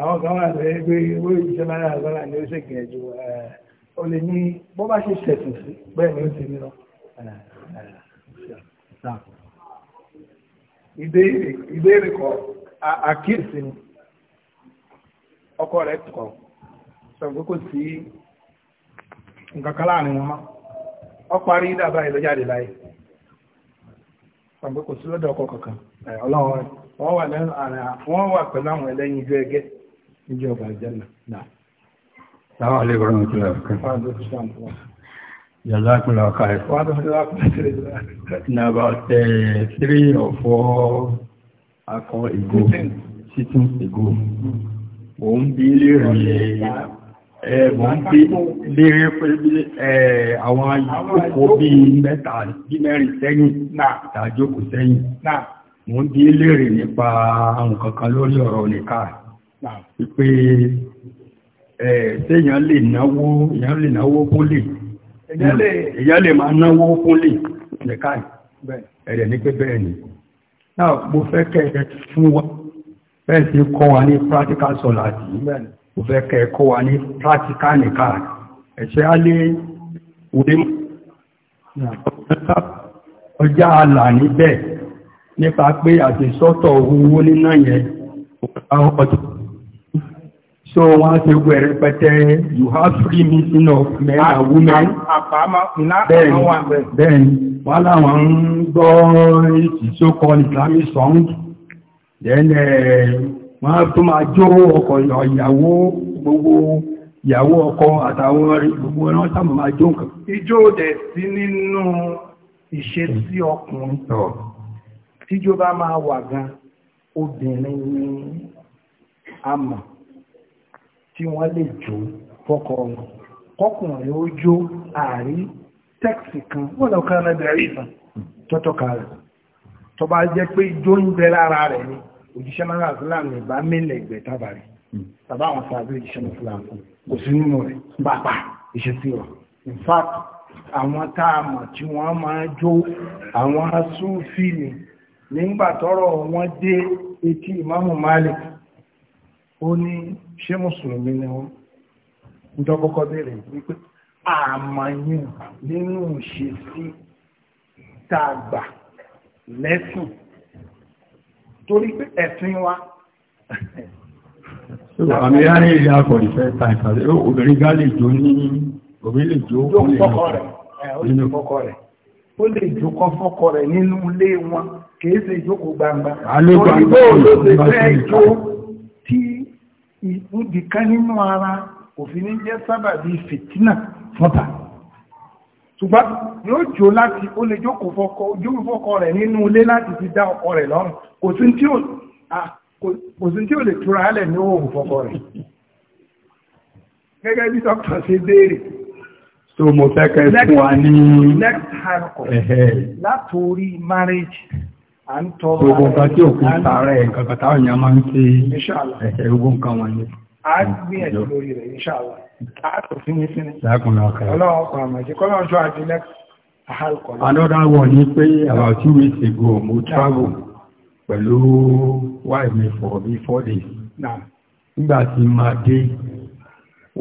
àwọn kan wà lórí pé owó ìṣẹ́ máa ń rà lọ́la ni ó ṣègbìyànjú ó lè ní bó ṣe ṣẹ̀sùn sí bẹ́ẹ̀ ni ó ti ní lọ́wọ́ ìbéèrè kọ àkíyèsí ni ọkọ kọ sọ kò sí nǹkan kan láàrin wọn ọ parí dábàá ìlọjáde láyé sọ kò sí lọ́dọ̀ ọkọ kankan ọlọ́run wà pẹ̀lú àwọn ẹlẹ́yin ẹgẹ́ Jazakumullah khair. What was that? Now about uh, three or four akọ ago, sitting ago. Mo ń bí léèrè ẹ mo ń bí léèrè pé ẹ àwọn ìjókòó bíi mẹ́ta bí mẹ́rin sẹ́yìn náà tàjókòó sẹ́yìn. Mo ń bí léèrè nípa nǹkan kan lórí ọ̀rọ̀ nìkan. Pípé ẹ̀ séèyàn lè náwó, èèyàn lè náwó kó lè èyàn hmm. lè máa náwó kúnlẹ̀ nìkan ẹ̀rẹ̀ ní pé bẹ́ẹ̀ ni náà mo fẹ́ kẹ́ fún wa bẹ́ẹ̀ sí kọ́ wa ní practical sọ́láàtì mo fẹ́ kẹ́ kọ́ wa ní practical nìkan ẹ̀ṣẹ́ á lé òde ọjà àlà níbẹ̀ nípa pé àti sọ́tọ̀ owó níná yẹn ọjọ́ So wọ́n ti gbẹ̀ rẹpẹtẹ, you have free meeting of men and women. Bẹ́ẹ̀ni, wọ́n láwọn ń so called Islamic song. Then eh, wọ́n tó máa jó ọkọ̀ ìyàwó gbogbo ìyàwó ọkọ àtàwọn gbogbo ẹran sáàmù máa jó nǹkan. Ijó dẹ̀ sí nínú ìṣesí ọkùnrin. Tíjó bá máa wà gan, obìnrin ni a mọ̀ tí wọ́n lè jó fọ́kọ wọn kọkùnrin ó jó ààrí tẹ́ksì kan wọ́n lọ kan lẹ́bẹ̀ rí ìfà tọ́tọ́ka rẹ̀ tó bá jẹ́ pé ijó ń bẹ lára rẹ̀ ni òjíṣẹ́ náà islam ní bá mílẹ̀ ìgbẹ́ tábà rẹ̀ bàbá àwọn sàbí òjíṣẹ́ náà islam kò sí nínú rẹ̀ bàbá ìṣesí rẹ̀ in fact àwọn tá a mọ̀ tí wọ́n máa jó àwọn asúfì ni nígbà tọ́rọ̀ wọn dé etí ìmáàmù Malik ó ní ṣé mùsùlùmí ni wọ́n ń dọ́kọ́kọ́ bèèrè wípé àmàyàn nínú ṣe sí tàgbà lẹ́sùn torí pé ẹ̀sìn wa àmì yá ní ilé akọ̀ ìfẹ́ ta ìpàdé obìnrin gá lè jó ní obìnrin lè jó nínú fọ́kọ rẹ̀ ó lè jó kọ́ rẹ̀ nínú ilé wọn kìí ṣe ìjókòó gbangba ìbúdì kan nínú ara òfin ní jẹ́ sábàbí fìtínà fọ́ta ṣùgbọ́n yóò jò láti ó lè jókòó fọ́kọ rẹ̀ nínú ilé láti fi dá ọkọ rẹ̀ lọ́rùn kò sí tí ó lè túra alẹ̀ ní òòrùn fọ́kọ rẹ̀ gẹ́gẹ́ bí dókítà ṣe béèrè so mo fẹ́ kẹ́ fún wa ní next hand call látòrí marriage gbogbo nǹkan tí òkú tààrẹ nǹkan kan táwọn èèyàn máa ń ṣe ẹ̀ṣẹ̀ gbogbo nǹkan wọn ni. a gbìyànjú lórí rẹ̀ inṣàlá a kò sí ní sínú. dákùnrin ọkà ọlọ́run ọkọ̀ àmọ̀jẹ́ kọ́lọ́run tó àjẹ lẹ́kọ̀ọ́ àhálùkọ́. another one ni pé about two weeks ago mo travel pẹ̀lú wife mi for bí four days. nígbà tí máa dé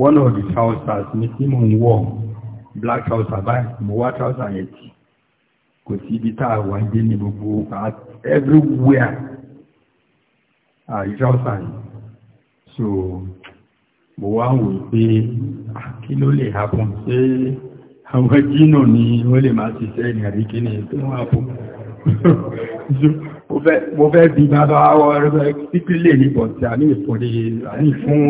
one of the trousers ni tí mò ń wọ̀ black trouser báyìí mo wá trouser yẹn tì kò sí ibi tá a wà dé ní gbogbo everywhere àìsàn ọ̀sán so mo wá wò pé kí ló lè happen ṣé àwọn jínà ni wọ́n lè máa ṣiṣẹ́ ìrìn àbí kí ni tó ń happen mo fẹ́ bí bàbá wọ́n rẹ̀ pípílẹ̀ ní bọ̀tí àní ìfún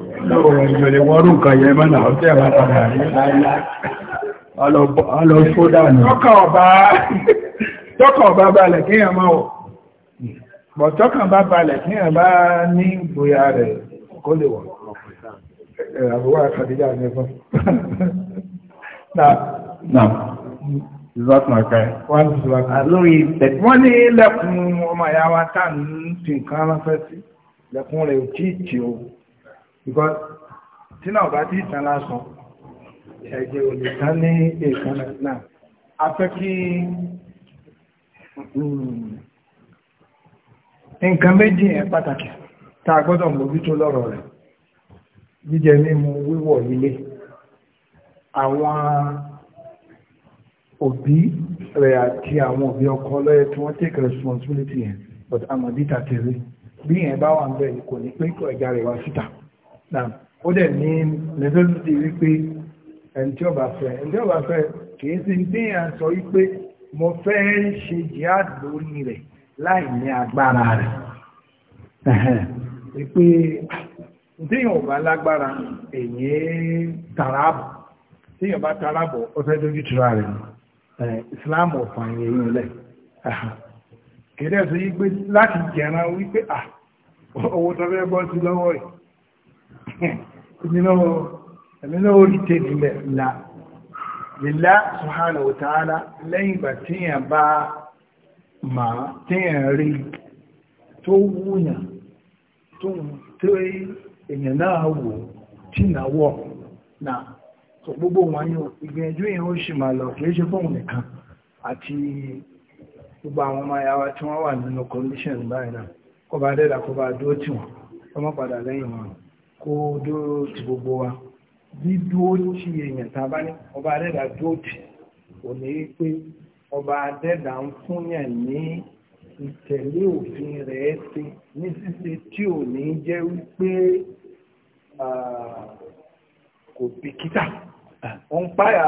lọ́wọ́ ìjọlẹ̀ wọ́n rún kan yẹ mọ́nà ọ̀tẹ́ àmàtàrà rí alọ́ fódà ní tọ́kọ̀ ọba balẹ̀ kí èèyàn máa wọ̀ bọ̀ tọ́kàn bá balẹ̀ kí èèyàn bá ní ìgboyà rẹ̀ kó lè wọ̀ àbúwà àkàdíjà ní fún wọ́n ní lẹ́kùn ọmọ ìyá wa táà ń fi nǹkan ránṣẹ́ sí lẹ́kùn rẹ̀ ò tí ì tí ó because tí náà bá tí ìtàn lásán ẹ̀jẹ̀ ò lè tán ní èèkan náà a fẹ́ kí hmm, nǹkan méjì ẹ̀ pàtàkì tá a gbọ́dọ̀ mójútó lọ́rọ̀ rẹ̀ jíjẹ mímu wíwọ̀ ilé àwọn òbí rẹ̀ àti àwọn òbí ọkọ lọ́yẹ tí wọ́n take responsibility yẹn but àmọ̀dí tàtẹ̀rẹ̀ bí yẹn bá wà ń bẹ̀ kò ní pé kọ̀ ẹ̀já rẹ̀ wá síta. na ó dẹ̀ ní necessity wípé ẹni tí ó bá fẹ́ ẹni tí ó bá fẹ́ kìí sí sọ wípé mo fẹ́ ṣe jihad lórí rẹ̀ láì ní agbára rẹ̀ wípé tíyàn ò bá lágbára èyí tàràbọ̀ tíyàn bá tàràbọ̀ ó fẹ́ tura rẹ̀ Islam ọ̀fà èyí kìí dẹ̀ sọ wípé láti jẹran wípé owó tó bọ́ sí lọ́wọ́ èmi náà ó rí tèmi lẹ̀ la lílá subhanahu wa ta'ala lẹ́yìn ìgbà tíyàn bá màá tíyàn rí tó wúyàn tó èèyàn náà wò tí náwọ̀ na tó gbogbo wọn yóò ìgbìyànjú yẹn ó shi ma lọ kìí ṣe fóun nìkan àti gbogbo àwọn ọmọ ayáwá tí wọ́n wà nínú condition báyìí náà kọba adẹ́dà kọba adó tí wọ́n wọ́n padà lẹ́yìn wọn kó dúró ti gbogbo wa bí dúró ti èèyàn tá a bá ní ọba adẹ́dà dúró ti kò ní í pé ọba adẹ́dà ń fúnyàn ní ìtẹ̀lé òfin rẹ̀ ṣe ní ṣíṣe tí ò ní jẹ́ wípé kò bìkítà ó ń páyà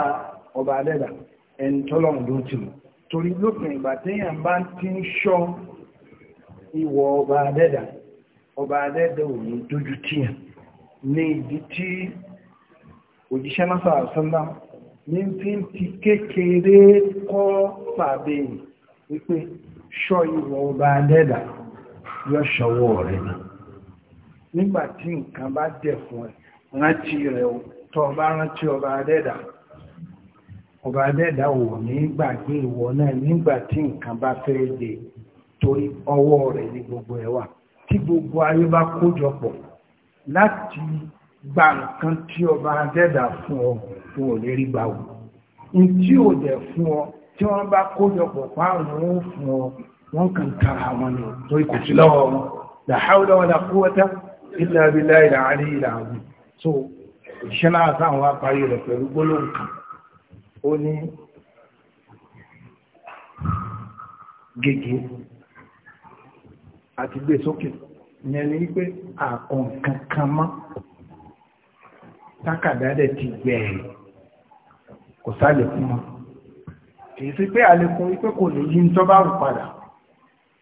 ọba adẹ́dà ẹni tọ́lọ́run ló ti mọ̀ torí lópin ìgbà téèyàn bá ti ń ṣọ́ ìwọ ọba adẹ́dà ọba adẹ́dà ò ní dójú tíyàn ní ìdí tí òjíṣẹ́ náà sàásánná ní fi ń ti kékeré kọ́ pàdé wípé ṣọ́ ìwọ̀n ọba adẹ́dà yóò ṣọwọ́ rẹ̀ náà nígbà tí nǹkan bá dẹ̀ fún ẹ rántí rẹ̀ tó ọba rántí ọba adẹ́dà ọba adẹ́dà ò ní gbàgbé náà nígbà nǹkan bá fẹ́ dé torí ọwọ́ rẹ̀ ní gbogbo ẹ̀ tí gbogbo ayé bá kójọ láti gba nǹkan tí ọba adẹ́dà fún ọ fún ò lè rí gbà wò ní tí ò dẹ̀ fún ọ tí wọ́n bá kójọpọ̀ páàrùn ún fún ọ wọ́n kàn tara wọn ni torí kò lọ́wọ́ wọn la hawla wala quwwata illa billahi so òṣìṣẹ́ náà sáwọn apárí rẹ̀ pẹ̀lú gbólóhùn kan ó ní gègé àti gbé ìyẹn ni wípé àkàn kankan mọ́ tákàdá dẹ̀ ti gbẹ̀rẹ̀ kò sáàlẹ̀ fún wọn èyí sí pé àlékún wípé kò lè yí nítọ́bá rù padà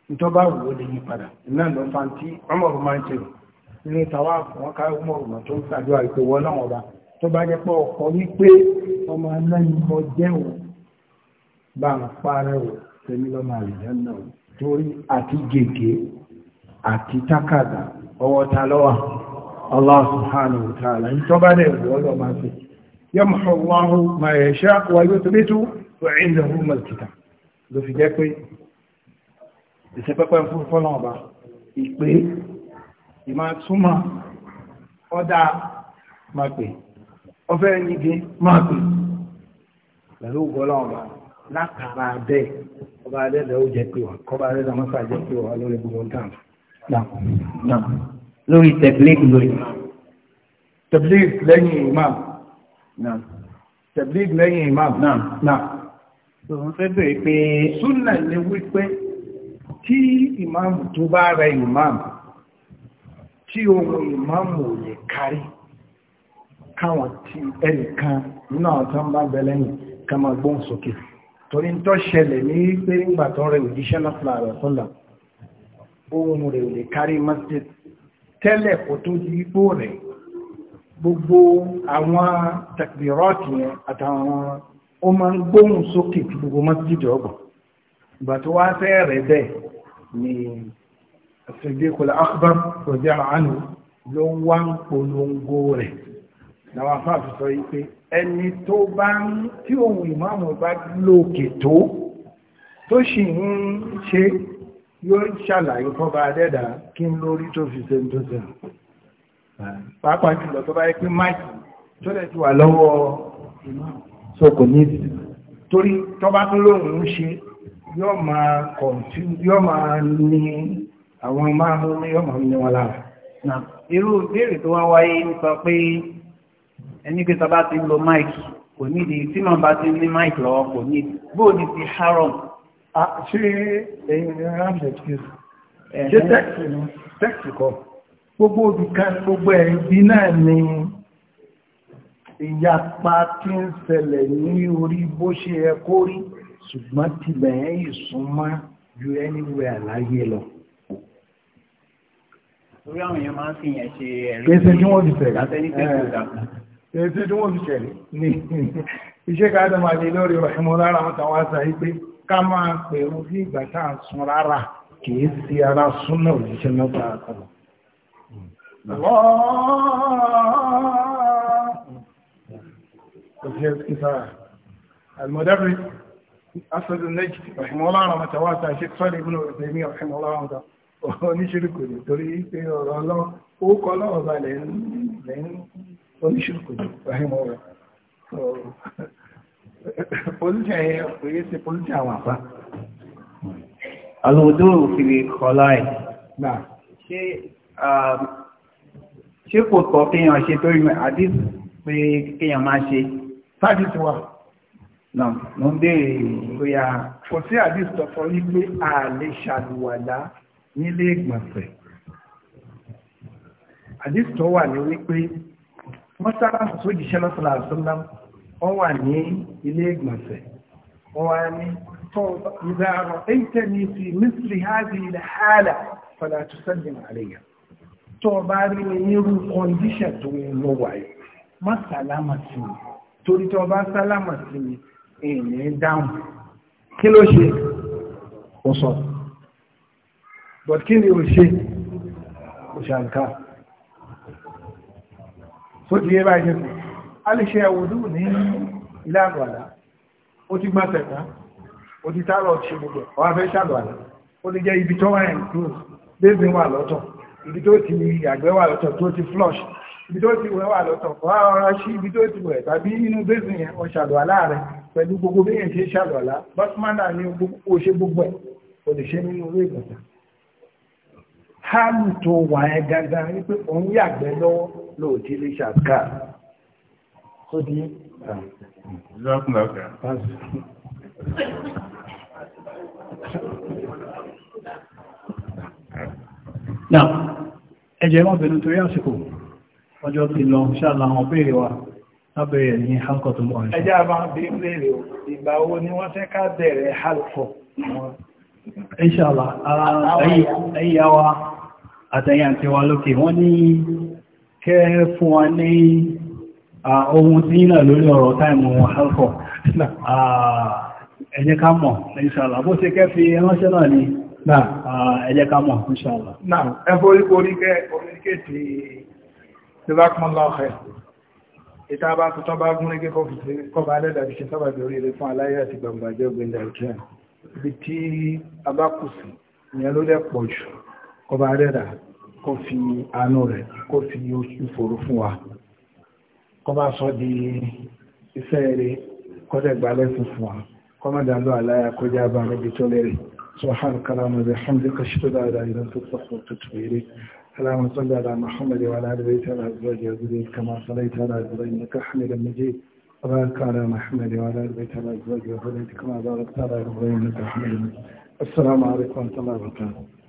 nítọ́bá rù ó lè yí padà iná lọ fa tí ọmọrù máa ń ṣe rò nínú tàwa fún ọkà ọmọrù náà tó ń ṣàdúrà ìpè wọ́n náà ọba tó bá jẹ́ pé ọkọ̀ wípé ọmọ aláìní mọ jẹ́ òun bá ń parẹ́ òun tẹ̀mí lọ́mọ àlùjá náà torí àti gègé àti tákàdá ọwọ́ ta lọ́wà Allah subhanahu wa ta'ala ní tọ́ bá dẹ̀ ìwọ́lọ́ máa fi yamhu Allahu ma yasha wa yuthbitu wa indahu ummul kitab ló fi jẹ́ pé ìsẹ́pẹ́pẹ́ fún fọ́lọ́ ọba ìpé ìmá túmọ̀ ọ̀dà máa pè ọfẹ́ nígi máa pè pẹ̀lú ògbọ́lọ́ ọba látara bẹ́ẹ̀ ọba adẹ́dẹ́ ó jẹ́ pé wà kọ́ba adẹ́dẹ́ mọ́sá jẹ́ pé wà lórí gbogbo nǹkan lórí tẹ̀blík lórí. tẹ̀blík lẹ́yìn imam náà tẹ̀blík lẹ́yìn imam náà náà. tòun fẹ́ bèrè pé súnà ni wípé tí imam tó bá rẹ imam tí ohun imam ò lè kárí káwọn tí ẹnìkan náà tán bá bẹ lẹ́yìn ká máa gbóhùn sókè torí ń tọ́ ṣẹlẹ̀ ní pé ńgbà tó rẹ òjíṣẹ́ náà fúlàrẹ̀ fúlàrẹ̀ ohun rẹ̀ ò lè kárí masjid tẹ́lẹ̀ kò tó di ipò rẹ̀ gbogbo àwọn takbirọ́ọ̀tì yẹn àtàwọn ó máa ń gbóhùn sókè tí gbogbo masjid ọgbọ̀n ìgbà tó wá fẹ́ rẹ̀ bẹ́ẹ̀ ni as-Siddiqul Akbar radiyallahu anhu ló ń wá ń polongo rẹ̀ làwọn afáàfi sọ yìí pé ẹni tó bá ń tí òun ìmáàmù bá lókè tó tó sì ń ṣe yóò ṣàlàyé fọ́ba adẹ́dà kí n lórí tó fi ṣe tó ṣe pàápàá jùlọ tó bá yẹ pé máìkì tó lè ti wà lọ́wọ́ so kò ní torí tọ́ba tó lóun ń ṣe yóò máa kọ̀ǹtú yóò máa ní àwọn máa ń ní yóò máa ní wọn lára. irú ìbéèrè tó wá wáyé nípa pé ẹni pé tọ́ba ti lo máìkì kò nídìí tí màá bá ti ní máìkì lọ́wọ́ kò nídìí bóò ní ti haram ṣe ẹ̀yìn ránṣẹ́ tí ṣe tẹ́kì kọ́ gbogbo òdìká gbogbo ẹ̀bí náà ni ìyapa tí ń ṣẹlẹ̀ ní orí bó ṣe ẹ kó rí ṣùgbọ́n tilẹ̀ ìsúnmọ́ ju anywhere láyé lọ orí àwọn èèyàn máa ń fi yẹn ṣe ẹ̀rí kéèsè tí wọ́n fi ṣẹ̀rí ní iṣẹ́ káàdà máa lè lórí ọ̀hìmọ̀ lára àwọn tàwọn àṣà yìí pé ká máa pèrò bí ìgbà tá à ń sun rárá kìí sí ara súnà òjíṣẹ́ náà bá a kọ̀. Òṣìṣẹ́ ìsára. Àlùmọ̀dábìrì, Asadu Nejì, Rahimọ́lá Ramata wá ta ṣe sọ́lẹ̀ torí pé ọ̀rọ̀ ọlọ́run, ó kọ́ lọ́wọ́ balẹ̀ ń oníṣirikò ní pòlíṣẹ̀ yẹn kò yé ṣe pòlíṣẹ̀ àwọn àpá. alòdó òfin kọlá ẹ̀. ṣé kò tọ́ kéèyàn ṣe torí àdí pé kéèyàn máa ṣe. sáàdì ti wà. nà mo ń béèrè bóyá. kò sí àdí sọ̀tọ̀ yìí pé a lè ṣàlùwàlá nílé ìgbọ̀nsẹ̀. àdí sọ̀tọ̀ wà ní wípé wọ́n sábà sọ́jì ṣẹlẹ̀ wọ́n wà ní ilé ìgbọ̀nsẹ̀ wọ́n wá ní tó ìdá àrọ̀ ẹ̀yìntẹ́ ní fi mísírì hábi ilẹ̀ hálà fọlá tó sẹ́yìn àríyá tó bá rí ní irú kọ́ndíṣẹ̀ tó ń lọ wáyé má sálámà sí mi torí tó bá sálámà sí mi èèyàn dáhùn kí ló ṣe ó sọ but kí ni ó ṣe ó ṣe àǹkà ti yé báyìí a lè ṣe ẹ̀wùdú ní ìlànà àlá ó ti gbá tẹ̀ta ó ti tààrọ̀ ṣe gbogbo ọwá fẹ́ ṣàlọ̀ àlá ó lè jẹ́ ibi tó wà ẹ̀ tó bébí wà lọ́tọ̀ ibi tó ti àgbẹ̀ wà lọ́tọ̀ tó ti flush ibi tó ti wẹ̀ wà lọ́tọ̀ wà ọ̀rọ̀ sí ibi tó ti wẹ̀ tàbí inú bébí yẹn ọ ṣàlọ̀ rẹ pẹ̀lú gbogbo bí yẹn ṣe ṣàlọ̀ àlá ni ó ṣe gbogbo ẹ̀ ó lè ṣe nínú orí ìgbọ̀nsẹ̀ hálù tó wà ẹ gangan wípé òun yàgbẹ́ lọ́wọ́ lóòtí lè ṣàkà ó di Now, ẹjẹ́ wọ́n bẹ̀rẹ̀ torí àsìkò, ọjọ́ ti lọ ṣáàlá àwọn béèrè wa lábẹ̀rẹ̀ ní halkọ̀ tó mọ̀. Ẹjẹ́ àbá bí béèrè o, ìgbà wo ni wọ́n fẹ́ ká bẹ̀rẹ̀ halkọ̀ wọn? Ìṣàlá, ẹ̀yà wa àtẹ̀yà ti wa lókè, wọ́n ní kẹ́ fún wa ní ohun tí yínà lórí ọ̀rọ̀ táìmù alfọ̀ ẹ jẹ́ ká mọ̀ inṣàlá bó ṣe kẹ́ fi ránṣẹ́ náà ni ẹ jẹ́ ká mọ̀ inṣàlá náà ẹgbẹ́ oríkò oríkẹ́ oríkẹ́ ti ṣẹbákúnlọ́ọ̀ẹ́ ìta bá tuntun bá gún régé kọba alẹ́dà ti ṣe sábà lórí rẹ̀ fún aláyé àti gbàmbà jẹ́ ògbẹ̀ndà ìjọyà ibi tí a ìyẹn ló dẹ̀ pọ̀ jù kọba alẹ́dà kó fi àánú rẹ̀ kó fi oṣù fòrò fún wa kọ́ bá sọ di iṣẹ́ rẹ̀ kọ́dẹ̀ gbà lẹ́sìn fún wa kọ́ má dàlú àláyà kọjá bá níbi tó lérè سبحانك اللهم وبحمدك اشهد ان لا اله الا انت استغفرك واتوب اليك اللهم صل على محمد وعلى ال بيته وعلى ازواجه وذريته كما صليت على ابراهيم انك حميد مجيد وبارك على محمد وعلى ال بيته وعلى ازواجه وذريته كما باركت على ابراهيم انك حميد مجيد السلام عليكم ورحمه الله وبركاته